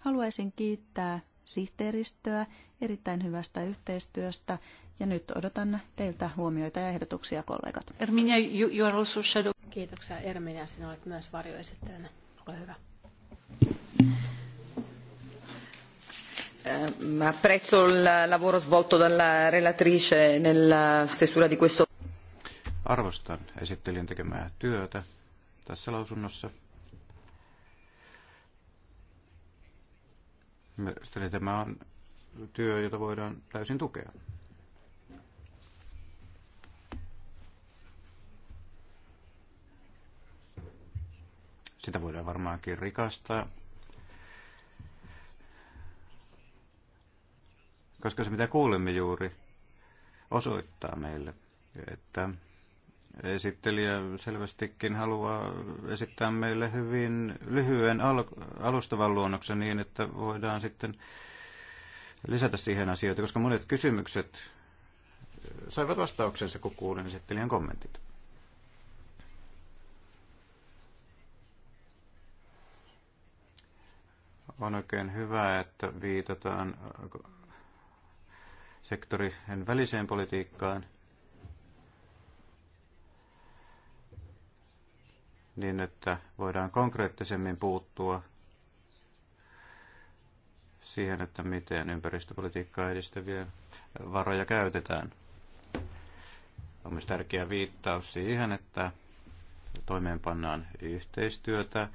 Haluaisin kiittää sihteeristöä erittäin hyvästä yhteistyöstä ja nyt odotan teiltä huomioita ja ehdotuksia, kollegat. Erminia, you, you are also shadow. Kiitoksia Erminia, sinä olet myös varjoesittelijänä. Ole hyvä. Eh, apprezzo il lavoro svolto dalla relatrice nella stesura di questo. Arvostan esittelijän tekemää työtä tässä lausunnossa. Mielestäni tämä on työ, jota voidaan täysin tukea. Sitä voidaan varmaankin rikastaa. Koska se, mitä kuulemme juuri, osoittaa meille, että esittelijä selvästikin haluaa esittää meille hyvin lyhyen al- alustavan luonnoksen niin, että voidaan sitten lisätä siihen asioita, koska monet kysymykset saivat vastauksensa, kun kuulin esittelijän kommentit. On oikein hyvä, että viitataan äh, sektorien väliseen politiikkaan, niin että voidaan konkreettisemmin puuttua siihen, että miten ympäristöpolitiikkaa edistäviä varoja käytetään. On myös tärkeä viittaus siihen, että toimeenpannaan yhteistyötä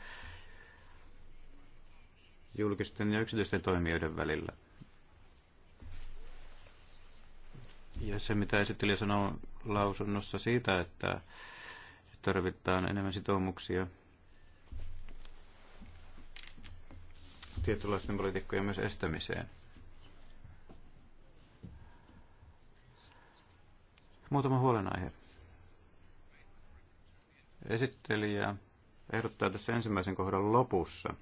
julkisten ja yksityisten toimijoiden välillä. Ja se, mitä esittelijä sanoi lausunnossa siitä, että tarvitaan enemmän sitoumuksia tietynlaisten poliitikkojen myös estämiseen. Muutama huolenaihe. Esittelijä ehdottaa tässä ensimmäisen kohdan lopussa –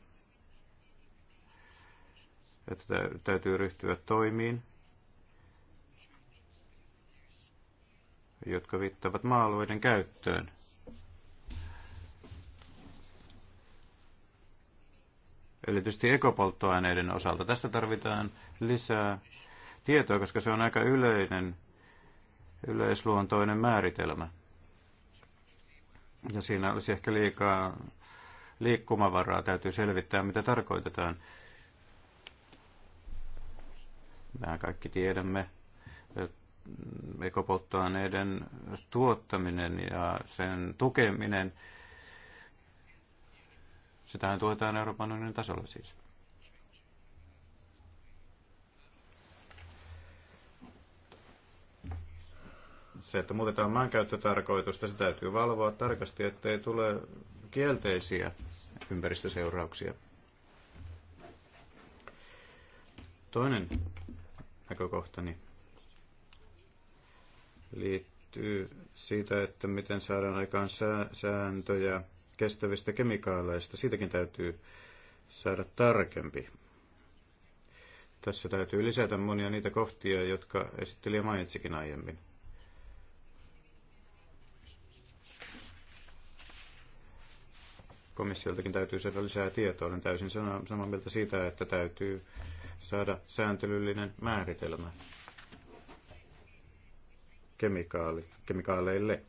että täytyy ryhtyä toimiin, jotka viittaavat maa käyttöön. käyttöön. Erityisesti ekopolttoaineiden osalta. Tästä tarvitaan lisää tietoa, koska se on aika yleinen, yleisluontoinen määritelmä. Ja siinä olisi ehkä liikaa liikkumavaraa. Täytyy selvittää, mitä tarkoitetaan. Mehän kaikki tiedämme, ekopolttoaineiden tuottaminen ja sen tukeminen, sitähän tuetaan Euroopan unionin tasolla siis. Se, että muutetaan maankäyttötarkoitusta, se täytyy valvoa tarkasti, ettei tule kielteisiä ympäristöseurauksia. Toinen näkökohtani liittyy siitä, että miten saadaan aikaan sääntöjä kestävistä kemikaaleista. Siitäkin täytyy saada tarkempi. Tässä täytyy lisätä monia niitä kohtia, jotka esittelijä mainitsikin aiemmin. Komissioltakin täytyy saada lisää tietoa. Olen täysin samaa mieltä siitä, että täytyy saada sääntelyllinen määritelmä kemikaali, kemikaaleille.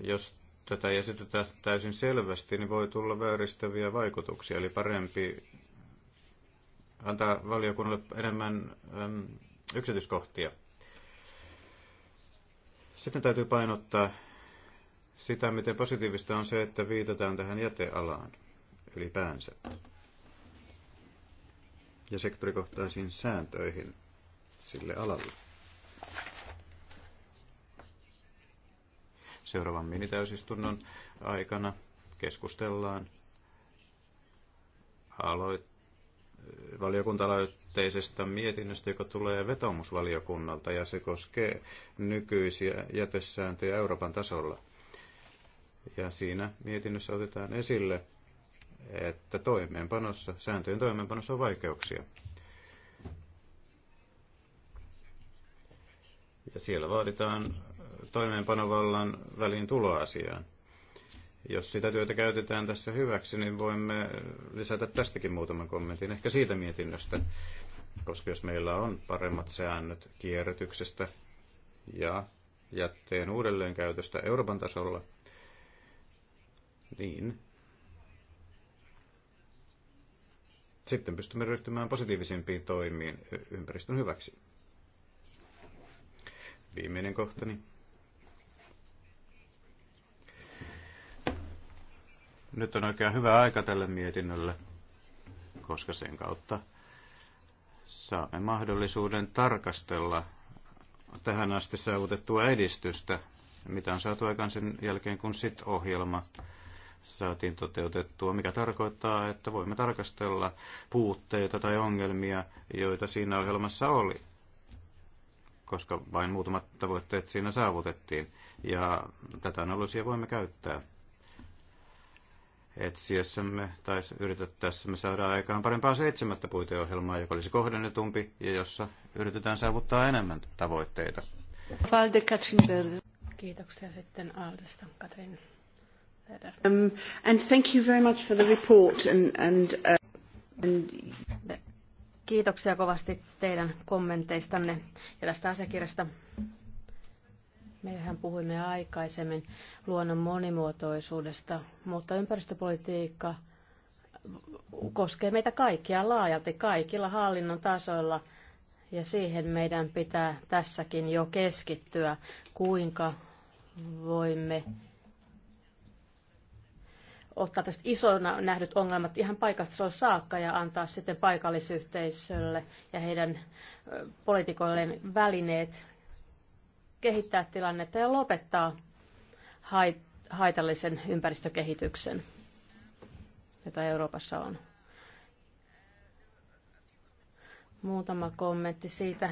Jos tätä ei esitetä täysin selvästi, niin voi tulla vääristäviä vaikutuksia, eli parempi antaa valiokunnalle enemmän äm, yksityiskohtia. Sitten täytyy painottaa sitä, miten positiivista on se, että viitataan tähän jätealaan ylipäänsä ja sektorikohtaisiin sääntöihin sille alalle. Seuraavan minitäysistunnon aikana keskustellaan aloit- valiokuntalaitteisesta mietinnöstä, joka tulee vetomusvaliokunnalta ja se koskee nykyisiä jätesääntöjä Euroopan tasolla – ja siinä mietinnössä otetaan esille, että toimeenpanossa, sääntöjen toimeenpanossa on vaikeuksia. Ja siellä vaaditaan toimeenpanovallan väliin tuloasiaan. Jos sitä työtä käytetään tässä hyväksi, niin voimme lisätä tästäkin muutaman kommentin, ehkä siitä mietinnöstä. Koska jos meillä on paremmat säännöt kierrätyksestä ja jätteen uudelleenkäytöstä Euroopan tasolla – niin sitten pystymme ryhtymään positiivisempiin toimiin ympäristön hyväksi. Viimeinen kohtani. Nyt on oikein hyvä aika tälle mietinnölle, koska sen kautta saamme mahdollisuuden tarkastella tähän asti saavutettua edistystä, mitä on saatu aikaan sen jälkeen, kun SIT-ohjelma saatiin toteutettua, mikä tarkoittaa, että voimme tarkastella puutteita tai ongelmia, joita siinä ohjelmassa oli, koska vain muutamat tavoitteet siinä saavutettiin. Ja tätä analyysiä voimme käyttää etsiessämme tai yritettäessämme saada aikaan parempaa seitsemättä puiteohjelmaa, joka olisi kohdennetumpi ja jossa yritetään saavuttaa enemmän tavoitteita. Valde Kiitoksia sitten Aldesta, Katrin. Um, and thank you very much for the report and, and, uh, and... Kiitoksia kovasti teidän kommenteistanne ja tästä asiakirjasta. Mehän puhuimme aikaisemmin luonnon monimuotoisuudesta, mutta ympäristöpolitiikka koskee meitä kaikkia laajalti, kaikilla hallinnon tasoilla. Ja siihen meidän pitää tässäkin jo keskittyä, kuinka voimme ottaa tästä isona nähdyt ongelmat ihan paikasta saakka ja antaa sitten paikallisyhteisölle ja heidän poliitikoilleen välineet kehittää tilannetta ja lopettaa haitallisen ympäristökehityksen, jota Euroopassa on. Muutama kommentti siitä,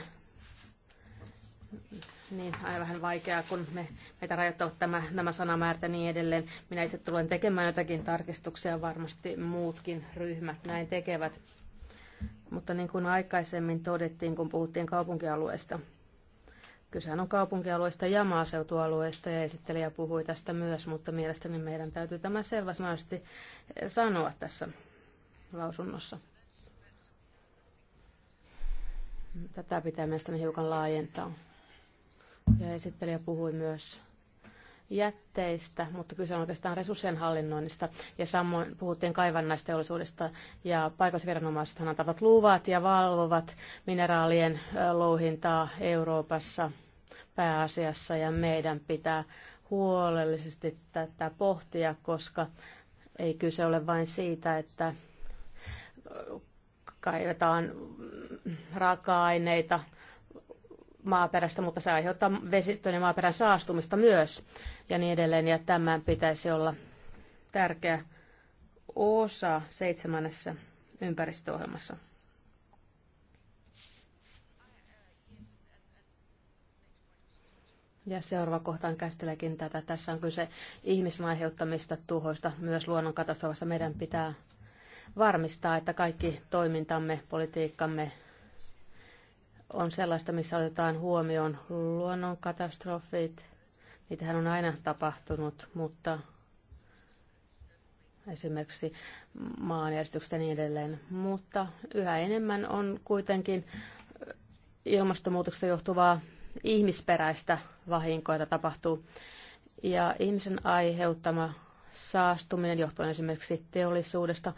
niin, aivan vähän vaikeaa, kun me, meitä rajoittavat tämä, nämä sanamäärät ja niin edelleen. Minä itse tulen tekemään jotakin tarkistuksia, varmasti muutkin ryhmät näin tekevät. Mutta niin kuin aikaisemmin todettiin, kun puhuttiin kaupunkialueesta, kysehän on kaupunkialueista ja maaseutualueista, ja esittelijä puhui tästä myös, mutta mielestäni meidän täytyy tämä selväsanaisesti eh, sanoa tässä lausunnossa. Tätä pitää mielestäni hiukan laajentaa. Ja esittelijä puhui myös jätteistä, mutta kyse on oikeastaan resurssien hallinnoinnista ja samoin puhuttiin kaivannaisteollisuudesta ja paikallisviranomaiset antavat luvat ja valvovat mineraalien louhintaa Euroopassa pääasiassa ja meidän pitää huolellisesti tätä pohtia, koska ei kyse ole vain siitä, että kaivetaan raaka-aineita maaperästä, mutta se aiheuttaa vesistön ja maaperän saastumista myös ja niin edelleen. Ja tämän pitäisi olla tärkeä osa seitsemännessä ympäristöohjelmassa. Ja seuraava kohtaan käsitteleekin tätä. Tässä on kyse ihmismaiheuttamista tuhoista, myös luonnonkatastrofista. Meidän pitää varmistaa, että kaikki toimintamme, politiikkamme, on sellaista, missä otetaan huomioon luonnonkatastrofit. Niitähän on aina tapahtunut, mutta esimerkiksi maanjärjestykset ja niin edelleen. Mutta yhä enemmän on kuitenkin ilmastonmuutoksesta johtuvaa ihmisperäistä vahinkoa, jota tapahtuu. Ja ihmisen aiheuttama saastuminen johtuen esimerkiksi teollisuudesta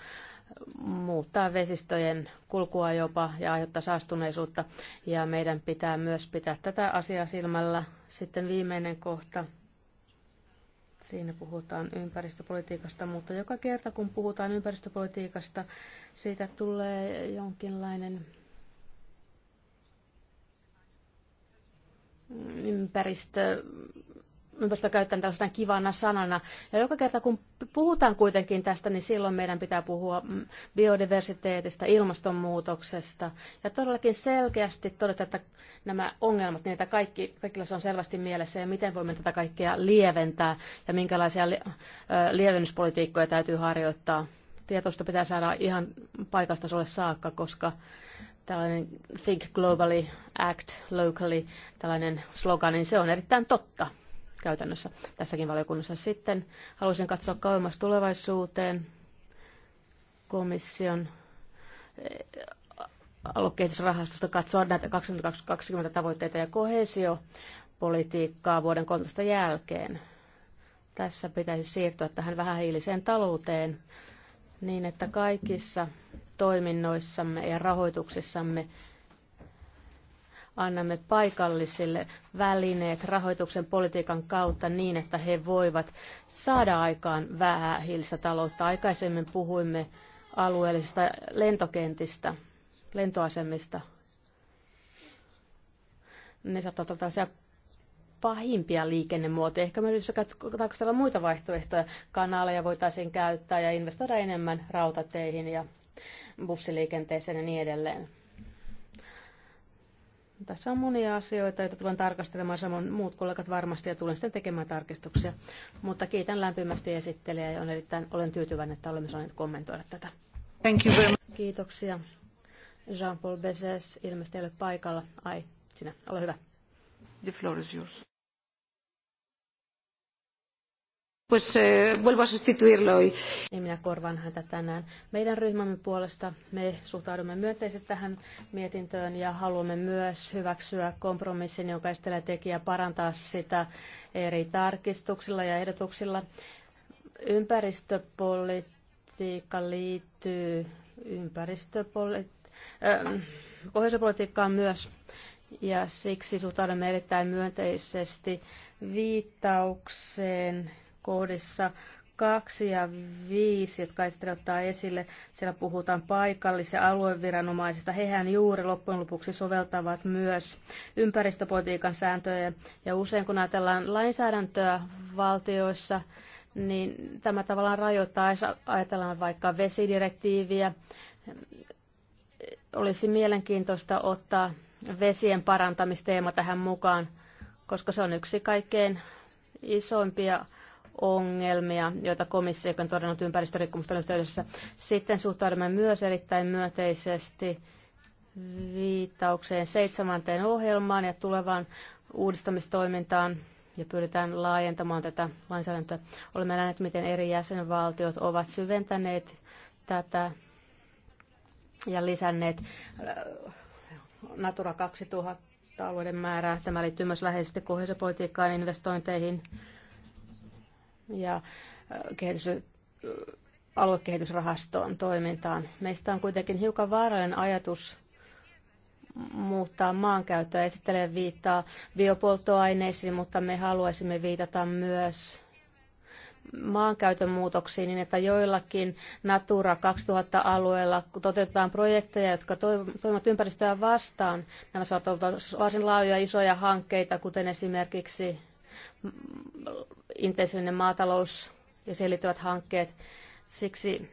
muuttaa vesistöjen kulkua jopa ja aiheuttaa saastuneisuutta. Ja meidän pitää myös pitää tätä asiaa silmällä. Sitten viimeinen kohta. Siinä puhutaan ympäristöpolitiikasta, mutta joka kerta kun puhutaan ympäristöpolitiikasta, siitä tulee jonkinlainen ympäristö ympäristö käyttää tällaisena kivana sanana. Ja joka kerta kun puhutaan kuitenkin tästä, niin silloin meidän pitää puhua mm, biodiversiteetistä, ilmastonmuutoksesta ja todellakin selkeästi todeta, että nämä ongelmat, niitä kaikki, kaikilla se on selvästi mielessä ja miten voimme tätä kaikkea lieventää ja minkälaisia lievennyspolitiikkoja täytyy harjoittaa. Tietoista pitää saada ihan sulle saakka, koska tällainen Think Globally, Act Locally, tällainen slogan, niin se on erittäin totta käytännössä tässäkin valiokunnassa. Sitten haluaisin katsoa kauemmas tulevaisuuteen komission eh, aluekehitysrahastosta katsoa näitä 2020 tavoitteita ja kohesiopolitiikkaa vuoden 13 jälkeen. Tässä pitäisi siirtyä tähän vähähiiliseen talouteen niin, että kaikissa toiminnoissamme ja rahoituksissamme annamme paikallisille välineet rahoituksen politiikan kautta niin, että he voivat saada aikaan vähähiilistä taloutta. Aikaisemmin puhuimme alueellisista lentokentistä, lentoasemista. Ne saattavat olla tällaisia pahimpia liikennemuotoja. Ehkä me tarkastella muita vaihtoehtoja. Kanaaleja voitaisiin käyttää ja investoida enemmän rautateihin ja bussiliikenteeseen ja niin edelleen. Tässä on monia asioita, joita tulen tarkastelemaan, samoin muut kollegat varmasti, ja tulen sitten tekemään tarkistuksia. Mutta kiitän lämpimästi esittelijä ja on erittäin, olen tyytyväinen, että olemme saaneet kommentoida tätä. Thank you very much. Kiitoksia. Jean-Paul Bezes ilmeisesti ei ole paikalla. Ai, sinä, ole hyvä. The floor is yours. Pues eh, vuelvo a sustituirlo hoy. Niin minä korvaan häntä tänään. Meidän ryhmämme puolesta me suhtaudumme myönteisesti tähän mietintöön ja haluamme myös hyväksyä kompromissin, joka estelee tekijä parantaa sitä eri tarkistuksilla ja ehdotuksilla. Ympäristöpolitiikka liittyy ympäristöpolitiikkaan, ähm, äh, myös ja siksi suhtaudumme erittäin myönteisesti viittaukseen kohdissa kaksi ja viisi, jotka Ester ottaa esille. Siellä puhutaan paikallis- ja alueviranomaisista. Hehän juuri loppujen lopuksi soveltavat myös ympäristöpolitiikan sääntöjä. Ja usein kun ajatellaan lainsäädäntöä valtioissa, niin tämä tavallaan rajoittaa, jos ajatellaan vaikka vesidirektiiviä. Olisi mielenkiintoista ottaa vesien parantamisteema tähän mukaan, koska se on yksi kaikkein isoimpia ongelmia, joita komissio on todennut ympäristörikkomusten yhteydessä. Sitten suhtaudumme myös erittäin myönteisesti viittaukseen seitsemänteen ohjelmaan ja tulevaan uudistamistoimintaan ja pyritään laajentamaan tätä lainsäädäntöä. Olemme nähneet, miten eri jäsenvaltiot ovat syventäneet tätä ja lisänneet äh, Natura 2000 alueiden määrää. Tämä liittyy myös läheisesti kohdalliseen investointeihin ja äh, kehitys, äh, aluekehitysrahastoon toimintaan. Meistä on kuitenkin hiukan vaarallinen ajatus muuttaa maankäyttöä. Esittelen viittaa biopolttoaineisiin, mutta me haluaisimme viitata myös maankäytön muutoksiin niin, että joillakin Natura 2000-alueilla toteutetaan projekteja, jotka toimivat ympäristöä vastaan. Nämä saattavat olla varsin laajoja isoja hankkeita, kuten esimerkiksi intensiivinen maatalous ja siihen liittyvät hankkeet. Siksi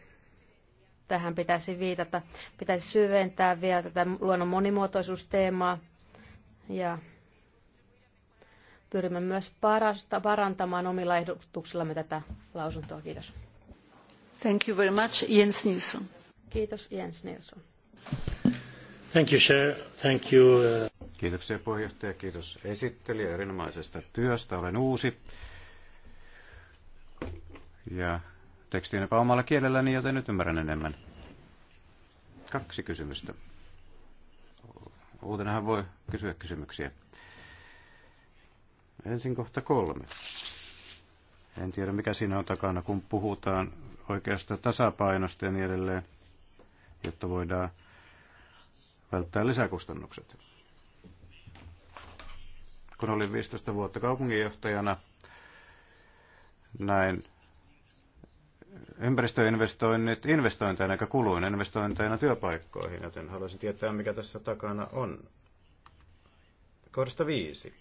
tähän pitäisi viitata. Pitäisi syventää vielä tätä luonnon monimuotoisuusteemaa ja pyrimme myös parasta, parantamaan omilla ehdotuksillamme tätä lausuntoa. Kiitos. Thank you very much, Jens Nilsson. Kiitos, Jens Nilsson. Thank you, Chair. Thank you. Uh, Kiitoksia puheenjohtaja, kiitos esittelijä erinomaisesta työstä. Olen uusi ja on omalla kielelläni, joten nyt ymmärrän enemmän. Kaksi kysymystä. Uutenahan voi kysyä kysymyksiä. Ensin kohta kolme. En tiedä, mikä siinä on takana, kun puhutaan oikeasta tasapainosta ja niin edelleen, jotta voidaan välttää lisäkustannukset kun olin 15 vuotta kaupunginjohtajana, näin ympäristöinvestoinnit investointeina eikä kuluin investointeina työpaikkoihin, joten haluaisin tietää, mikä tässä takana on. Kohdasta viisi.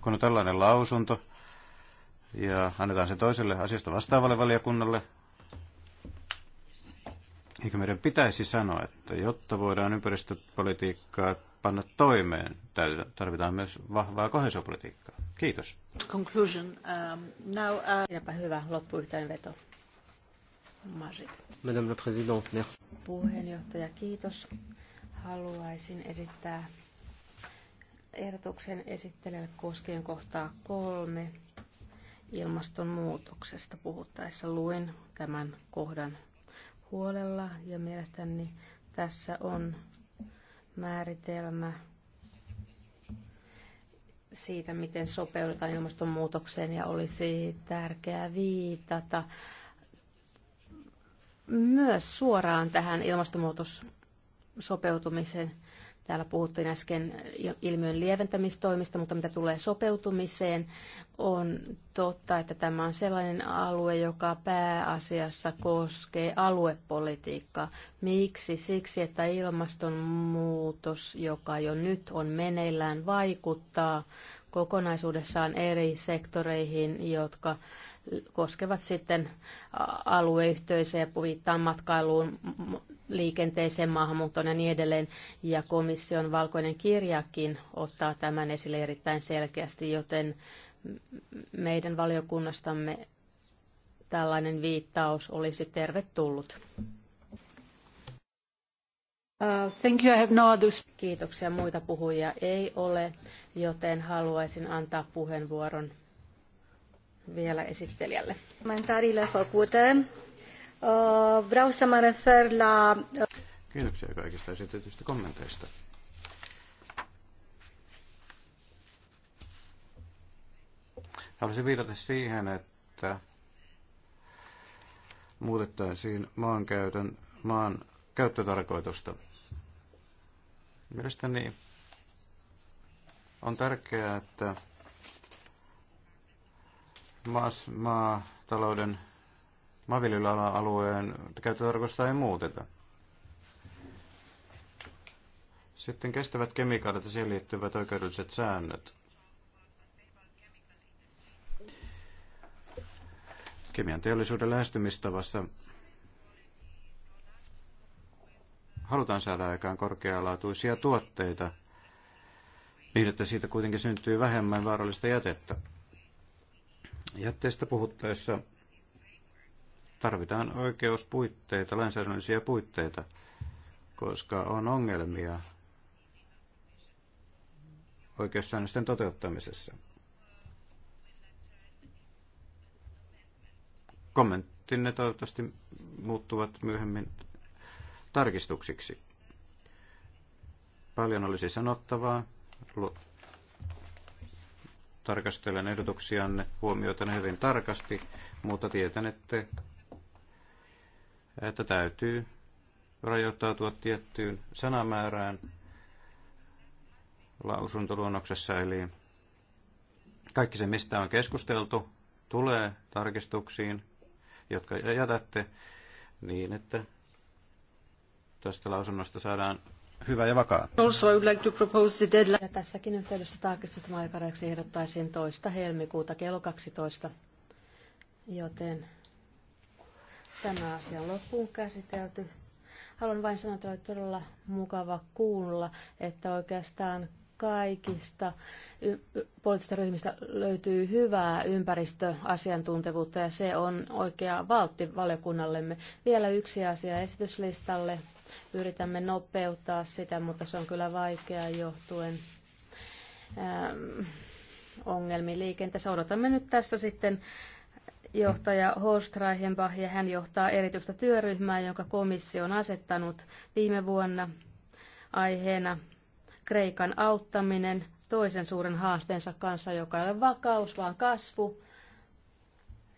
Kun on tällainen lausunto ja annetaan se toiselle asiasta vastaavalle valiokunnalle, Eikö meidän pitäisi sanoa, että jotta voidaan ympäristöpolitiikkaa panna toimeen, tarvitaan myös vahvaa kohesiopolitiikkaa. Kiitos. Conclusion. Um, now, uh... hyvä loppuyhteenveto. Masip. Madame la Présidente, merci. Puheenjohtaja, kiitos. Haluaisin esittää ehdotuksen esittelijälle koskien kohtaa kolme ilmastonmuutoksesta puhuttaessa luin tämän kohdan huolella ja mielestäni tässä on määritelmä siitä, miten sopeudutaan ilmastonmuutokseen ja olisi tärkeää viitata myös suoraan tähän ilmastonmuutossopeutumiseen Täällä puhuttiin äsken ilmiön lieventämistoimista, mutta mitä tulee sopeutumiseen, on totta, että tämä on sellainen alue, joka pääasiassa koskee aluepolitiikkaa. Miksi? Siksi, että ilmastonmuutos, joka jo nyt on meneillään, vaikuttaa kokonaisuudessaan eri sektoreihin, jotka koskevat sitten alueyhteisöjä, viittaan matkailuun, liikenteeseen, maahanmuuttoon ja niin edelleen. Ja komission valkoinen kirjakin ottaa tämän esille erittäin selkeästi, joten meidän valiokunnastamme tällainen viittaus olisi tervetullut. Uh, thank you. I have no others. Kiitoksia. Muita puhujia ei ole, joten haluaisin antaa puheenvuoron vielä esittelijälle. Kommentariile fakute. Uh, vreau să mă refer la... Uh, Kiitoksia kaikista esitetyistä kommenteista. Haluaisin viitata siihen, että muutettaisiin maankäytön, maan käyttötarkoitusta. Mielestäni on tärkeää, että maas, maatalouden maanviljelyalan alueen käyttötarkoista ei muuteta. Sitten kestävät kemikaalit ja siihen liittyvät oikeudelliset säännöt. Kemian teollisuuden lähestymistavassa halutaan saada aikaan korkealaatuisia tuotteita niin, että siitä kuitenkin syntyy vähemmän vaarallista jätettä. Jätteestä puhuttaessa tarvitaan oikeuspuitteita, lainsäädännöllisiä puitteita, koska on ongelmia oikeussäännösten toteuttamisessa. Kommenttinne toivottavasti muuttuvat myöhemmin tarkistuksiksi. Paljon olisi sanottavaa. Tarkastelen ehdotuksianne huomioita hyvin tarkasti, mutta tietän, että että täytyy rajoittautua tiettyyn sanamäärään lausuntoluonnoksessa, eli kaikki se, mistä on keskusteltu, tulee tarkistuksiin, jotka jätätte niin, että tästä lausunnosta saadaan hyvä ja vakaa. Also, I would like to propose the deadline. Ja tässäkin yhteydessä tarkistusten aikarajaksi ehdottaisin toista helmikuuta kello 12, joten Tämä asia on loppuun käsitelty. Haluan vain sanoa, että oli todella mukava kuulla, että oikeastaan kaikista poliittisista ryhmistä löytyy hyvää ympäristöasiantuntevuutta ja se on oikea valtti valiokunnallemme. Vielä yksi asia esityslistalle. Yritämme nopeuttaa sitä, mutta se on kyllä vaikeaa johtuen ähm, ongelmiin liikenteessä. Odotamme nyt tässä sitten johtaja Horst Reichenbach ja hän johtaa erityistä työryhmää, jonka komissio on asettanut viime vuonna aiheena Kreikan auttaminen toisen suuren haasteensa kanssa, joka ei ole vakaus, vaan kasvu.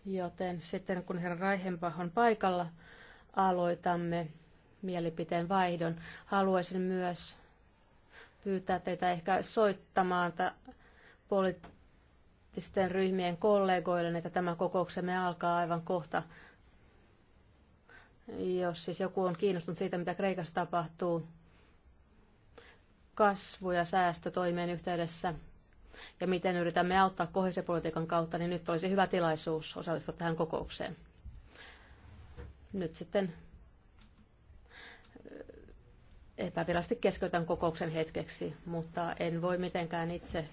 Joten sitten kun herra Reichenbach on paikalla, aloitamme mielipiteen vaihdon. Haluaisin myös pyytää teitä ehkä soittamaan poliittista poliittisten ryhmien kollegoille, että tämä kokouksemme alkaa aivan kohta. Jos siis joku on kiinnostunut siitä, mitä Kreikassa tapahtuu kasvu- ja säästötoimien yhteydessä ja miten yritämme auttaa kohesiopolitiikan kautta, niin nyt olisi hyvä tilaisuus osallistua tähän kokoukseen. Nyt sitten eh, epävirallisesti keskeytän kokouksen hetkeksi, mutta en voi mitenkään itse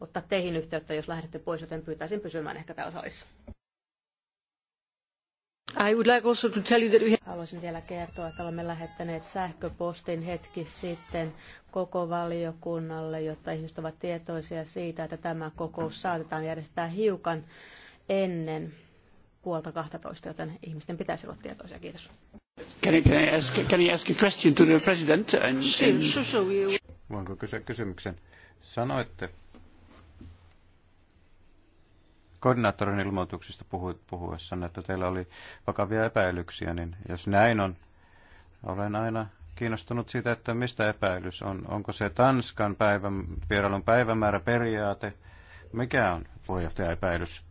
ottaa teihin yhteyttä, jos lähdette pois, joten pyytäisin pysymään ehkä täällä salissa. I would like also to tell you that we... Haluaisin vielä kertoa, että olemme lähettäneet sähköpostin hetki sitten koko valiokunnalle, jotta ihmiset ovat tietoisia siitä, että tämä kokous saatetaan järjestää hiukan ennen puolta 12, joten ihmisten pitäisi olla tietoisia. Kiitos. question to the president? Voinko kysyä kysymyksen? Sanoitte, koordinaattorin ilmoituksista puhu, puhuessanne, että teillä oli vakavia epäilyksiä, niin jos näin on, olen aina kiinnostunut siitä, että mistä epäilys on. Onko se Tanskan päivä, vierailun päivämäärä periaate? Mikä on puheenjohtaja epäilys?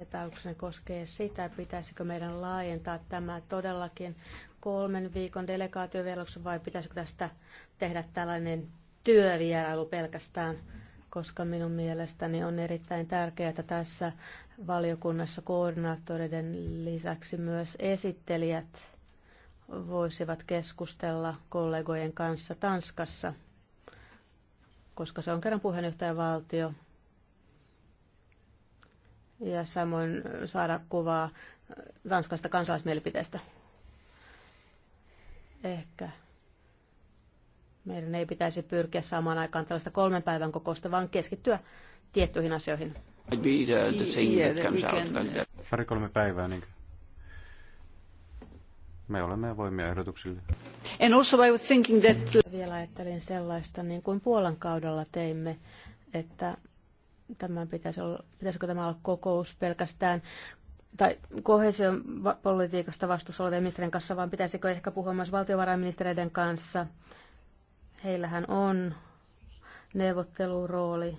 Epäilykseni koskee sitä, pitäisikö meidän laajentaa tämä todellakin kolmen viikon delegaatiovieluksen vai pitäisikö tästä tehdä tällainen työvierailu pelkästään? koska minun mielestäni on erittäin tärkeää, että tässä valiokunnassa koordinaattoreiden lisäksi myös esittelijät voisivat keskustella kollegojen kanssa Tanskassa, koska se on kerran puheenjohtajavaltio. Ja samoin saada kuvaa Tanskasta kansalaismielipiteestä. Ehkä meidän ei pitäisi pyrkiä saamaan aikaan tällaista kolmen päivän kokousta, vaan keskittyä tiettyihin asioihin. Pari-kolme uh, päivää, niin me olemme avoimia ehdotuksille. And also I was thinking that... Vielä ajattelin sellaista, niin kuin Puolan kaudella teimme, että tämän pitäisi olla, pitäisikö tämä olla kokous pelkästään tai kohesion politiikasta vastuussa olevien ministerien kanssa, vaan pitäisikö ehkä puhua myös valtiovarainministereiden kanssa – Heillähän on neuvottelurooli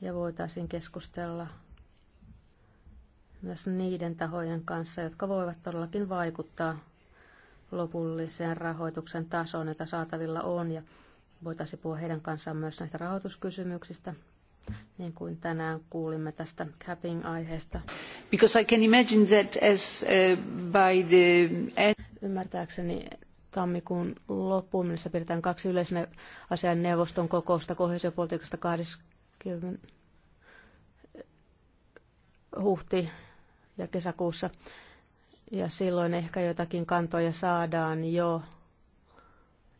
ja voitaisiin keskustella myös niiden tahojen kanssa, jotka voivat todellakin vaikuttaa lopulliseen rahoituksen tasoon, jota saatavilla on. Ja voitaisiin puhua heidän kanssaan myös näistä rahoituskysymyksistä, niin kuin tänään kuulimme tästä capping-aiheesta. Because I can imagine that as, uh, by the... Ymmärtääkseni tammikuun loppuun mennessä pidetään kaksi yleisen asian neuvoston kokousta kohesiopolitiikasta 20 huhti ja kesäkuussa. Ja silloin ehkä jotakin kantoja saadaan jo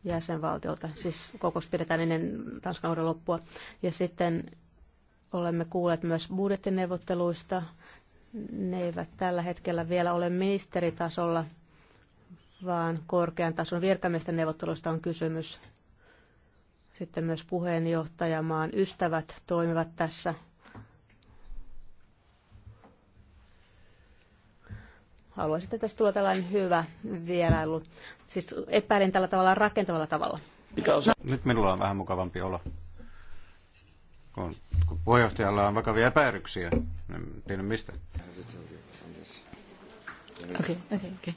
jäsenvaltiolta. Siis kokous pidetään ennen Tanskan uuden loppua. Ja sitten olemme kuulleet myös budjettineuvotteluista. Ne eivät tällä hetkellä vielä ole ministeritasolla – vaan korkean tason virkamiesten neuvottelusta on kysymys. Sitten myös puheenjohtajamaan ystävät toimivat tässä haluaisin, että tästä tulee tällainen hyvä vierailu. Siis epäilen tällä tavalla rakentavalla tavalla. Nyt minulla on vähän mukavampi olla. Kun, kun puheenjohtajalla on vakavia epäilyksiä, en tiedä mistä. Okei, okay, okei, okay, okei. Okay.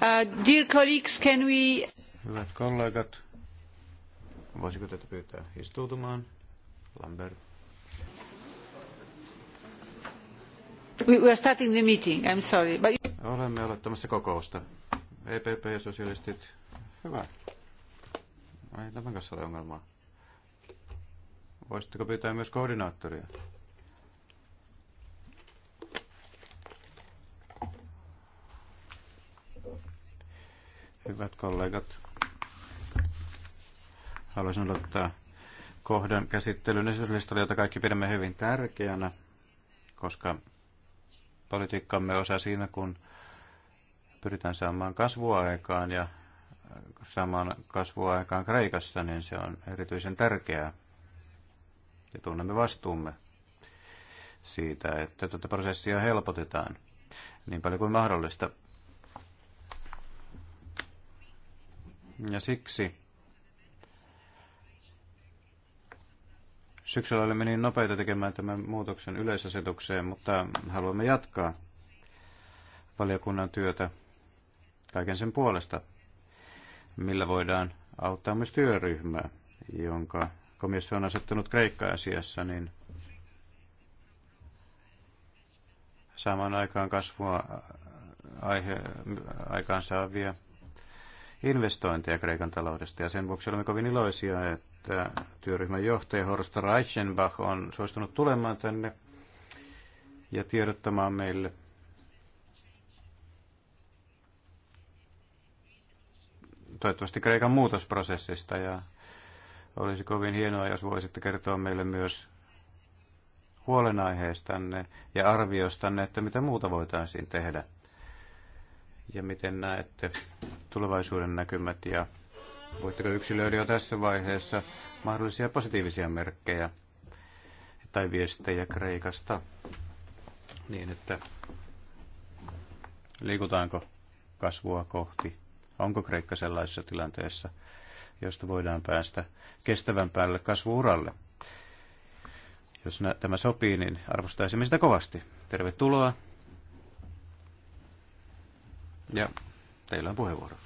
Uh, dear colleagues, can we... Hyvät kollegat, voisiko teitä pyytää istuutumaan? Lambert. We are starting the meeting, I'm sorry. But... Olemme aloittamassa kokousta. EPP ja sosialistit. Hyvä. Ei tämän kanssa ole ongelmaa. Voisitteko pyytää myös koordinaattoria? Hyvät kollegat, haluaisin ottaa kohdan käsittelyn esityslistalle, jota kaikki pidämme hyvin tärkeänä, koska politiikkamme osa siinä, kun pyritään saamaan kasvua aikaan ja saamaan kasvua aikaan Kreikassa, niin se on erityisen tärkeää. Ja tunnemme vastuumme siitä, että tätä prosessia helpotetaan niin paljon kuin mahdollista. Ja siksi syksyllä olemme niin nopeita tekemään tämän muutoksen yleisasetukseen, mutta haluamme jatkaa valiokunnan työtä kaiken sen puolesta, millä voidaan auttaa myös työryhmää, jonka komissio on asettanut Kreikka-asiassa, niin saamaan aikaan kasvua aihe, aikaansaavia investointeja Kreikan taloudesta. Ja sen vuoksi olemme kovin iloisia, että työryhmän johtaja Horst Reichenbach on suostunut tulemaan tänne ja tiedottamaan meille toivottavasti Kreikan muutosprosessista ja olisi kovin hienoa, jos voisitte kertoa meille myös huolenaiheestanne ja arviostanne, että mitä muuta voitaisiin tehdä – ja miten näette tulevaisuuden näkymät ja voitteko yksilöidä jo tässä vaiheessa mahdollisia positiivisia merkkejä tai viestejä Kreikasta niin, että liikutaanko kasvua kohti? Onko Kreikka sellaisessa tilanteessa, josta voidaan päästä päälle kasvuuralle? Jos tämä sopii, niin arvostaisimme sitä kovasti. Tervetuloa ja teillä on puheenvuoro.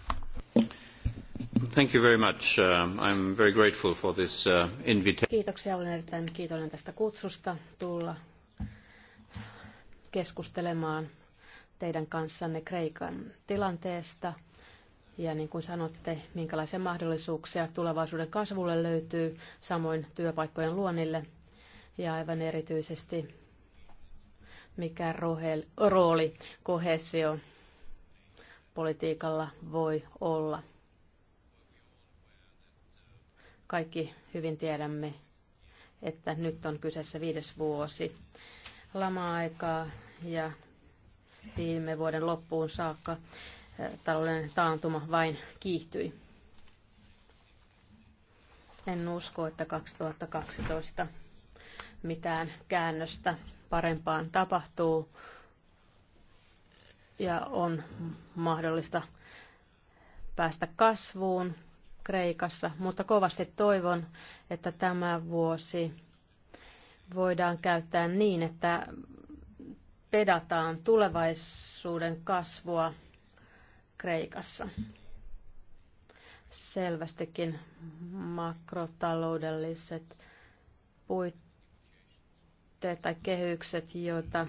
Thank you very much. Uh, I'm very grateful for this uh, invitation. Kiitoksia. Olen erittäin kiitollinen tästä kutsusta tulla keskustelemaan teidän kanssanne Kreikan tilanteesta. Ja niin kuin sanotte, minkälaisia mahdollisuuksia tulevaisuuden kasvulle löytyy, samoin työpaikkojen luonnille ja aivan erityisesti mikä rohel, rooli kohesio politiikalla voi olla. Kaikki hyvin tiedämme, että nyt on kyseessä viides vuosi lama-aikaa ja viime vuoden loppuun saakka eh, talouden taantuma vain kiihtyi. En usko, että 2012 mitään käännöstä parempaan tapahtuu, ja on mahdollista päästä kasvuun Kreikassa, mutta kovasti toivon, että tämä vuosi voidaan käyttää niin, että pedataan tulevaisuuden kasvua Kreikassa. Selvästikin makrotaloudelliset puitteet tai kehykset, joita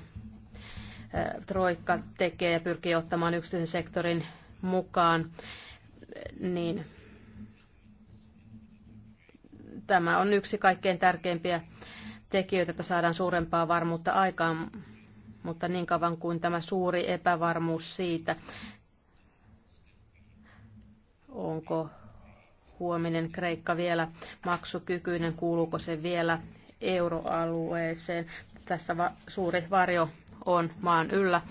Troikka tekee ja pyrkii ottamaan yksityisen sektorin mukaan, niin tämä on yksi kaikkein tärkeimpiä tekijöitä, että saadaan suurempaa varmuutta aikaan, mutta niin kauan kuin tämä suuri epävarmuus siitä, onko huominen Kreikka vielä maksukykyinen, kuuluuko se vielä euroalueeseen. Tässä va- suuri varjo on maan yllä.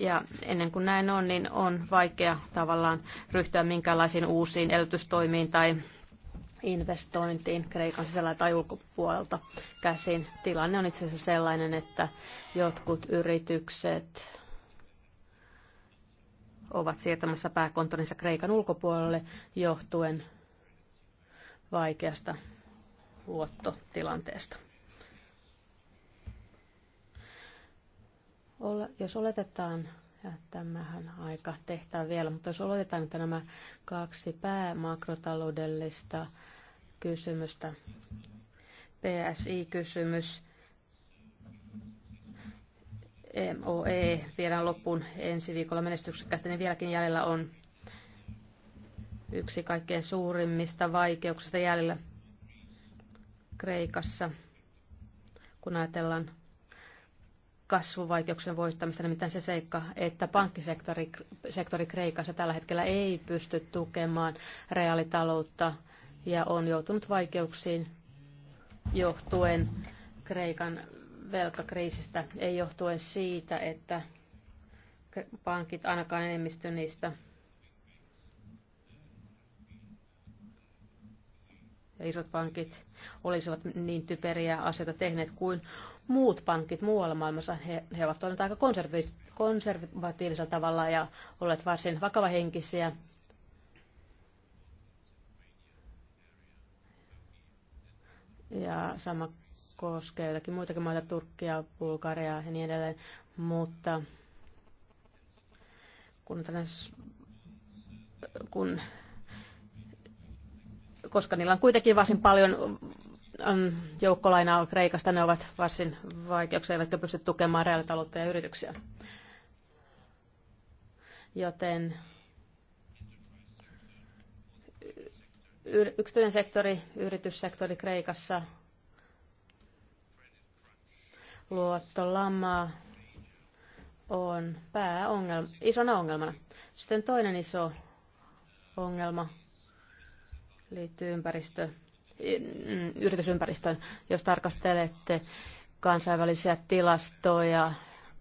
Ja ennen kuin näin on, niin on vaikea tavallaan ryhtyä minkälaisiin uusiin elvytystoimiin tai investointiin Kreikan sisällä tai ulkopuolelta käsin. Tilanne on itse asiassa sellainen, että jotkut yritykset ovat siirtämässä pääkonttorinsa Kreikan ulkopuolelle johtuen vaikeasta luottotilanteesta. jos oletetaan, ja tämähän aika tehtää vielä, mutta jos oletetaan, että nämä kaksi päämakrotaloudellista kysymystä, PSI-kysymys, MOE viedään loppuun ensi viikolla menestyksekkäästi, niin vieläkin jäljellä on yksi kaikkein suurimmista vaikeuksista jäljellä Kreikassa, kun ajatellaan kasvuvaikeuksien voittamista, nimittäin se seikka, että pankkisektori sektori Kreikassa tällä hetkellä ei pysty tukemaan reaalitaloutta ja on joutunut vaikeuksiin johtuen Kreikan velkakriisistä, ei johtuen siitä, että pankit, ainakaan enemmistö niistä, ja isot pankit olisivat niin typeriä asioita tehneet kuin muut pankit muualla maailmassa, he, he ovat toimineet aika konservatiivisella tavalla ja olleet varsin vakavahenkisiä. Ja sama koskee jotakin muitakin maita, Turkkia, Bulgariaa ja niin edelleen. Mutta kun, tänäs, kun koska niillä on kuitenkin varsin paljon joukkolainaa Kreikasta, ne ovat varsin vaikeuksia, eivätkä pysty tukemaan reaalitaloutta ja yrityksiä. Joten yksityinen sektori, yrityssektori Kreikassa, luottolama on pääongelma, isona ongelmana. Sitten toinen iso ongelma liittyy ympäristö Mm, yritysympäristön. Jos tarkastelette kansainvälisiä tilastoja,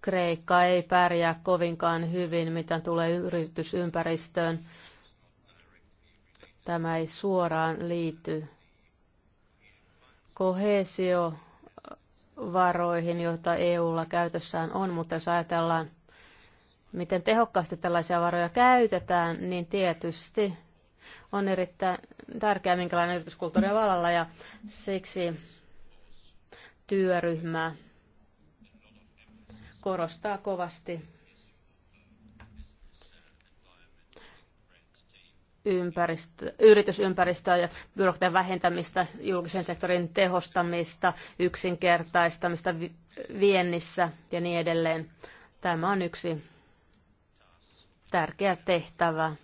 Kreikka ei pärjää kovinkaan hyvin, mitä tulee yritysympäristöön. Tämä ei suoraan liity kohesiovaroihin, varoihin, joita EUlla käytössään on, mutta jos ajatellaan, miten tehokkaasti tällaisia varoja käytetään, niin tietysti on erittäin tärkeää, minkälainen yrityskulttuuri on vallalla ja siksi työryhmä korostaa kovasti ympäristö, yritysympäristöä ja byrokratian vähentämistä, julkisen sektorin tehostamista, yksinkertaistamista viennissä ja niin edelleen. Tämä on yksi tärkeä tehtävä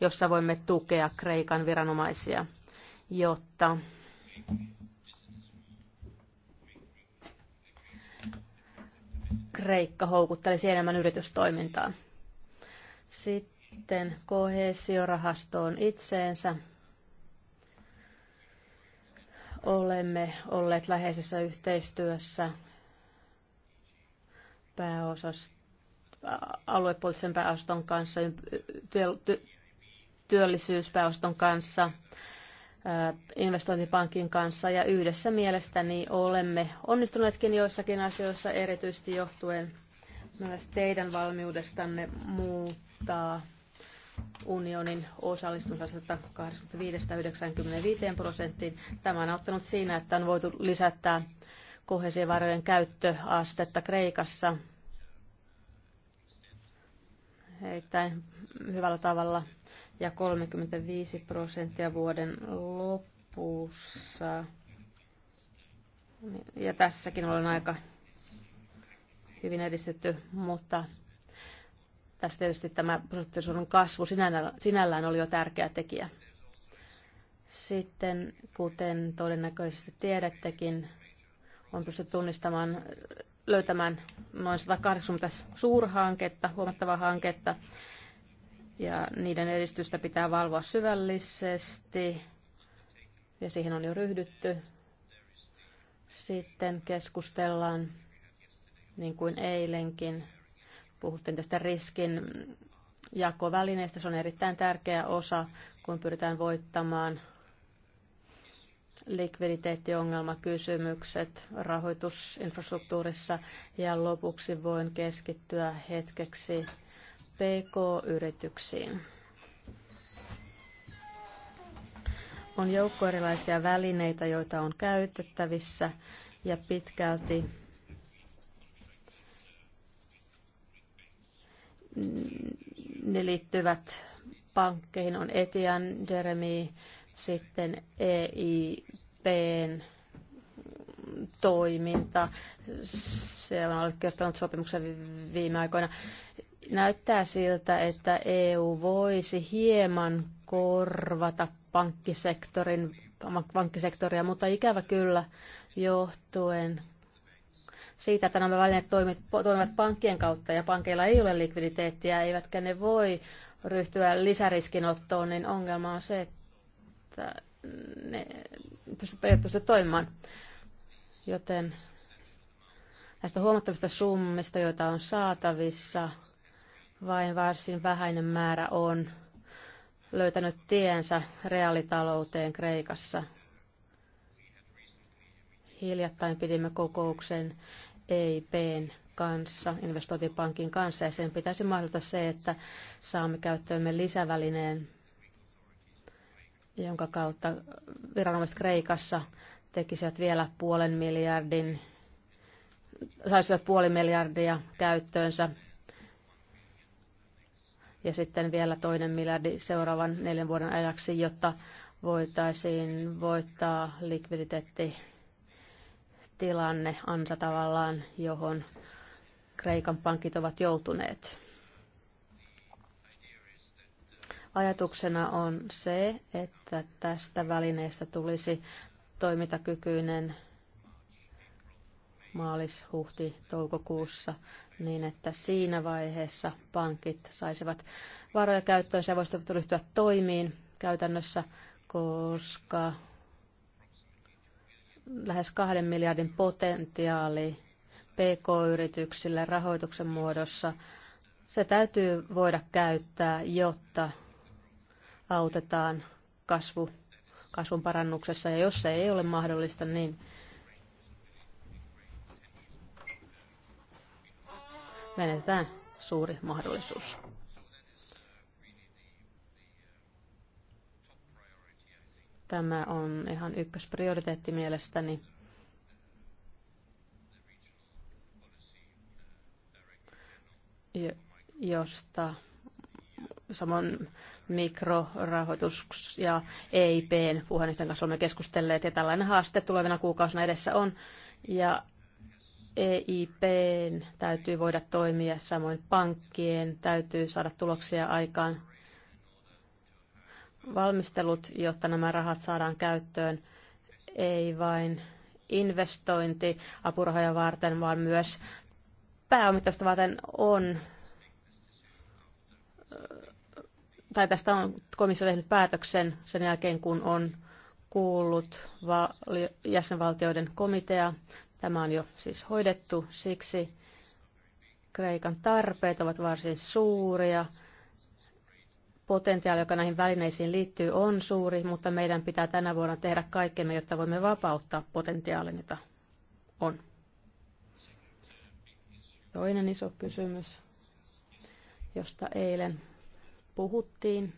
jossa voimme tukea Kreikan viranomaisia, jotta Kreikka houkuttelisi enemmän yritystoimintaa. Sitten kohesiorahastoon itseensä. Olemme olleet läheisessä yhteistyössä pääosasta aluepoliittisen pääoston kanssa, työllisyyspäoston kanssa, investointipankin kanssa ja yhdessä mielestäni olemme onnistuneetkin joissakin asioissa erityisesti johtuen myös teidän valmiudestanne muuttaa unionin osallistumisesta 25 95 prosenttiin. Tämä on auttanut siinä, että on voitu lisätä kohesiovarojen käyttöastetta Kreikassa erittäin hyvällä tavalla ja 35 prosenttia vuoden lopussa. Ja tässäkin olen aika hyvin edistetty, mutta tässä tietysti tämä prosenttisuuden kasvu sinällään, oli jo tärkeä tekijä. Sitten, kuten todennäköisesti tiedättekin, on pystytty tunnistamaan, löytämään noin 180 suurhanketta, huomattavaa hanketta, ja niiden edistystä pitää valvoa syvällisesti ja siihen on jo ryhdytty. Sitten keskustellaan, niin kuin eilenkin, puhuttiin tästä riskin jakovälineestä. Se on erittäin tärkeä osa, kun pyritään voittamaan likviditeettiongelmakysymykset rahoitusinfrastruktuurissa. Ja lopuksi voin keskittyä hetkeksi PK-yrityksiin. On joukko erilaisia välineitä, joita on käytettävissä ja pitkälti ne liittyvät pankkeihin. On Etian, Jeremy, sitten EIPn toiminta. Se on allekirjoittanut sopimuksen viime aikoina. Näyttää siltä, että EU voisi hieman korvata pankkisektorin, pankkisektoria, mutta ikävä kyllä johtuen siitä, että nämä välineet toimivat pankkien kautta ja pankeilla ei ole likviditeettiä, eivätkä ne voi ryhtyä lisäriskinottoon, niin ongelma on se, että ne eivät pysty toimimaan. Joten näistä huomattavista summista, joita on saatavissa, vain varsin vähäinen määrä on löytänyt tiensä reaalitalouteen Kreikassa. Hiljattain pidimme kokouksen EIPn kanssa, investointipankin kanssa, ja sen pitäisi mahdollistaa se, että saamme käyttöömme lisävälineen, jonka kautta viranomaiset Kreikassa tekisivät vielä puolen miljardin, saisivat puoli miljardia käyttöönsä ja sitten vielä toinen miljardi seuraavan neljän vuoden ajaksi, jotta voitaisiin voittaa likviditeetti tilanne ansa tavallaan, johon Kreikan pankit ovat joutuneet. Ajatuksena on se, että tästä välineestä tulisi toimintakykyinen maalis, huhti, toukokuussa, niin että siinä vaiheessa pankit saisivat varoja käyttöön ja voisivat ryhtyä toimiin käytännössä, koska lähes kahden miljardin potentiaali PK-yrityksille rahoituksen muodossa, se täytyy voida käyttää, jotta autetaan kasvu, kasvun parannuksessa. Ja jos se ei ole mahdollista, niin menetetään suuri mahdollisuus. Tämä on ihan ykkösprioriteetti mielestäni. josta samoin mikrorahoitus ja EIPn puheenjohtajan kanssa olemme keskustelleet ja tällainen haaste tulevina kuukausina edessä on. Ja EIPn täytyy voida toimia, samoin pankkien täytyy saada tuloksia aikaan. Valmistelut, jotta nämä rahat saadaan käyttöön, ei vain investointi apurahoja varten, vaan myös pääomittausta varten on tai tästä on komissio tehnyt päätöksen sen jälkeen, kun on kuullut jäsenvaltioiden komitea Tämä on jo siis hoidettu, siksi Kreikan tarpeet ovat varsin suuria. Potentiaali, joka näihin välineisiin liittyy, on suuri, mutta meidän pitää tänä vuonna tehdä kaikkemme, jotta voimme vapauttaa potentiaalin, jota on. Toinen iso kysymys, josta eilen puhuttiin,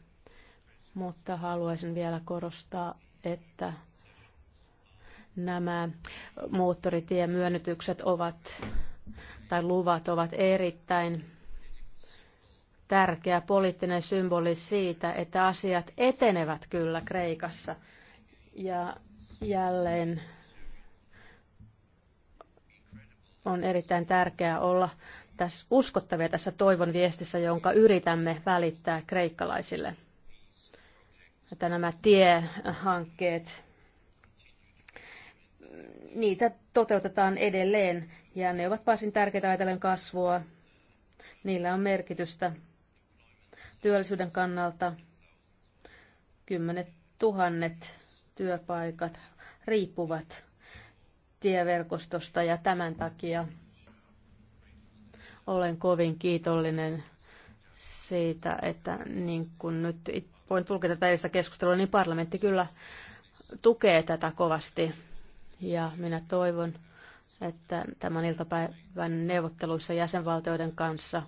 mutta haluaisin vielä korostaa, että Nämä moottoritiemyönnytykset ovat tai luvat ovat erittäin tärkeä poliittinen symboli siitä, että asiat etenevät kyllä Kreikassa. Ja jälleen on erittäin tärkeää olla tässä uskottavia tässä toivon viestissä, jonka yritämme välittää kreikkalaisille. Että nämä tiehankkeet niitä toteutetaan edelleen ja ne ovat varsin tärkeitä ajatellen kasvua. Niillä on merkitystä työllisyyden kannalta. Kymmenet tuhannet työpaikat riippuvat tieverkostosta ja tämän takia olen kovin kiitollinen siitä, että niin kuin nyt voin tulkita tätä keskustelua, niin parlamentti kyllä tukee tätä kovasti ja minä toivon, että tämän iltapäivän neuvotteluissa jäsenvaltioiden kanssa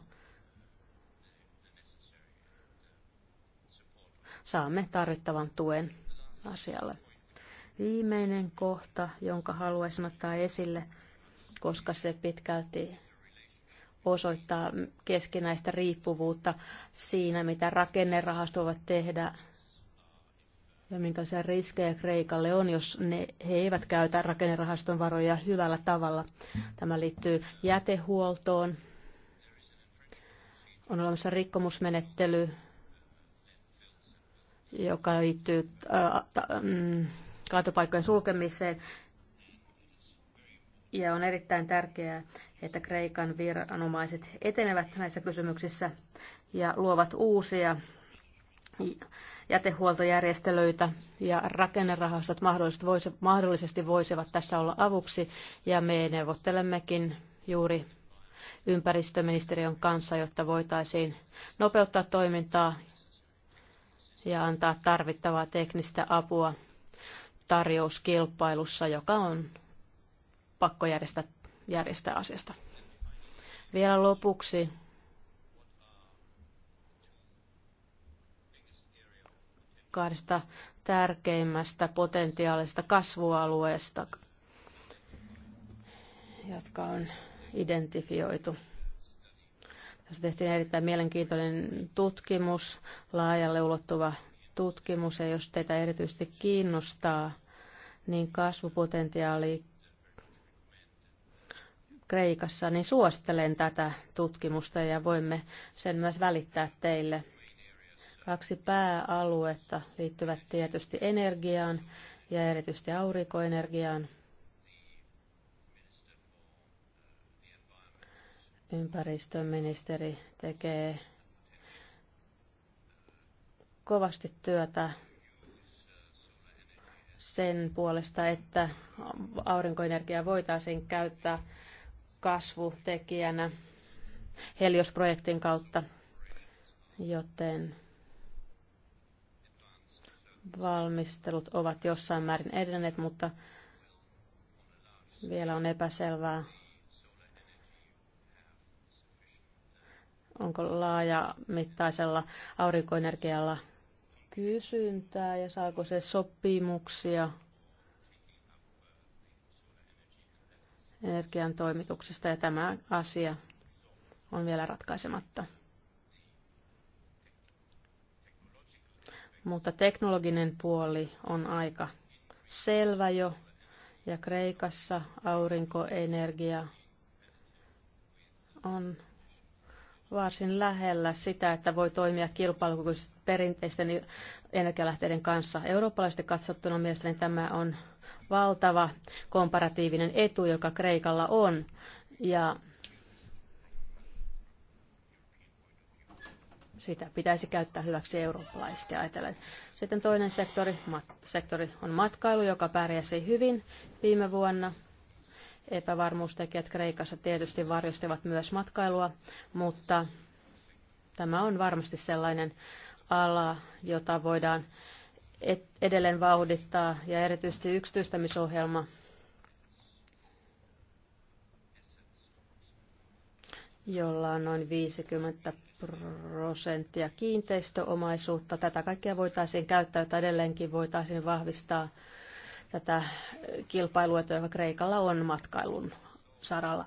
saamme tarvittavan tuen asialle. Viimeinen kohta, jonka haluaisin ottaa esille, koska se pitkälti osoittaa keskinäistä riippuvuutta siinä, mitä rakennerahastot voivat tehdä ja minkälaisia riskejä Kreikalle on, jos ne, he eivät käytä rakennerahaston varoja hyvällä tavalla. Tämä liittyy jätehuoltoon. On olemassa rikkomusmenettely, joka liittyy mm, kaatopaikkojen sulkemiseen. Ja on erittäin tärkeää, että Kreikan viranomaiset etenevät näissä kysymyksissä ja luovat uusia jätehuoltojärjestelyitä ja rakennerahastot mahdollisesti, voisi, mahdollisesti voisivat tässä olla avuksi. Ja me neuvottelemmekin juuri ympäristöministeriön kanssa, jotta voitaisiin nopeuttaa toimintaa ja antaa tarvittavaa teknistä apua tarjouskilpailussa, joka on pakko järjestää, järjestää asiasta. Vielä lopuksi kahdesta tärkeimmästä potentiaalista kasvualueesta, jotka on identifioitu. Tässä tehtiin erittäin mielenkiintoinen tutkimus, laajalle ulottuva tutkimus, ja jos teitä erityisesti kiinnostaa, niin kasvupotentiaali Kreikassa, niin suosittelen tätä tutkimusta ja voimme sen myös välittää teille. Kaksi pääaluetta liittyvät tietysti energiaan ja erityisesti aurinkoenergiaan. Ympäristöministeri tekee kovasti työtä sen puolesta, että aurinkoenergiaa voitaisiin käyttää kasvutekijänä Heliosprojektin kautta, joten valmistelut ovat jossain määrin edenneet, mutta vielä on epäselvää, onko laajamittaisella aurinkoenergialla kysyntää ja saako se sopimuksia energian toimituksesta ja tämä asia on vielä ratkaisematta. mutta teknologinen puoli on aika selvä jo. Ja Kreikassa aurinkoenergia on varsin lähellä sitä, että voi toimia kilpailukykyisesti perinteisten energialähteiden kanssa. Eurooppalaisesti katsottuna mielestäni tämä on valtava komparatiivinen etu, joka Kreikalla on. Ja sitä pitäisi käyttää hyväksi eurooppalaisesti ajatellen. Sitten toinen sektori, mat, sektori on matkailu, joka pärjäsi hyvin viime vuonna. Epävarmuustekijät Kreikassa tietysti varjostivat myös matkailua, mutta tämä on varmasti sellainen ala, jota voidaan edelleen vauhdittaa ja erityisesti yksityistämisohjelma jolla on noin 50 prosenttia kiinteistöomaisuutta. Tätä kaikkea voitaisiin käyttää, jota edelleenkin voitaisiin vahvistaa tätä kilpailua, joka Kreikalla on matkailun saralla.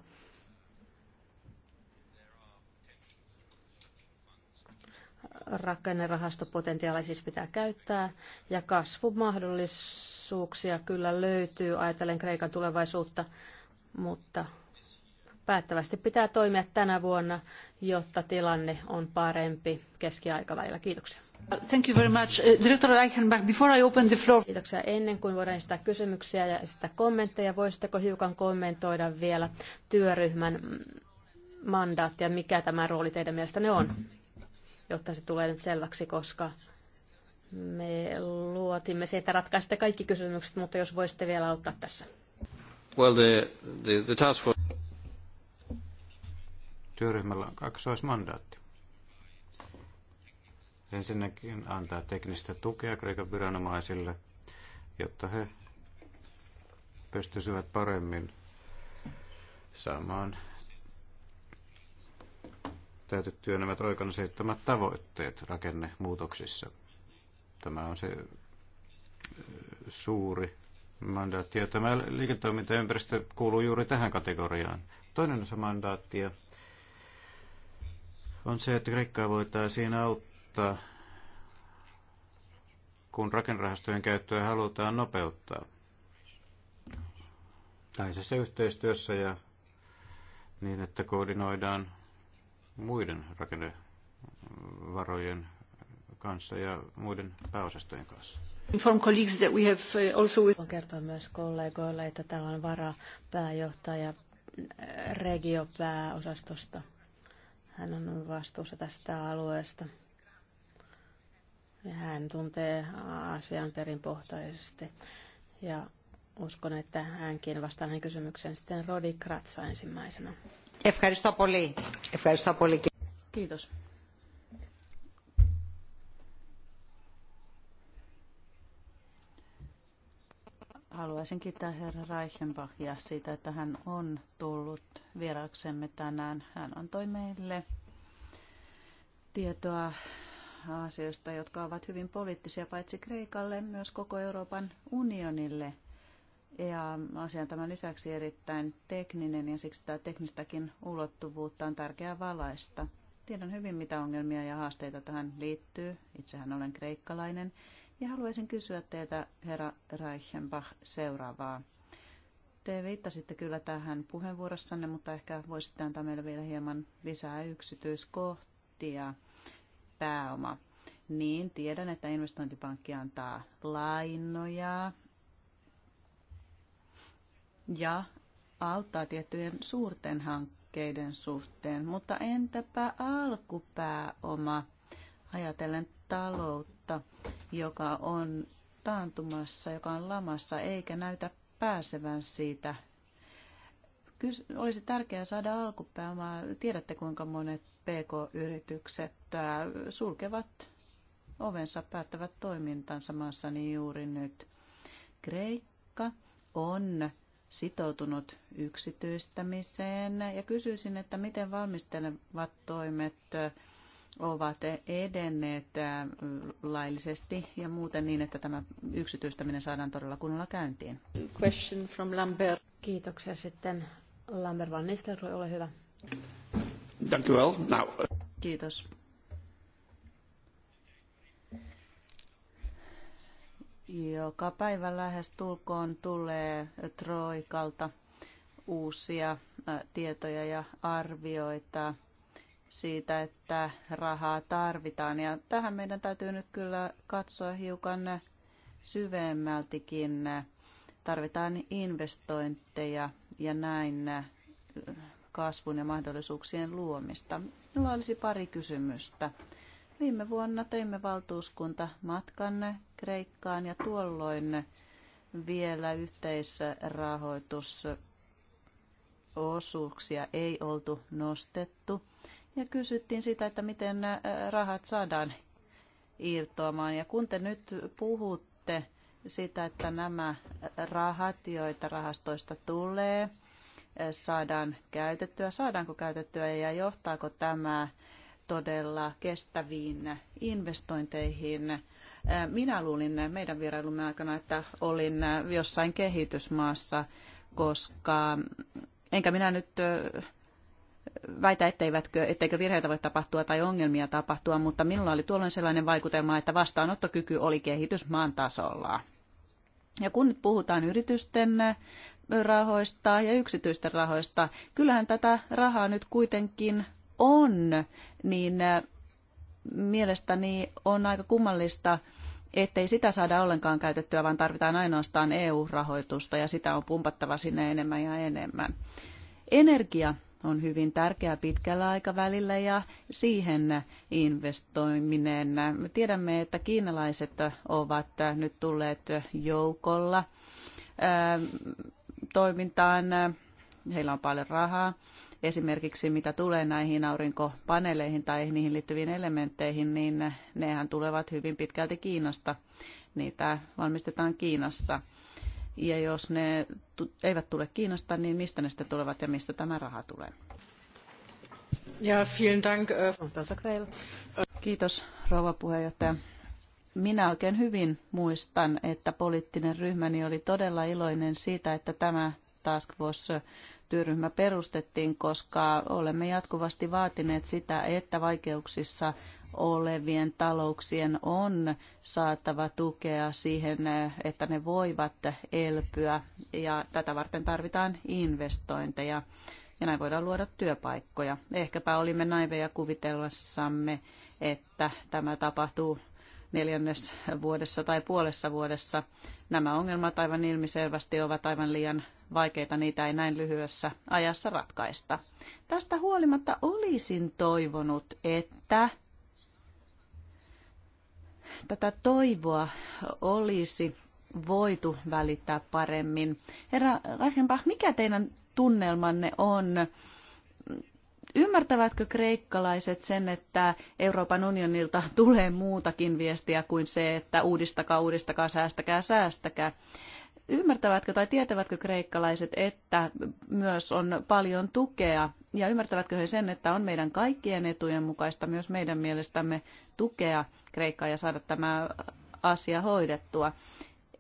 Rakennerahastopotentiaali siis pitää käyttää ja kasvumahdollisuuksia kyllä löytyy, ajatellen Kreikan tulevaisuutta, mutta päättävästi pitää toimia tänä vuonna, jotta tilanne on parempi keskiaikavälillä. Kiitoksia. Thank you very much. Eh, Director Reichenbach, before I open the floor... Kiitoksia. Ennen kuin voidaan esittää kysymyksiä ja esittää kommentteja, voisitteko hiukan kommentoida vielä työryhmän mandaattia, mikä tämä rooli teidän mielestänne on, jotta se tulee nyt selväksi, koska me luotimme siitä että ratkaisitte kaikki kysymykset, mutta jos voisitte vielä auttaa tässä. Well, the, the, the task force... Työryhmällä on kaksoismandaatti. Ensinnäkin antaa teknistä tukea Kreikan viranomaisille, jotta he pystyisivät paremmin saamaan täytettyä nämä Troikan seitsemät tavoitteet rakennemuutoksissa. Tämä on se suuri mandaatti. Ja tämä liiketoimintaympäristö kuuluu juuri tähän kategoriaan. Toinen osa mandaattia on se, että Kreikkaa voitaisiin auttaa, kun rakennerahastojen käyttöä halutaan nopeuttaa. Läheisessä yhteistyössä ja niin, että koordinoidaan muiden rakennevarojen kanssa ja muiden pääosastojen kanssa. Inform colleagues that we have uh, also with... kertoa myös kollegoille, että täällä on varapääjohtaja äh, regiopääosastosta. Hän on vastuussa tästä alueesta. Ja hän tuntee asian perinpohtaisesti. Ja uskon, että hänkin vastaa hänen kysymykseen sitten Rodi Kratsa ensimmäisenä. Kiitos. Haluaisin kiittää herra Reichenbachia siitä, että hän on tullut vieraksemme tänään. Hän antoi meille tietoa asioista, jotka ovat hyvin poliittisia paitsi Kreikalle, myös koko Euroopan unionille. Ja asian tämän lisäksi erittäin tekninen ja siksi tämä teknistäkin ulottuvuutta on tärkeää valaista. Tiedän hyvin, mitä ongelmia ja haasteita tähän liittyy. Itsehän olen kreikkalainen ja haluaisin kysyä teiltä, herra Reichenbach, seuraavaa. Te viittasitte kyllä tähän puheenvuorossanne, mutta ehkä voisitte antaa meille vielä hieman lisää yksityiskohtia. Pääoma. Niin, tiedän, että investointipankki antaa lainoja ja auttaa tiettyjen suurten hankkeiden suhteen, mutta entäpä alkupääoma ajatellen taloutta? taloutta, joka on taantumassa, joka on lamassa, eikä näytä pääsevän siitä. Kys- olisi tärkeää saada alkupääomaa. Tiedätte, kuinka monet PK-yritykset äh, sulkevat ovensa, päättävät toimintansa maassani juuri nyt. Kreikka on sitoutunut yksityistämiseen ja kysyisin, että miten valmistelevat toimet äh, ovat edenneet äh, laillisesti ja muuten niin, että tämä yksityistäminen saadaan todella kunnolla käyntiin. Question from Lambert. Kiitoksia sitten. Lambert van Nistelrooy, ole hyvä. Thank you wel. Nou. Uh, Kiitos. Joka päivä lähes tulkoon tulee Troikalta uusia äh, tietoja ja arvioita siitä, että rahaa tarvitaan. Ja tähän meidän täytyy nyt kyllä katsoa hiukan syvemmältikin. Tarvitaan investointeja ja näin kasvun ja mahdollisuuksien luomista. Minulla olisi pari kysymystä. Viime vuonna teimme valtuuskunta matkan Kreikkaan ja tuolloin vielä yhteisrahoitusosuuksia ei oltu nostettu ja kysyttiin sitä, että miten rahat saadaan irtoamaan. Ja kun te nyt puhutte sitä, että nämä rahat, joita rahastoista tulee, saadaan käytettyä, saadaanko käytettyä ja johtaako tämä todella kestäviin investointeihin. Minä luulin meidän vierailumme aikana, että olin jossain kehitysmaassa, koska enkä minä nyt väitä, etteivätkö, etteikö virheitä voi tapahtua tai ongelmia tapahtua, mutta minulla oli tuolloin sellainen vaikutelma, että vastaanottokyky oli maan tasolla. Ja kun nyt puhutaan yritysten rahoista ja yksityisten rahoista, kyllähän tätä rahaa nyt kuitenkin on, niin äh, mielestäni on aika kummallista, ettei sitä saada ollenkaan käytettyä, vaan tarvitaan ainoastaan EU-rahoitusta ja sitä on pumpattava sinne enemmän ja enemmän. Energia on hyvin tärkeää pitkällä aikavälillä ja siihen investoiminen. Tiedämme, että kiinalaiset ovat nyt tulleet joukolla ähm, toimintaan. Heillä on paljon rahaa. Esimerkiksi mitä tulee näihin aurinkopaneeleihin tai niihin liittyviin elementteihin, niin nehän tulevat hyvin pitkälti Kiinasta. Niitä valmistetaan Kiinassa. Ja jos ne eivät tule Kiinasta, niin mistä ne sitten tulevat ja mistä tämä raha tulee? Ja, vielen dank. Äh, Kiitos, rouva puheenjohtaja. Minä oikein hyvin muistan, että poliittinen ryhmäni oli todella iloinen siitä, että tämä Task Force-työryhmä perustettiin, koska olemme jatkuvasti vaatineet sitä, että vaikeuksissa olevien talouksien on saatava tukea siihen, että ne voivat elpyä ja tätä varten tarvitaan investointeja ja näin voidaan luoda työpaikkoja. Ehkäpä olimme naiveja kuvitellessamme, että tämä tapahtuu neljännes vuodessa tai puolessa vuodessa. Nämä ongelmat aivan ilmiselvästi ovat aivan liian vaikeita, niitä ei näin lyhyessä ajassa ratkaista. Tästä huolimatta olisin toivonut, että tätä toivoa olisi voitu välittää paremmin. Herra Reichenbach, mikä teidän tunnelmanne on? Ymmärtävätkö kreikkalaiset sen, että Euroopan unionilta tulee muutakin viestiä kuin se, että uudistakaa, uudistakaa, säästäkää, säästäkää? Ymmärtävätkö tai tietävätkö kreikkalaiset, että myös on paljon tukea ja ymmärtävätkö he sen, että on meidän kaikkien etujen mukaista myös meidän mielestämme tukea Kreikkaa ja saada tämä asia hoidettua.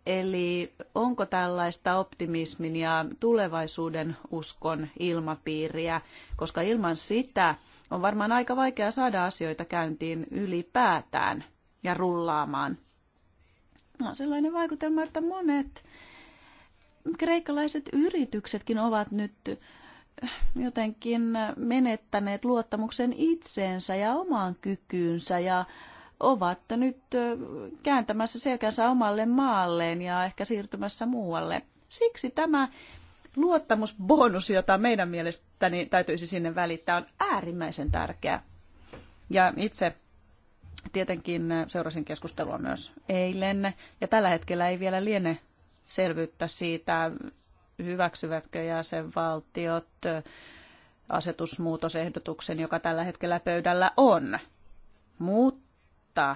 Eli onko tällaista optimismin ja tulevaisuuden uskon ilmapiiriä, koska ilman sitä on varmaan aika vaikea saada asioita käyntiin ylipäätään ja rullaamaan. No, sellainen vaikutelma, että monet kreikkalaiset yrityksetkin ovat nyt jotenkin menettäneet luottamuksen itseensä ja omaan kykyynsä ja ovat nyt kääntämässä selkänsä omalle maalleen ja ehkä siirtymässä muualle. Siksi tämä luottamusbonus, jota meidän mielestäni täytyisi sinne välittää, on äärimmäisen tärkeä. Ja itse tietenkin seurasin keskustelua myös eilen, ja tällä hetkellä ei vielä liene selvyyttä siitä, hyväksyvätkö jäsenvaltiot asetusmuutosehdotuksen, joka tällä hetkellä pöydällä on. Mutta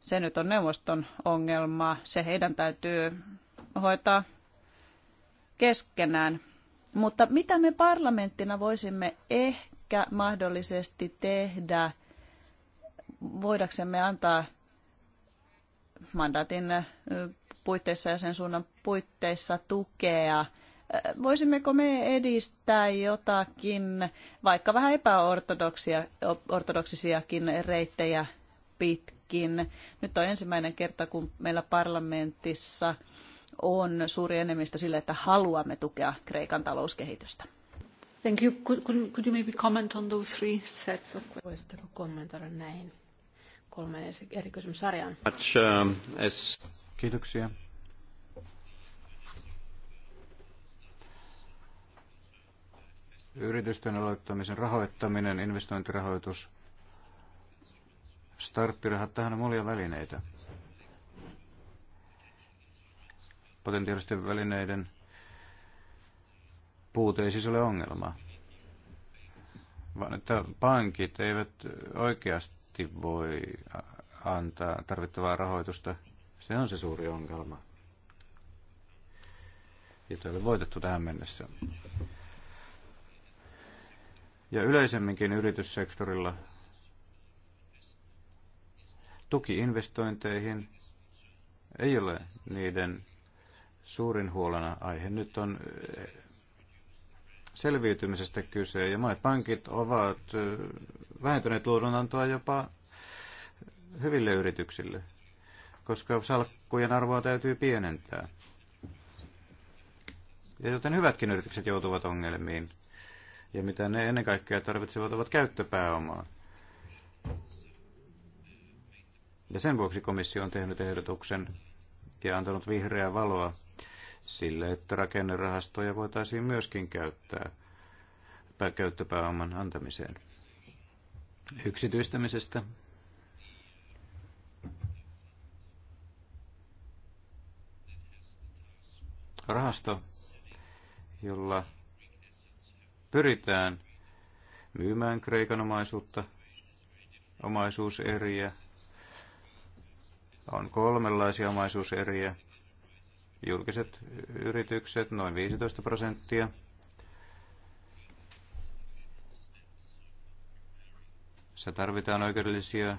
se nyt on neuvoston ongelma. Se heidän täytyy hoitaa keskenään. Mutta mitä me parlamenttina voisimme ehkä mahdollisesti tehdä, voidaksemme antaa mandaatin puitteissa ja sen suunnan puitteissa tukea. Voisimmeko me edistää jotakin, vaikka vähän epäortodoksisiakin reittejä pitkin? Nyt on ensimmäinen kerta, kun meillä parlamentissa on suuri enemmistö sille, että haluamme tukea Kreikan talouskehitystä. Thank you. Could, could, could you maybe comment on those three sets of questions? Voisitteko kommentoida näihin kolmeen eri kysymyssarjaan? Much, um, as... Kiitoksia. Yritysten aloittamisen rahoittaminen, investointirahoitus, starttirahat, tähän on monia välineitä. Potentiaalisten välineiden puute ei siis ole ongelma, vaan että pankit eivät oikeasti voi antaa tarvittavaa rahoitusta – se on se suuri ongelma. Jota ei oli voitettu tähän mennessä. Ja yleisemminkin yrityssektorilla tuki investointeihin ei ole niiden suurin huolena aihe. Nyt on eh, selviytymisestä kyse ja monet pankit ovat eh, vähentäneet luotonantoa jopa hyville yrityksille koska salkkujen arvoa täytyy pienentää. Ja joten hyvätkin yritykset joutuvat ongelmiin. Ja mitä ne ennen kaikkea tarvitsevat ovat käyttöpääomaa. Ja sen vuoksi komissio on tehnyt ehdotuksen ja antanut vihreää valoa sille, että rakennerahastoja voitaisiin myöskin käyttää käyttöpääoman antamiseen. Yksityistämisestä rahasto, jolla pyritään myymään Kreikan omaisuutta, omaisuuseriä. On kolmenlaisia omaisuuseriä. Julkiset yritykset, noin 15 prosenttia. Se tarvitaan oikeudellisia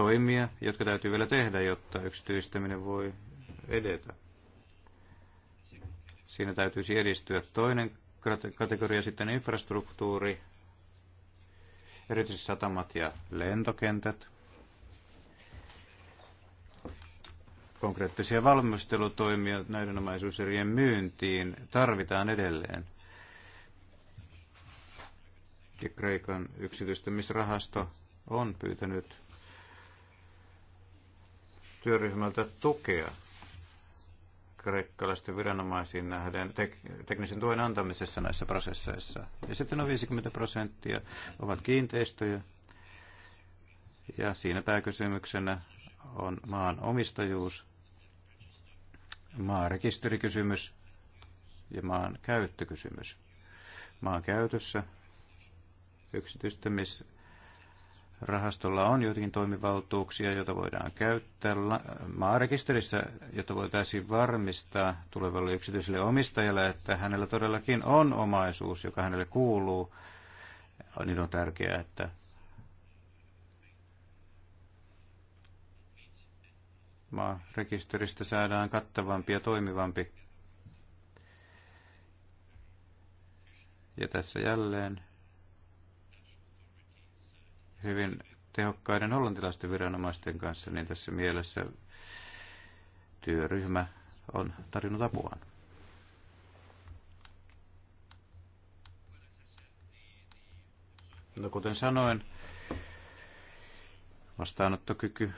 toimia, jotka täytyy vielä tehdä, jotta yksityistäminen voi edetä. Siinä täytyisi edistyä. Toinen kategoria sitten infrastruktuuri, erityisesti satamat ja lentokentät. Konkreettisia valmistelutoimia näiden omaisuuserien myyntiin tarvitaan edelleen. Ja Kreikan yksityistämisrahasto on pyytänyt työryhmältä tukea kreikkalaisten viranomaisiin nähden tek- teknisen tuen antamisessa näissä prosesseissa. Ja sitten noin 50 prosenttia ovat kiinteistöjä. Ja siinä pääkysymyksenä on maan omistajuus, maarekisterikysymys ja maan käyttökysymys. Maan käytössä yksityistämis- Rahastolla on joitakin toimivaltuuksia, joita voidaan käyttää maarekisterissä, jotta voitaisiin varmistaa tulevalle yksityiselle omistajalle, että hänellä todellakin on omaisuus, joka hänelle kuuluu. Niin on tärkeää, että maarekisteristä saadaan kattavampi ja toimivampi. Ja tässä jälleen hyvin tehokkaiden hollantilaisten viranomaisten kanssa, niin tässä mielessä työryhmä on tarjonnut apuaan. No kuten sanoin, vastaanottokyky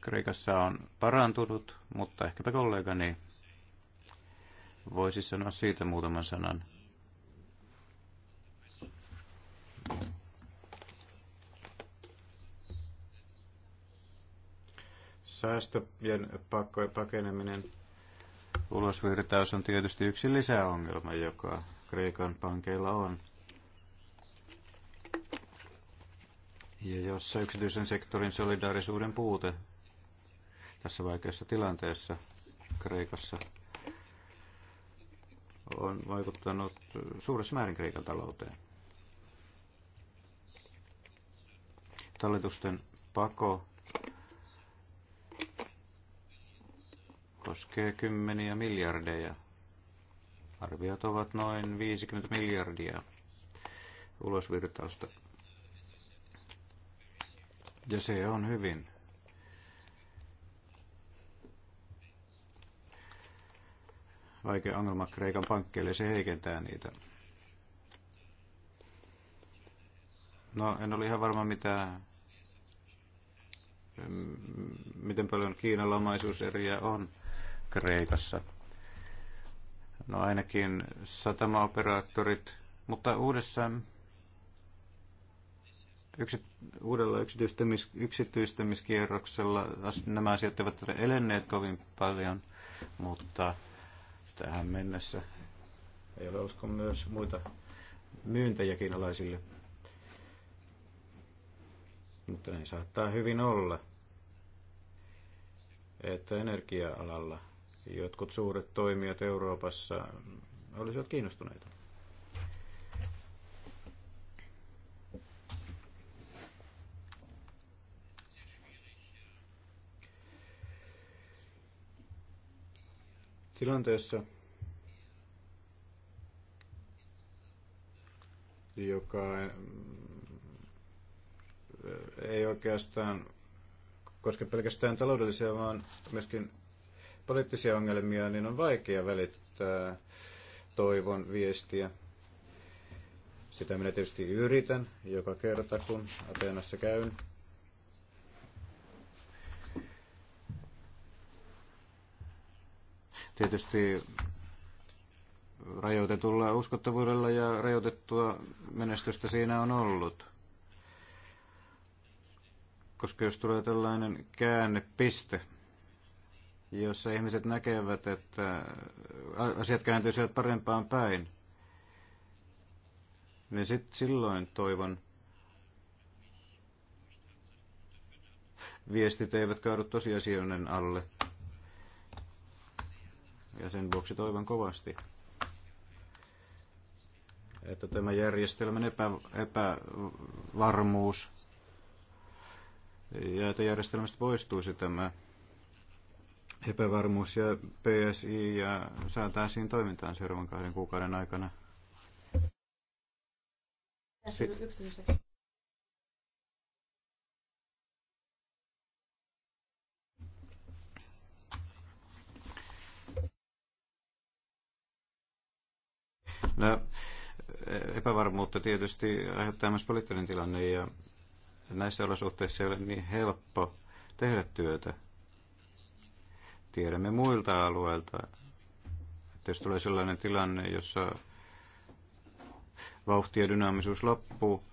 Kreikassa on parantunut, mutta ehkäpä kollegani voisi sanoa siitä muutaman sanan. Säästöjen pakeneminen ulosvirtaus on tietysti yksi lisäongelma, joka Kreikan pankeilla on. Ja jossa yksityisen sektorin solidaarisuuden puute tässä vaikeassa tilanteessa Kreikassa on vaikuttanut suuressa määrin Kreikan talouteen. Talletusten pako koskee kymmeniä miljardeja. Arviot ovat noin 50 miljardia ulosvirtausta. Ja se on hyvin vaikea ongelma Kreikan pankkeille, se heikentää niitä. No, en ole ihan varma, mitä miten paljon Kiinalla omaisuuseriä on Kreikassa. No ainakin satamaoperaattorit, mutta uudessa yksi, uudella yksityistämis, yksityistämiskierroksella nämä asiat eivät ole elenneet kovin paljon, mutta tähän mennessä ei ole uskon myös muita myyntejä kiinalaisille mutta näin saattaa hyvin olla, että energia-alalla jotkut suuret toimijat Euroopassa olisivat kiinnostuneita. tilanteessa, joka ei oikeastaan koske pelkästään taloudellisia, vaan myöskin poliittisia ongelmia, niin on vaikea välittää toivon viestiä. Sitä minä tietysti yritän joka kerta, kun Ateenassa käyn. Tietysti rajoitetulla uskottavuudella ja rajoitettua menestystä siinä on ollut – koska jos tulee tällainen käännepiste, jossa ihmiset näkevät, että asiat kääntyisivät parempaan päin, niin sit silloin toivon viestit eivät kaadu tosiasioiden alle. Ja sen vuoksi toivon kovasti, että tämä järjestelmän epä, epävarmuus ja että järjestelmästä poistuisi tämä epävarmuus ja PSI ja saataisiin toimintaan seuraavan kahden kuukauden aikana. Si- No, epävarmuutta tietysti aiheuttaa myös poliittinen tilanne ja näissä olosuhteissa ei ole niin helppo tehdä työtä. Tiedämme muilta alueilta, että jos tulee sellainen tilanne, jossa vauhti ja dynaamisuus loppuu,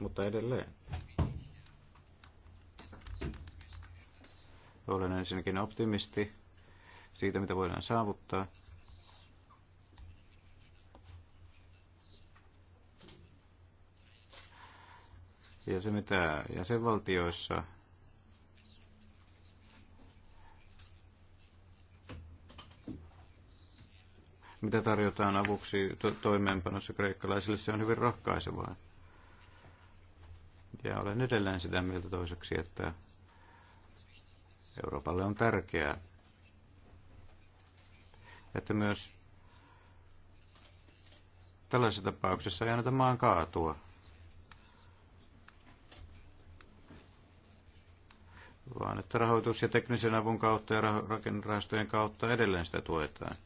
mutta edelleen. Olen ensinnäkin optimisti siitä, mitä voidaan saavuttaa – Ja se mitä jäsenvaltioissa mitä tarjotaan avuksi to- toimeenpanossa kreikkalaisille, se on hyvin rohkaisevaa. Ja olen edelleen sitä mieltä toiseksi, että Euroopalle on tärkeää, että myös tällaisessa tapauksessa ei anneta maan kaatua. vaan että rahoitus- ja teknisen avun kautta ja rakennerahastojen kautta edelleen sitä tuetaan.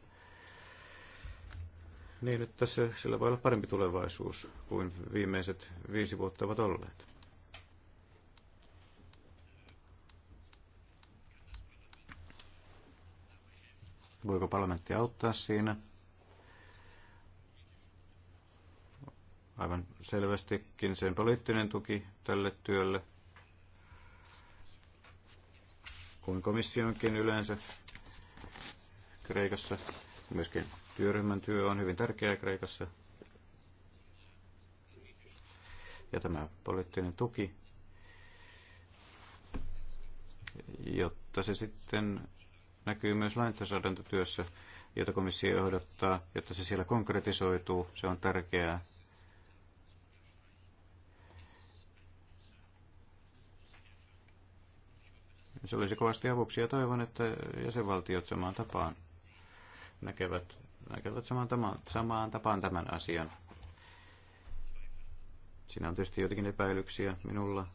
Niin, että se, sillä voi olla parempi tulevaisuus kuin viimeiset viisi vuotta ovat olleet. Voiko parlamentti auttaa siinä? Aivan selvästikin sen poliittinen tuki tälle työlle – kuin komissionkin yleensä Kreikassa. Myöskin työryhmän työ on hyvin tärkeää Kreikassa. Ja tämä poliittinen tuki, jotta se sitten näkyy myös lainsäädäntötyössä, jota komissio ehdottaa, jotta se siellä konkretisoituu. Se on tärkeää Se olisi kovasti avuksi ja toivon, että jäsenvaltiot samaan tapaan näkevät, näkevät samaan, tapaan, samaan tapaan tämän asian. Siinä on tietysti jotakin epäilyksiä minulla,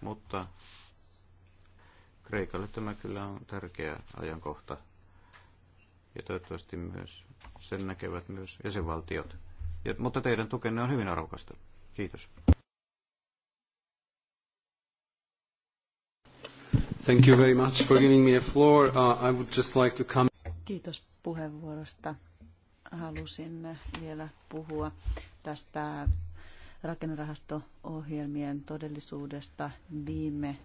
mutta Kreikalle tämä kyllä on tärkeä ajankohta. Ja toivottavasti myös sen näkevät myös jäsenvaltiot. Ja, mutta teidän tukenne on hyvin arvokasta. Kiitos. Thank you very much for giving me a floor. Uh, I would just like to come... Kiitos puheenvuorosta. Halusin vielä puhua tästä rakennerahasto-ohjelmien todellisuudesta viime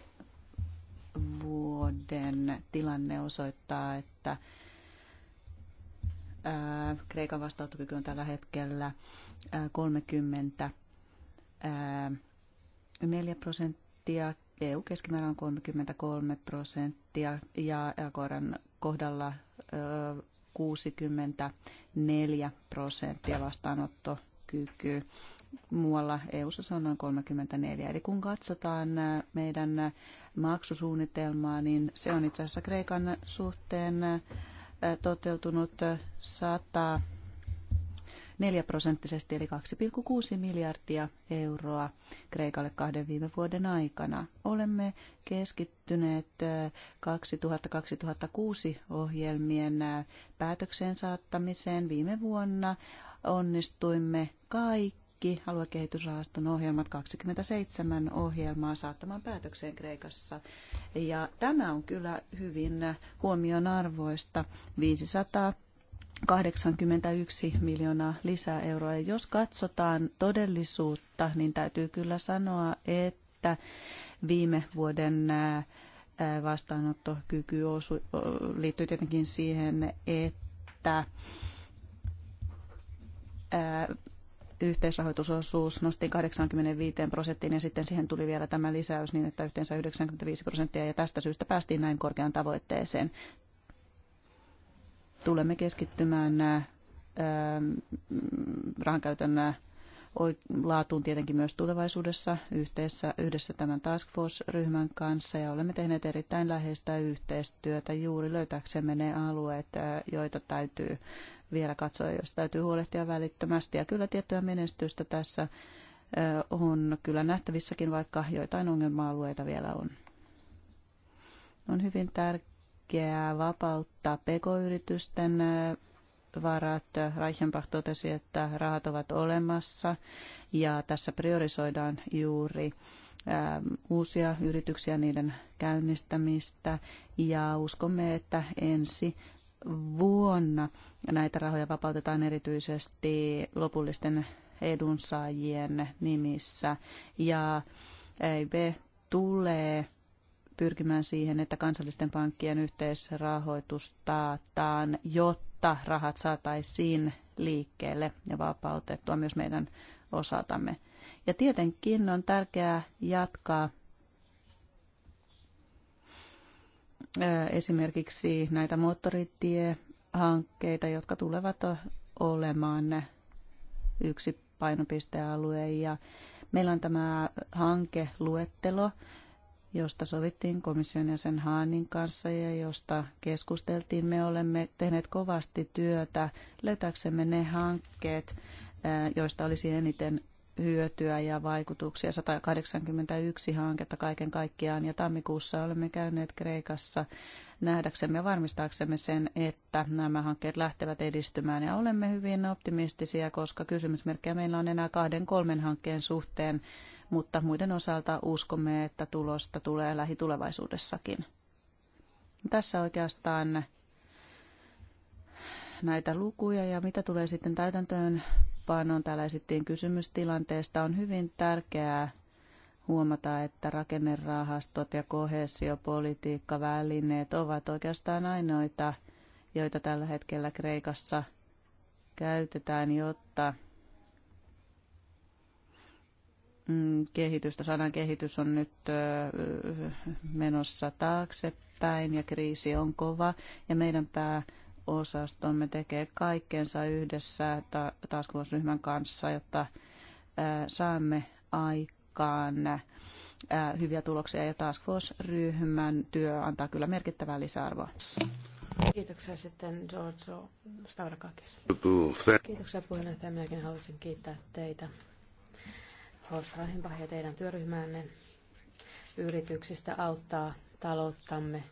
vuoden tilanne osoittaa, että äh, Kreikan vastaanottokyky on tällä hetkellä 4 äh, äh, prosenttia. EU keskimäärä on 33 prosenttia ja Koran kohdalla 64 prosenttia vastaanottokyky. Muualla eu se on noin 34. Eli kun katsotaan meidän maksusuunnitelmaa, niin se on itse asiassa Kreikan suhteen toteutunut 100 4 prosenttisesti eli 2,6 miljardia euroa Kreikalle kahden viime vuoden aikana. Olemme keskittyneet 2000-2006 ohjelmien päätökseen saattamiseen viime vuonna. Onnistuimme kaikki aluekehitysrahaston ohjelmat, 27 ohjelmaa saattamaan päätökseen Kreikassa. Ja tämä on kyllä hyvin huomionarvoista. 500 81 miljoonaa lisää euroa. Ja jos katsotaan todellisuutta, niin täytyy kyllä sanoa, että viime vuoden vastaanottokyky liittyy tietenkin siihen, että yhteisrahoitusosuus nosti 85 prosenttiin ja sitten siihen tuli vielä tämä lisäys niin, että yhteensä 95 prosenttia ja tästä syystä päästiin näin korkean tavoitteeseen tulemme keskittymään rahankäytön laatuun tietenkin myös tulevaisuudessa yhteessä, yhdessä tämän Task Force-ryhmän kanssa ja olemme tehneet erittäin läheistä yhteistyötä juuri löytääksemme ne alueet, joita täytyy vielä katsoa, jos täytyy huolehtia välittömästi. Ja kyllä tiettyä menestystä tässä on kyllä nähtävissäkin, vaikka joitain ongelma-alueita vielä on. On hyvin tärkeää tärkeää vapauttaa pk-yritysten varat. Reichenbach totesi, että rahat ovat olemassa ja tässä priorisoidaan juuri uusia yrityksiä, niiden käynnistämistä ja uskomme, että ensi vuonna näitä rahoja vapautetaan erityisesti lopullisten edunsaajien nimissä ja EIB tulee pyrkimään siihen, että kansallisten pankkien yhteisrahoitus taataan, jotta rahat saataisiin liikkeelle ja vapautettua myös meidän osaltamme. Ja tietenkin on tärkeää jatkaa esimerkiksi näitä moottoritiehankkeita, jotka tulevat olemaan yksi painopistealue. Ja meillä on tämä hankeluettelo, josta sovittiin komission jäsen Haanin kanssa ja josta keskusteltiin. Me olemme tehneet kovasti työtä löytäksemme ne hankkeet, eh, joista olisi eniten hyötyä ja vaikutuksia. 181 hanketta kaiken kaikkiaan ja tammikuussa olemme käyneet Kreikassa nähdäksemme ja varmistaaksemme sen, että nämä hankkeet lähtevät edistymään. Ja olemme hyvin optimistisia, koska kysymysmerkkejä meillä on enää kahden kolmen hankkeen suhteen, mutta muiden osalta uskomme, että tulosta tulee lähitulevaisuudessakin. Tässä oikeastaan näitä lukuja ja mitä tulee sitten täytäntöön panoon, täällä esittiin kysymystilanteesta, on hyvin tärkeää huomata, että rakennerahastot ja kohesiopolitiikkavälineet ovat oikeastaan ainoita, joita tällä hetkellä Kreikassa käytetään, jotta mm, kehitystä, sanan kehitys on nyt menossa taaksepäin ja kriisi on kova ja meidän pää osastomme tekee kaikkensa yhdessä taskuvuusryhmän kanssa, jotta saamme aikaa aikaan äh, hyviä tuloksia ja Task Force-ryhmän työ antaa kyllä merkittävää lisäarvoa. Kiitoksia sitten Giorgio Stavrakakis. Kiitoksia puheenjohtaja. Minäkin haluaisin kiittää teitä, Horst Rahimbach ja teidän työryhmäänne yrityksistä auttaa talouttamme.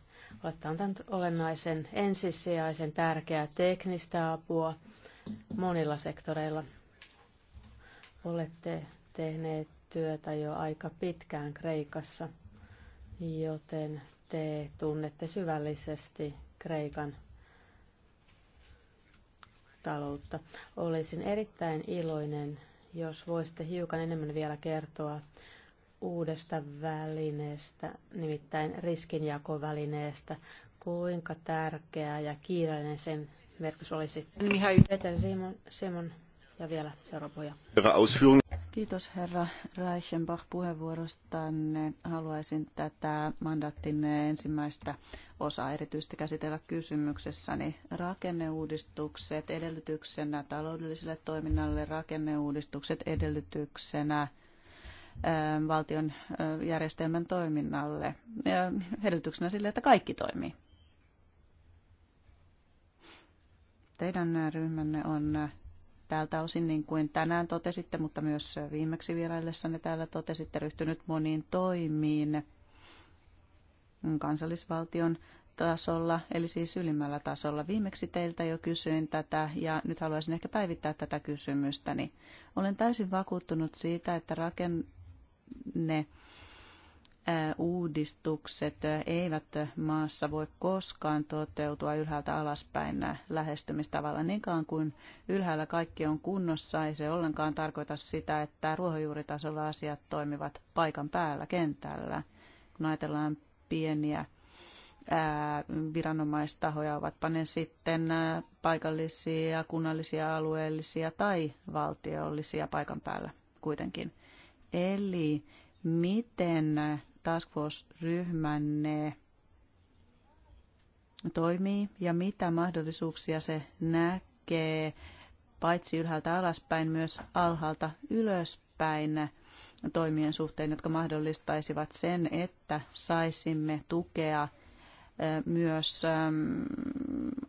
Olette antaneet olennaisen ensisijaisen tärkeää teknistä apua monilla sektoreilla. Olette tehneet työtä jo aika pitkään Kreikassa, joten te tunnette syvällisesti Kreikan taloutta. Olisin erittäin iloinen, jos voisitte hiukan enemmän vielä kertoa uudesta välineestä, nimittäin riskinjakovälineestä. Kuinka tärkeää ja kiireinen sen merkitys olisi? Peter Simon, Simon ja vielä seuraava Kiitos herra Reichenbach puheenvuorostanne. Haluaisin tätä mandaattinne ensimmäistä osaa erityisesti käsitellä kysymyksessäni. Rakenneuudistukset edellytyksenä taloudelliselle toiminnalle, rakenneuudistukset edellytyksenä ähm, valtion äh, järjestelmän toiminnalle, edellytyksenä sille, että kaikki toimii. Teidän ryhmänne on tältä osin, niin kuin tänään totesitte, mutta myös viimeksi vieraillessanne täällä totesitte, ryhtynyt moniin toimiin kansallisvaltion tasolla, eli siis ylimmällä tasolla. Viimeksi teiltä jo kysyin tätä ja nyt haluaisin ehkä päivittää tätä kysymystäni. Olen täysin vakuuttunut siitä, että rakenne uudistukset eivät maassa voi koskaan toteutua ylhäältä alaspäin lähestymistavalla. Niin kauan kuin ylhäällä kaikki on kunnossa, ei se ollenkaan tarkoita sitä, että ruohonjuuritasolla asiat toimivat paikan päällä kentällä. Kun ajatellaan pieniä viranomaistahoja, ovatpa ne sitten paikallisia, kunnallisia, alueellisia tai valtiollisia paikan päällä kuitenkin. Eli miten task force-ryhmänne toimii ja mitä mahdollisuuksia se näkee paitsi ylhäältä alaspäin myös alhaalta ylöspäin toimien suhteen, jotka mahdollistaisivat sen, että saisimme tukea myös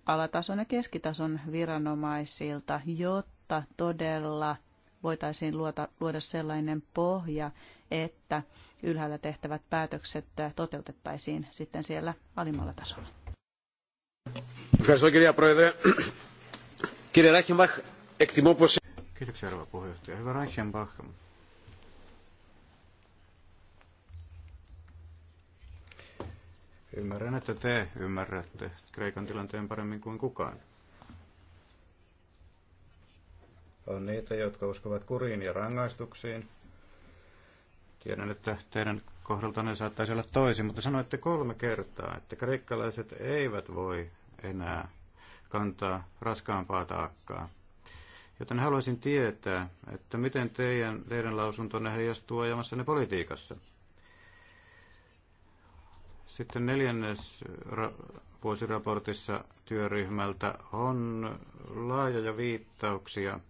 alatason ja keskitason viranomaisilta, jotta todella voitaisiin luoda, luoda sellainen pohja, että ylhäällä tehtävät päätökset toteutettaisiin sitten siellä alimmalla tasolla. Kiitoksia, rouva puheenjohtaja. Hyvä Reichenbach. Ymmärrän, että te ymmärrätte Kreikan tilanteen paremmin kuin kukaan. On niitä, jotka uskovat kuriin ja rangaistuksiin. Tiedän, että teidän kohdaltanne saattaisi olla toisin, mutta sanoitte kolme kertaa, että kreikkalaiset eivät voi enää kantaa raskaampaa taakkaa. Joten haluaisin tietää, että miten teidän, teidän lausuntonne heijastuu ajamassanne politiikassa. Sitten neljännes ra- vuosiraportissa työryhmältä on laajoja viittauksia –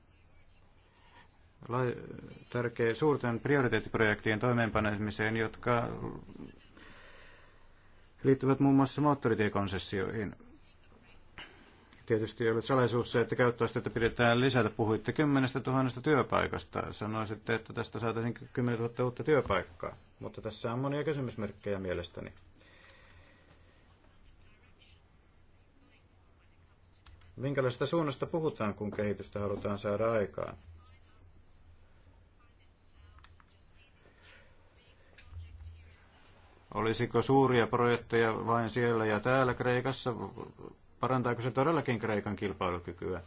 tärkeä suurten prioriteettiprojektien toimeenpanemiseen, jotka liittyvät muun muassa moottoritiekonsessioihin. Tietysti ei ole salaisuus se, että käyttöasteita pidetään lisätä. Puhuitte 10 000 työpaikasta. Sanoisitte, että tästä saataisiin 10 000 uutta työpaikkaa. Mutta tässä on monia kysymysmerkkejä mielestäni. Minkälaista suunnasta puhutaan, kun kehitystä halutaan saada aikaan? Olisiko suuria projekteja vain siellä ja täällä Kreikassa? Parantaako se todellakin Kreikan kilpailukykyä?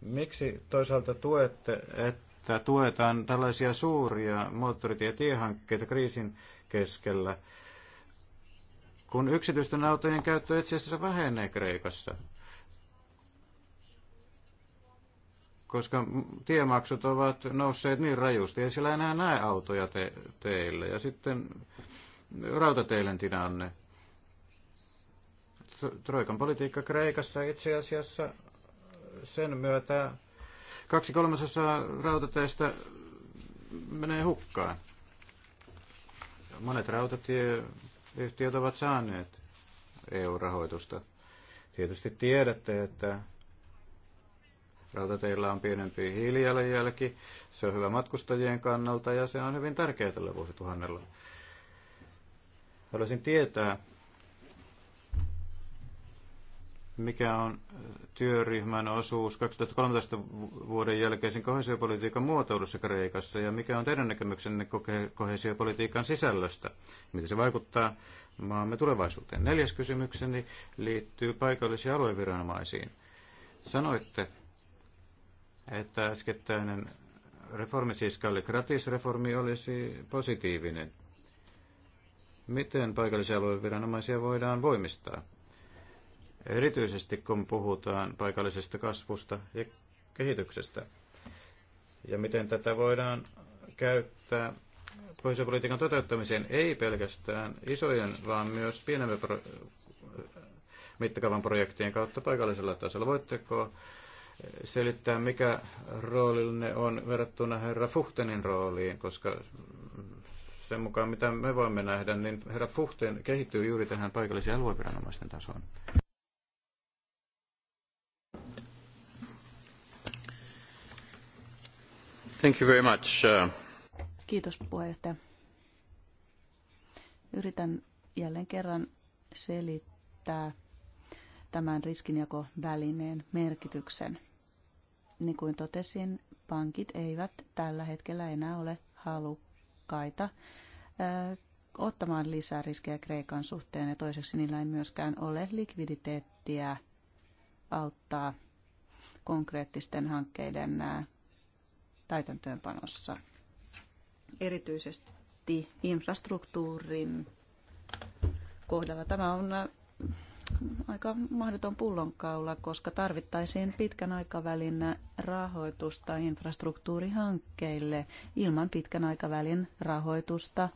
Miksi toisaalta tuette, että tuetaan tällaisia suuria moottoritiehankkeita kriisin keskellä, kun yksityisten autojen käyttö itse asiassa vähenee Kreikassa? koska tiemaksut ovat nousseet niin rajusti, ei siellä enää näe autoja te- teille. Ja sitten rautateilen tilanne. Troikan politiikka Kreikassa itse asiassa sen myötä kaksi kolmasosaa rautateistä menee hukkaan. Monet rautatieyhtiöt ovat saaneet EU-rahoitusta. Tietysti tiedätte, että Rautateillä on pienempi hiilijalanjälki, se on hyvä matkustajien kannalta ja se on hyvin tärkeä tällä vuosituhannella. Haluaisin tietää, mikä on työryhmän osuus 2013 vuoden jälkeisen kohesiopolitiikan muotoilussa Kreikassa ja mikä on teidän näkemyksenne kohesiopolitiikan sisällöstä? Miten se vaikuttaa maamme tulevaisuuteen? Neljäs kysymykseni liittyy paikallisiin alueviranomaisiin. Sanoitte, että äskettäinen reformi, siis kallikratisreformi, olisi positiivinen. Miten paikallisia alueen viranomaisia voidaan voimistaa? Erityisesti kun puhutaan paikallisesta kasvusta ja kehityksestä. Ja miten tätä voidaan käyttää pohjoisen toteuttamiseen ei pelkästään isojen, vaan myös pienemmän pro- mittakaavan projektien kautta paikallisella tasolla. Voitteko selittää, mikä roolinne on verrattuna herra Fuchtenin rooliin, koska sen mukaan, mitä me voimme nähdä, niin herra Fuchten kehittyy juuri tähän paikallisen alueviranomaisten tasoon. Thank you very much. Uh, Kiitos puheenjohtaja. Yritän jälleen kerran selittää tämän riskinjakovälineen merkityksen niin kuin totesin, pankit eivät tällä hetkellä enää ole halukkaita ottamaan lisää riskejä Kreikan suhteen ja toiseksi niillä ei myöskään ole likviditeettiä auttaa konkreettisten hankkeiden täytäntöönpanossa. Erityisesti infrastruktuurin kohdalla tämä on aika mahdoton pullonkaula, koska tarvittaisiin pitkän aikavälin rahoitusta infrastruktuurihankkeille. Ilman pitkän aikavälin rahoitusta,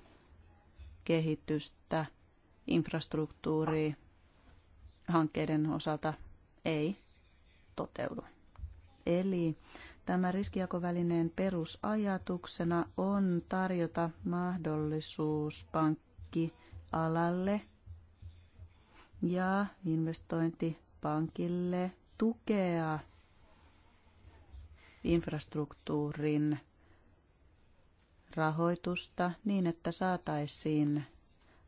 kehitystä, infrastruktuuri hankkeiden osalta ei toteudu. Eli tämä riskijakovälineen perusajatuksena on tarjota mahdollisuus pankkialalle – ja investointipankille tukea infrastruktuurin rahoitusta niin, että saataisiin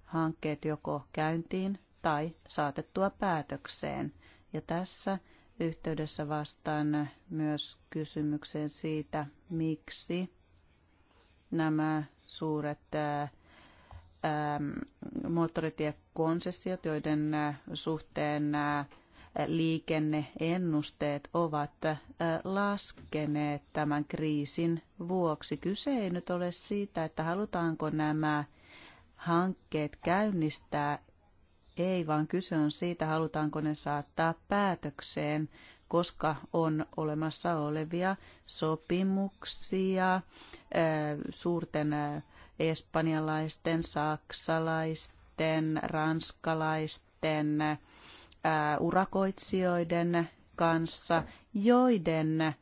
hankkeet joko käyntiin tai saatettua päätökseen. Ja tässä yhteydessä vastaan myös kysymykseen siitä, miksi nämä suuret ää, moottoritie konsessiot, joiden äh, suhteen äh, liikenneennusteet ovat äh, laskeneet tämän kriisin vuoksi. Kyse ei nyt ole siitä, että halutaanko nämä hankkeet käynnistää, ei, vaan kyse on siitä, halutaanko ne saattaa päätökseen, koska on olemassa olevia sopimuksia suurten espanjalaisten, saksalaisten, venäläisten, ranskalaisten, urakoitsijoiden kanssa, joiden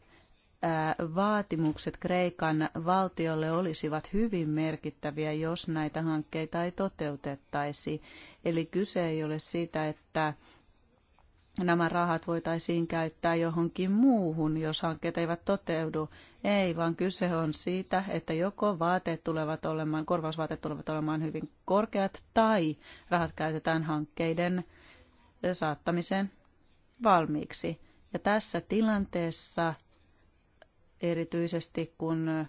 vaatimukset Kreikan valtiolle olisivat hyvin merkittäviä, jos näitä hankkeita ei toteutettaisi. Eli kyse ei ole siitä, että nämä rahat voitaisiin käyttää johonkin muuhun, jos hankkeet eivät toteudu. Ei, vaan kyse on siitä, että joko vaateet tulevat olemaan, korvausvaateet tulevat olemaan hyvin korkeat, tai rahat käytetään hankkeiden saattamiseen valmiiksi. Ja tässä tilanteessa, erityisesti kun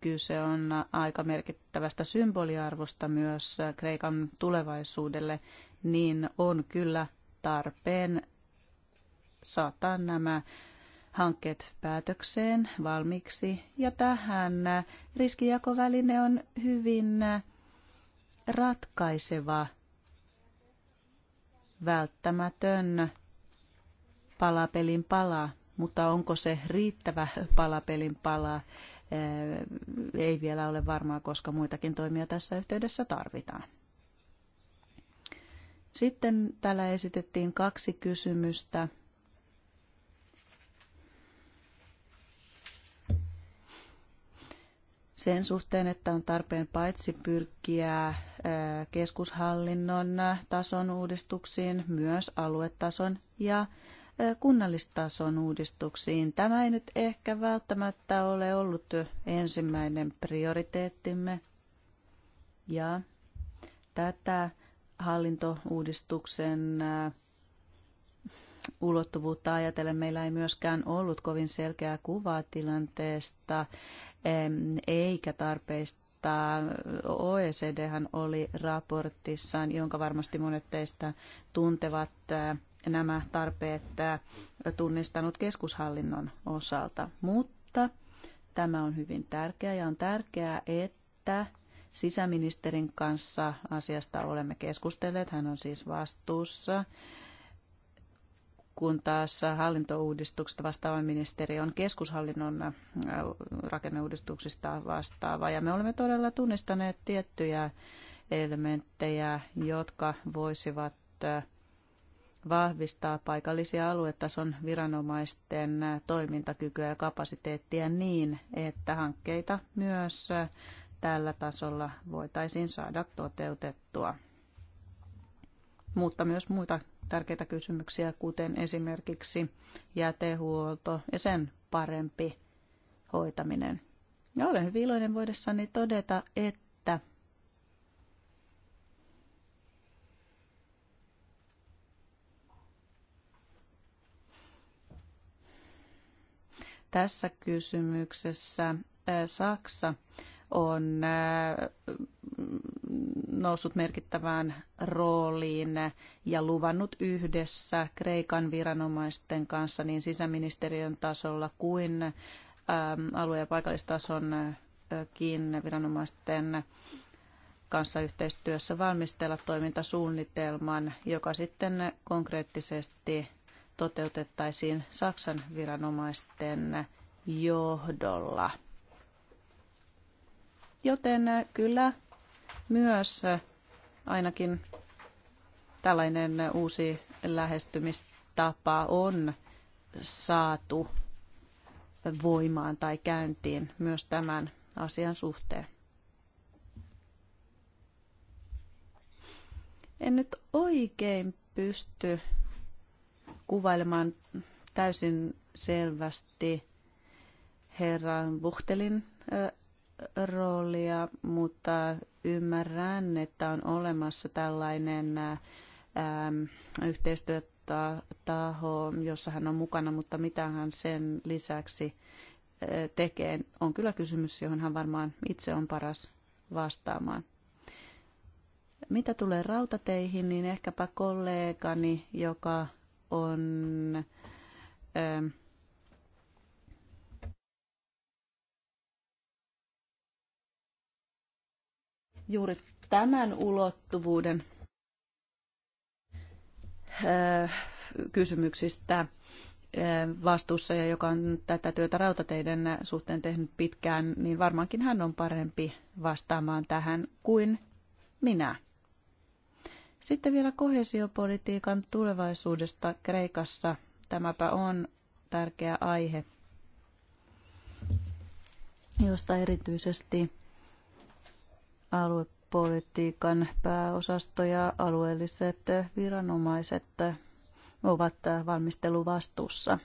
kyse on aika merkittävästä symboliarvosta myös Kreikan tulevaisuudelle, niin on kyllä tarpeen saattaa nämä hankkeet päätökseen valmiiksi. Ja tähän riskijakoväline on hyvin ratkaiseva, välttämätön palapelin pala, mutta onko se riittävä palapelin pala, ei vielä ole varmaa, koska muitakin toimia tässä yhteydessä tarvitaan. Sitten täällä esitettiin kaksi kysymystä sen suhteen, että on tarpeen paitsi pyrkiä keskushallinnon tason uudistuksiin, myös aluetason ja kunnallistason uudistuksiin. Tämä ei nyt ehkä välttämättä ole ollut ensimmäinen prioriteettimme. Ja tätä hallintouudistuksen ulottuvuutta ajatellen meillä ei myöskään ollut kovin selkeää kuvaa tilanteesta eikä tarpeista mutta OECD oli raportissaan, jonka varmasti monet teistä tuntevat nämä tarpeet tunnistanut keskushallinnon osalta. Mutta tämä on hyvin tärkeää ja on tärkeää, että sisäministerin kanssa asiasta olemme keskustelleet. Hän on siis vastuussa kun taas hallintouudistuksesta vastaava ministeri on keskushallinnon äh, rakenneuudistuksista vastaava. Ja me olemme todella tunnistaneet tiettyjä elementtejä, jotka voisivat äh, vahvistaa paikallisia aluetason viranomaisten äh, toimintakykyä ja kapasiteettia niin, että hankkeita myös tällä tasolla voitaisiin saada toteutettua. Mutta myös muita tärkeitä kysymyksiä, kuten esimerkiksi jätehuolto ja sen parempi hoitaminen. Ja olen hyvin iloinen voidessani todeta, että tässä kysymyksessä Saksa – on äh, noussut merkittävään rooliin ja luvannut yhdessä Kreikan viranomaisten kanssa niin sisäministeriön tasolla kuin ähm, alue- ja paikallistasonkin äh, äh, viranomaisten kanssa yhteistyössä valmistella toimintasuunnitelman, joka sitten konkreettisesti toteutettaisiin Saksan viranomaisten johdolla. Joten äh, kyllä myös äh, ainakin tällainen äh, uusi lähestymistapa on saatu voimaan tai käyntiin myös tämän asian suhteen. En nyt oikein pysty kuvailemaan täysin selvästi herran Buchtelin roolia, mutta ymmärrän, että on olemassa tällainen ähm, yhteistyötaho, jossa hän on mukana, mutta mitä hän sen lisäksi äh, tekee, on kyllä kysymys, johon hän varmaan itse on paras vastaamaan. Mitä tulee rautateihin, niin ehkäpä kollegani, joka on ähm, juuri tämän ulottuvuuden äh, kysymyksistä äh, vastuussa ja joka on tätä työtä rautateiden suhteen tehnyt pitkään, niin varmaankin hän on parempi vastaamaan tähän kuin minä. Sitten vielä kohesiopolitiikan tulevaisuudesta Kreikassa. Tämäpä on tärkeä aihe, josta erityisesti aluepolitiikan pääosasto ja alueelliset viranomaiset ovat valmisteluvastuussa.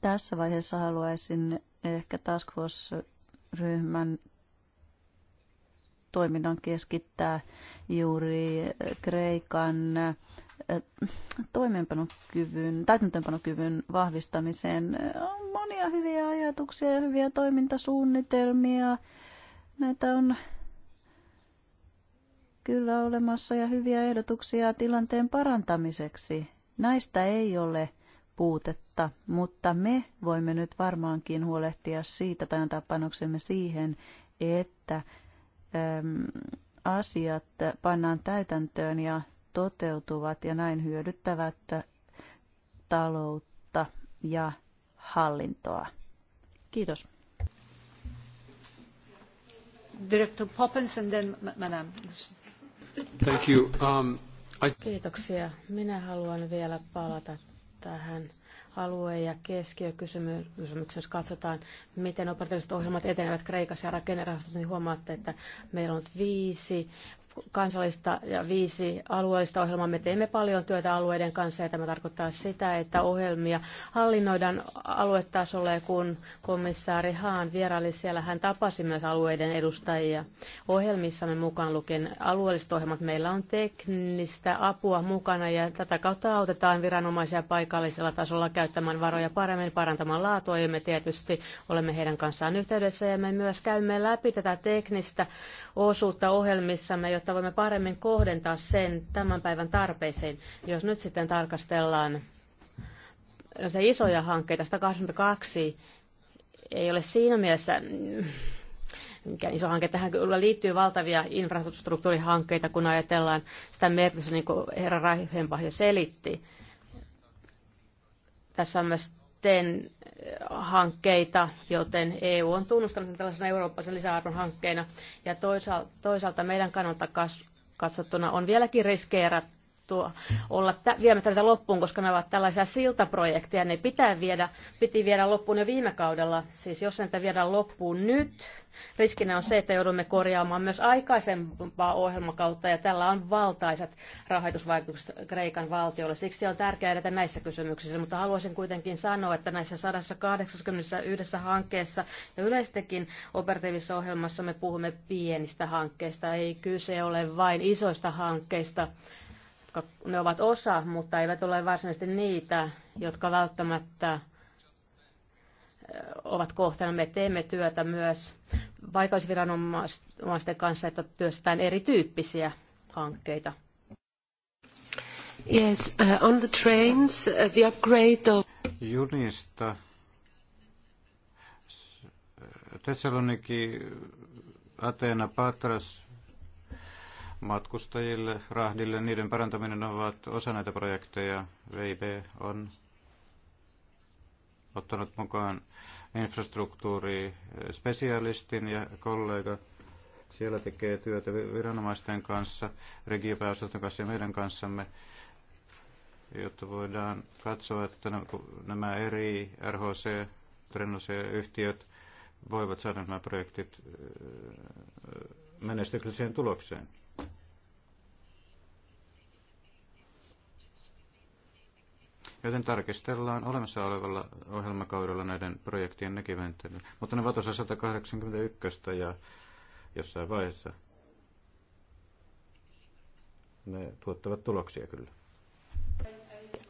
Tässä vaiheessa haluaisin ehkä Task Force-ryhmän toiminnan keskittää juuri Kreikan toimeenpanokyvyn, täytäntöönpanokyvyn vahvistamiseen on monia hyviä ajatuksia ja hyviä toimintasuunnitelmia. Näitä on kyllä olemassa ja hyviä ehdotuksia tilanteen parantamiseksi. Näistä ei ole puutetta, mutta me voimme nyt varmaankin huolehtia siitä tai antaa panoksemme siihen, että äm, asiat pannaan täytäntöön ja toteutuvat ja näin hyödyttävät taloutta ja hallintoa. Kiitos. Director Poppins and then Madame. Thank you. Um, I... Kiitoksia. Minä haluan vielä palata tähän alue- ja keskiökysymykseen, jos katsotaan, miten operatiiviset ohjelmat etenevät Kreikassa ja rakennerahastot, niin huomaatte, että meillä on viisi kansallista ja viisi alueellista ohjelmaa. Me teemme paljon työtä alueiden kanssa ja tämä tarkoittaa sitä, että ohjelmia hallinnoidaan aluetasolla ja kun komissaari Haan vieraili siellä, hän tapasi myös alueiden edustajia. Ohjelmissamme mukaan lukien alueelliset ohjelmat meillä on teknistä apua mukana ja tätä kautta autetaan viranomaisia paikallisella tasolla käyttämään varoja paremmin, parantamaan laatua ja me tietysti olemme heidän kanssaan yhteydessä ja me myös käymme läpi tätä teknistä osuutta ohjelmissamme, jotta jotta voimme paremmin kohdentaa sen tämän päivän tarpeisiin. Jos nyt sitten tarkastellaan se isoja hankkeita, 182 ei ole siinä mielessä mm, mikä iso hanke. Tähän kyllä liittyy valtavia infrastruktuurihankkeita, kun ajatellaan sitä merkitystä, niin kuin herra Raihenpah jo selitti. Tässä on myös ten äh, hankkeita, joten EU on tunnustanut tällaisena Euroopassa lisäarvon hankkeena. Ja toisaalta, toisaalta meidän kannalta katsottuna on vieläkin riskeerattu tuo, olla tä, viemättä tätä loppuun, koska ne ovat tällaisia siltaprojekteja. Ne pitää viedä, piti viedä loppuun jo viime kaudella. Siis jos näitä viedään loppuun nyt, riskinä on se, että joudumme korjaamaan myös aikaisempaa ohjelmakautta, ja tällä on valtaiset rahoitusvaikutukset Kreikan valtiolle. Siksi on tärkeää edetä näissä kysymyksissä, mutta haluaisin kuitenkin sanoa, että näissä 181 hankkeessa ja yleistäkin operatiivisessa ohjelmassa me puhumme pienistä hankkeista. Ei kyse ole vain isoista hankkeista, jotka ne ovat osa, mutta eivät ole varsinaisesti niitä, jotka välttämättä ovat kohtana. Me teemme työtä myös paikallisviranomaisten kanssa, että työstetään erityyppisiä hankkeita. Yes, uh, on the trains, uh, the upgrade of... Junista. Thessaloniki, Atena, Patras, matkustajille, rahdille, niiden parantaminen ovat osa näitä projekteja. VIP on ottanut mukaan infrastruktuuri eh, spesialistin ja kollega siellä tekee työtä viranomaisten kanssa, regiopääosaston kanssa ja meidän kanssamme, jotta voidaan katsoa, että nämä eri RHC, Trenose-yhtiöt voivat saada nämä projektit eh, menestykselliseen tulokseen. Joten tarkistellaan olemassa olevalla ohjelmakaudella näiden projektien näkyventelyä. Mutta ne ovat osa 181 ja jossain vaiheessa ne tuottavat tuloksia kyllä.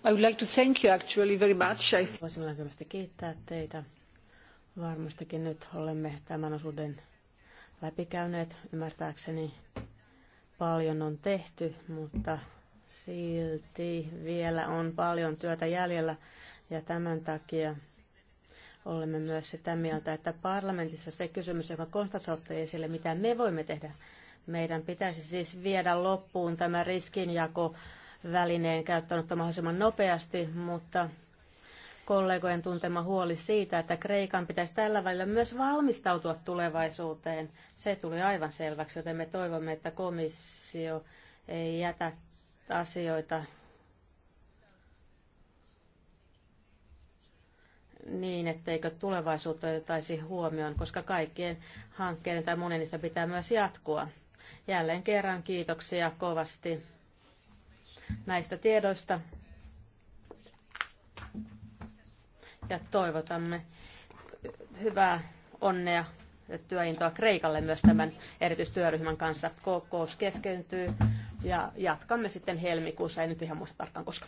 I would like to thank you actually very much. I... Voisin lämpimästi kiittää teitä. Varmastikin nyt olemme tämän osuuden läpikäyneet. Ymmärtääkseni paljon on tehty, mutta Silti vielä on paljon työtä jäljellä ja tämän takia olemme myös sitä mieltä, että parlamentissa se kysymys, joka Konstantin otti esille, mitä me voimme tehdä, meidän pitäisi siis viedä loppuun tämä riskinjako välineen käyttöönotto mahdollisimman nopeasti, mutta kollegojen tuntema huoli siitä, että Kreikan pitäisi tällä välillä myös valmistautua tulevaisuuteen, se tuli aivan selväksi, joten me toivomme, että komissio ei jätä asioita niin, etteikö tulevaisuutta otettaisi huomioon, koska kaikkien hankkeiden tai monen niistä pitää myös jatkua. Jälleen kerran kiitoksia kovasti näistä tiedoista. Ja toivotamme hyvää onnea ja työintoa Kreikalle myös tämän erityistyöryhmän kanssa. Kokous keskeytyy. Ja jatkamme sitten helmikuussa, ei nyt ihan muista tarkkaan koska.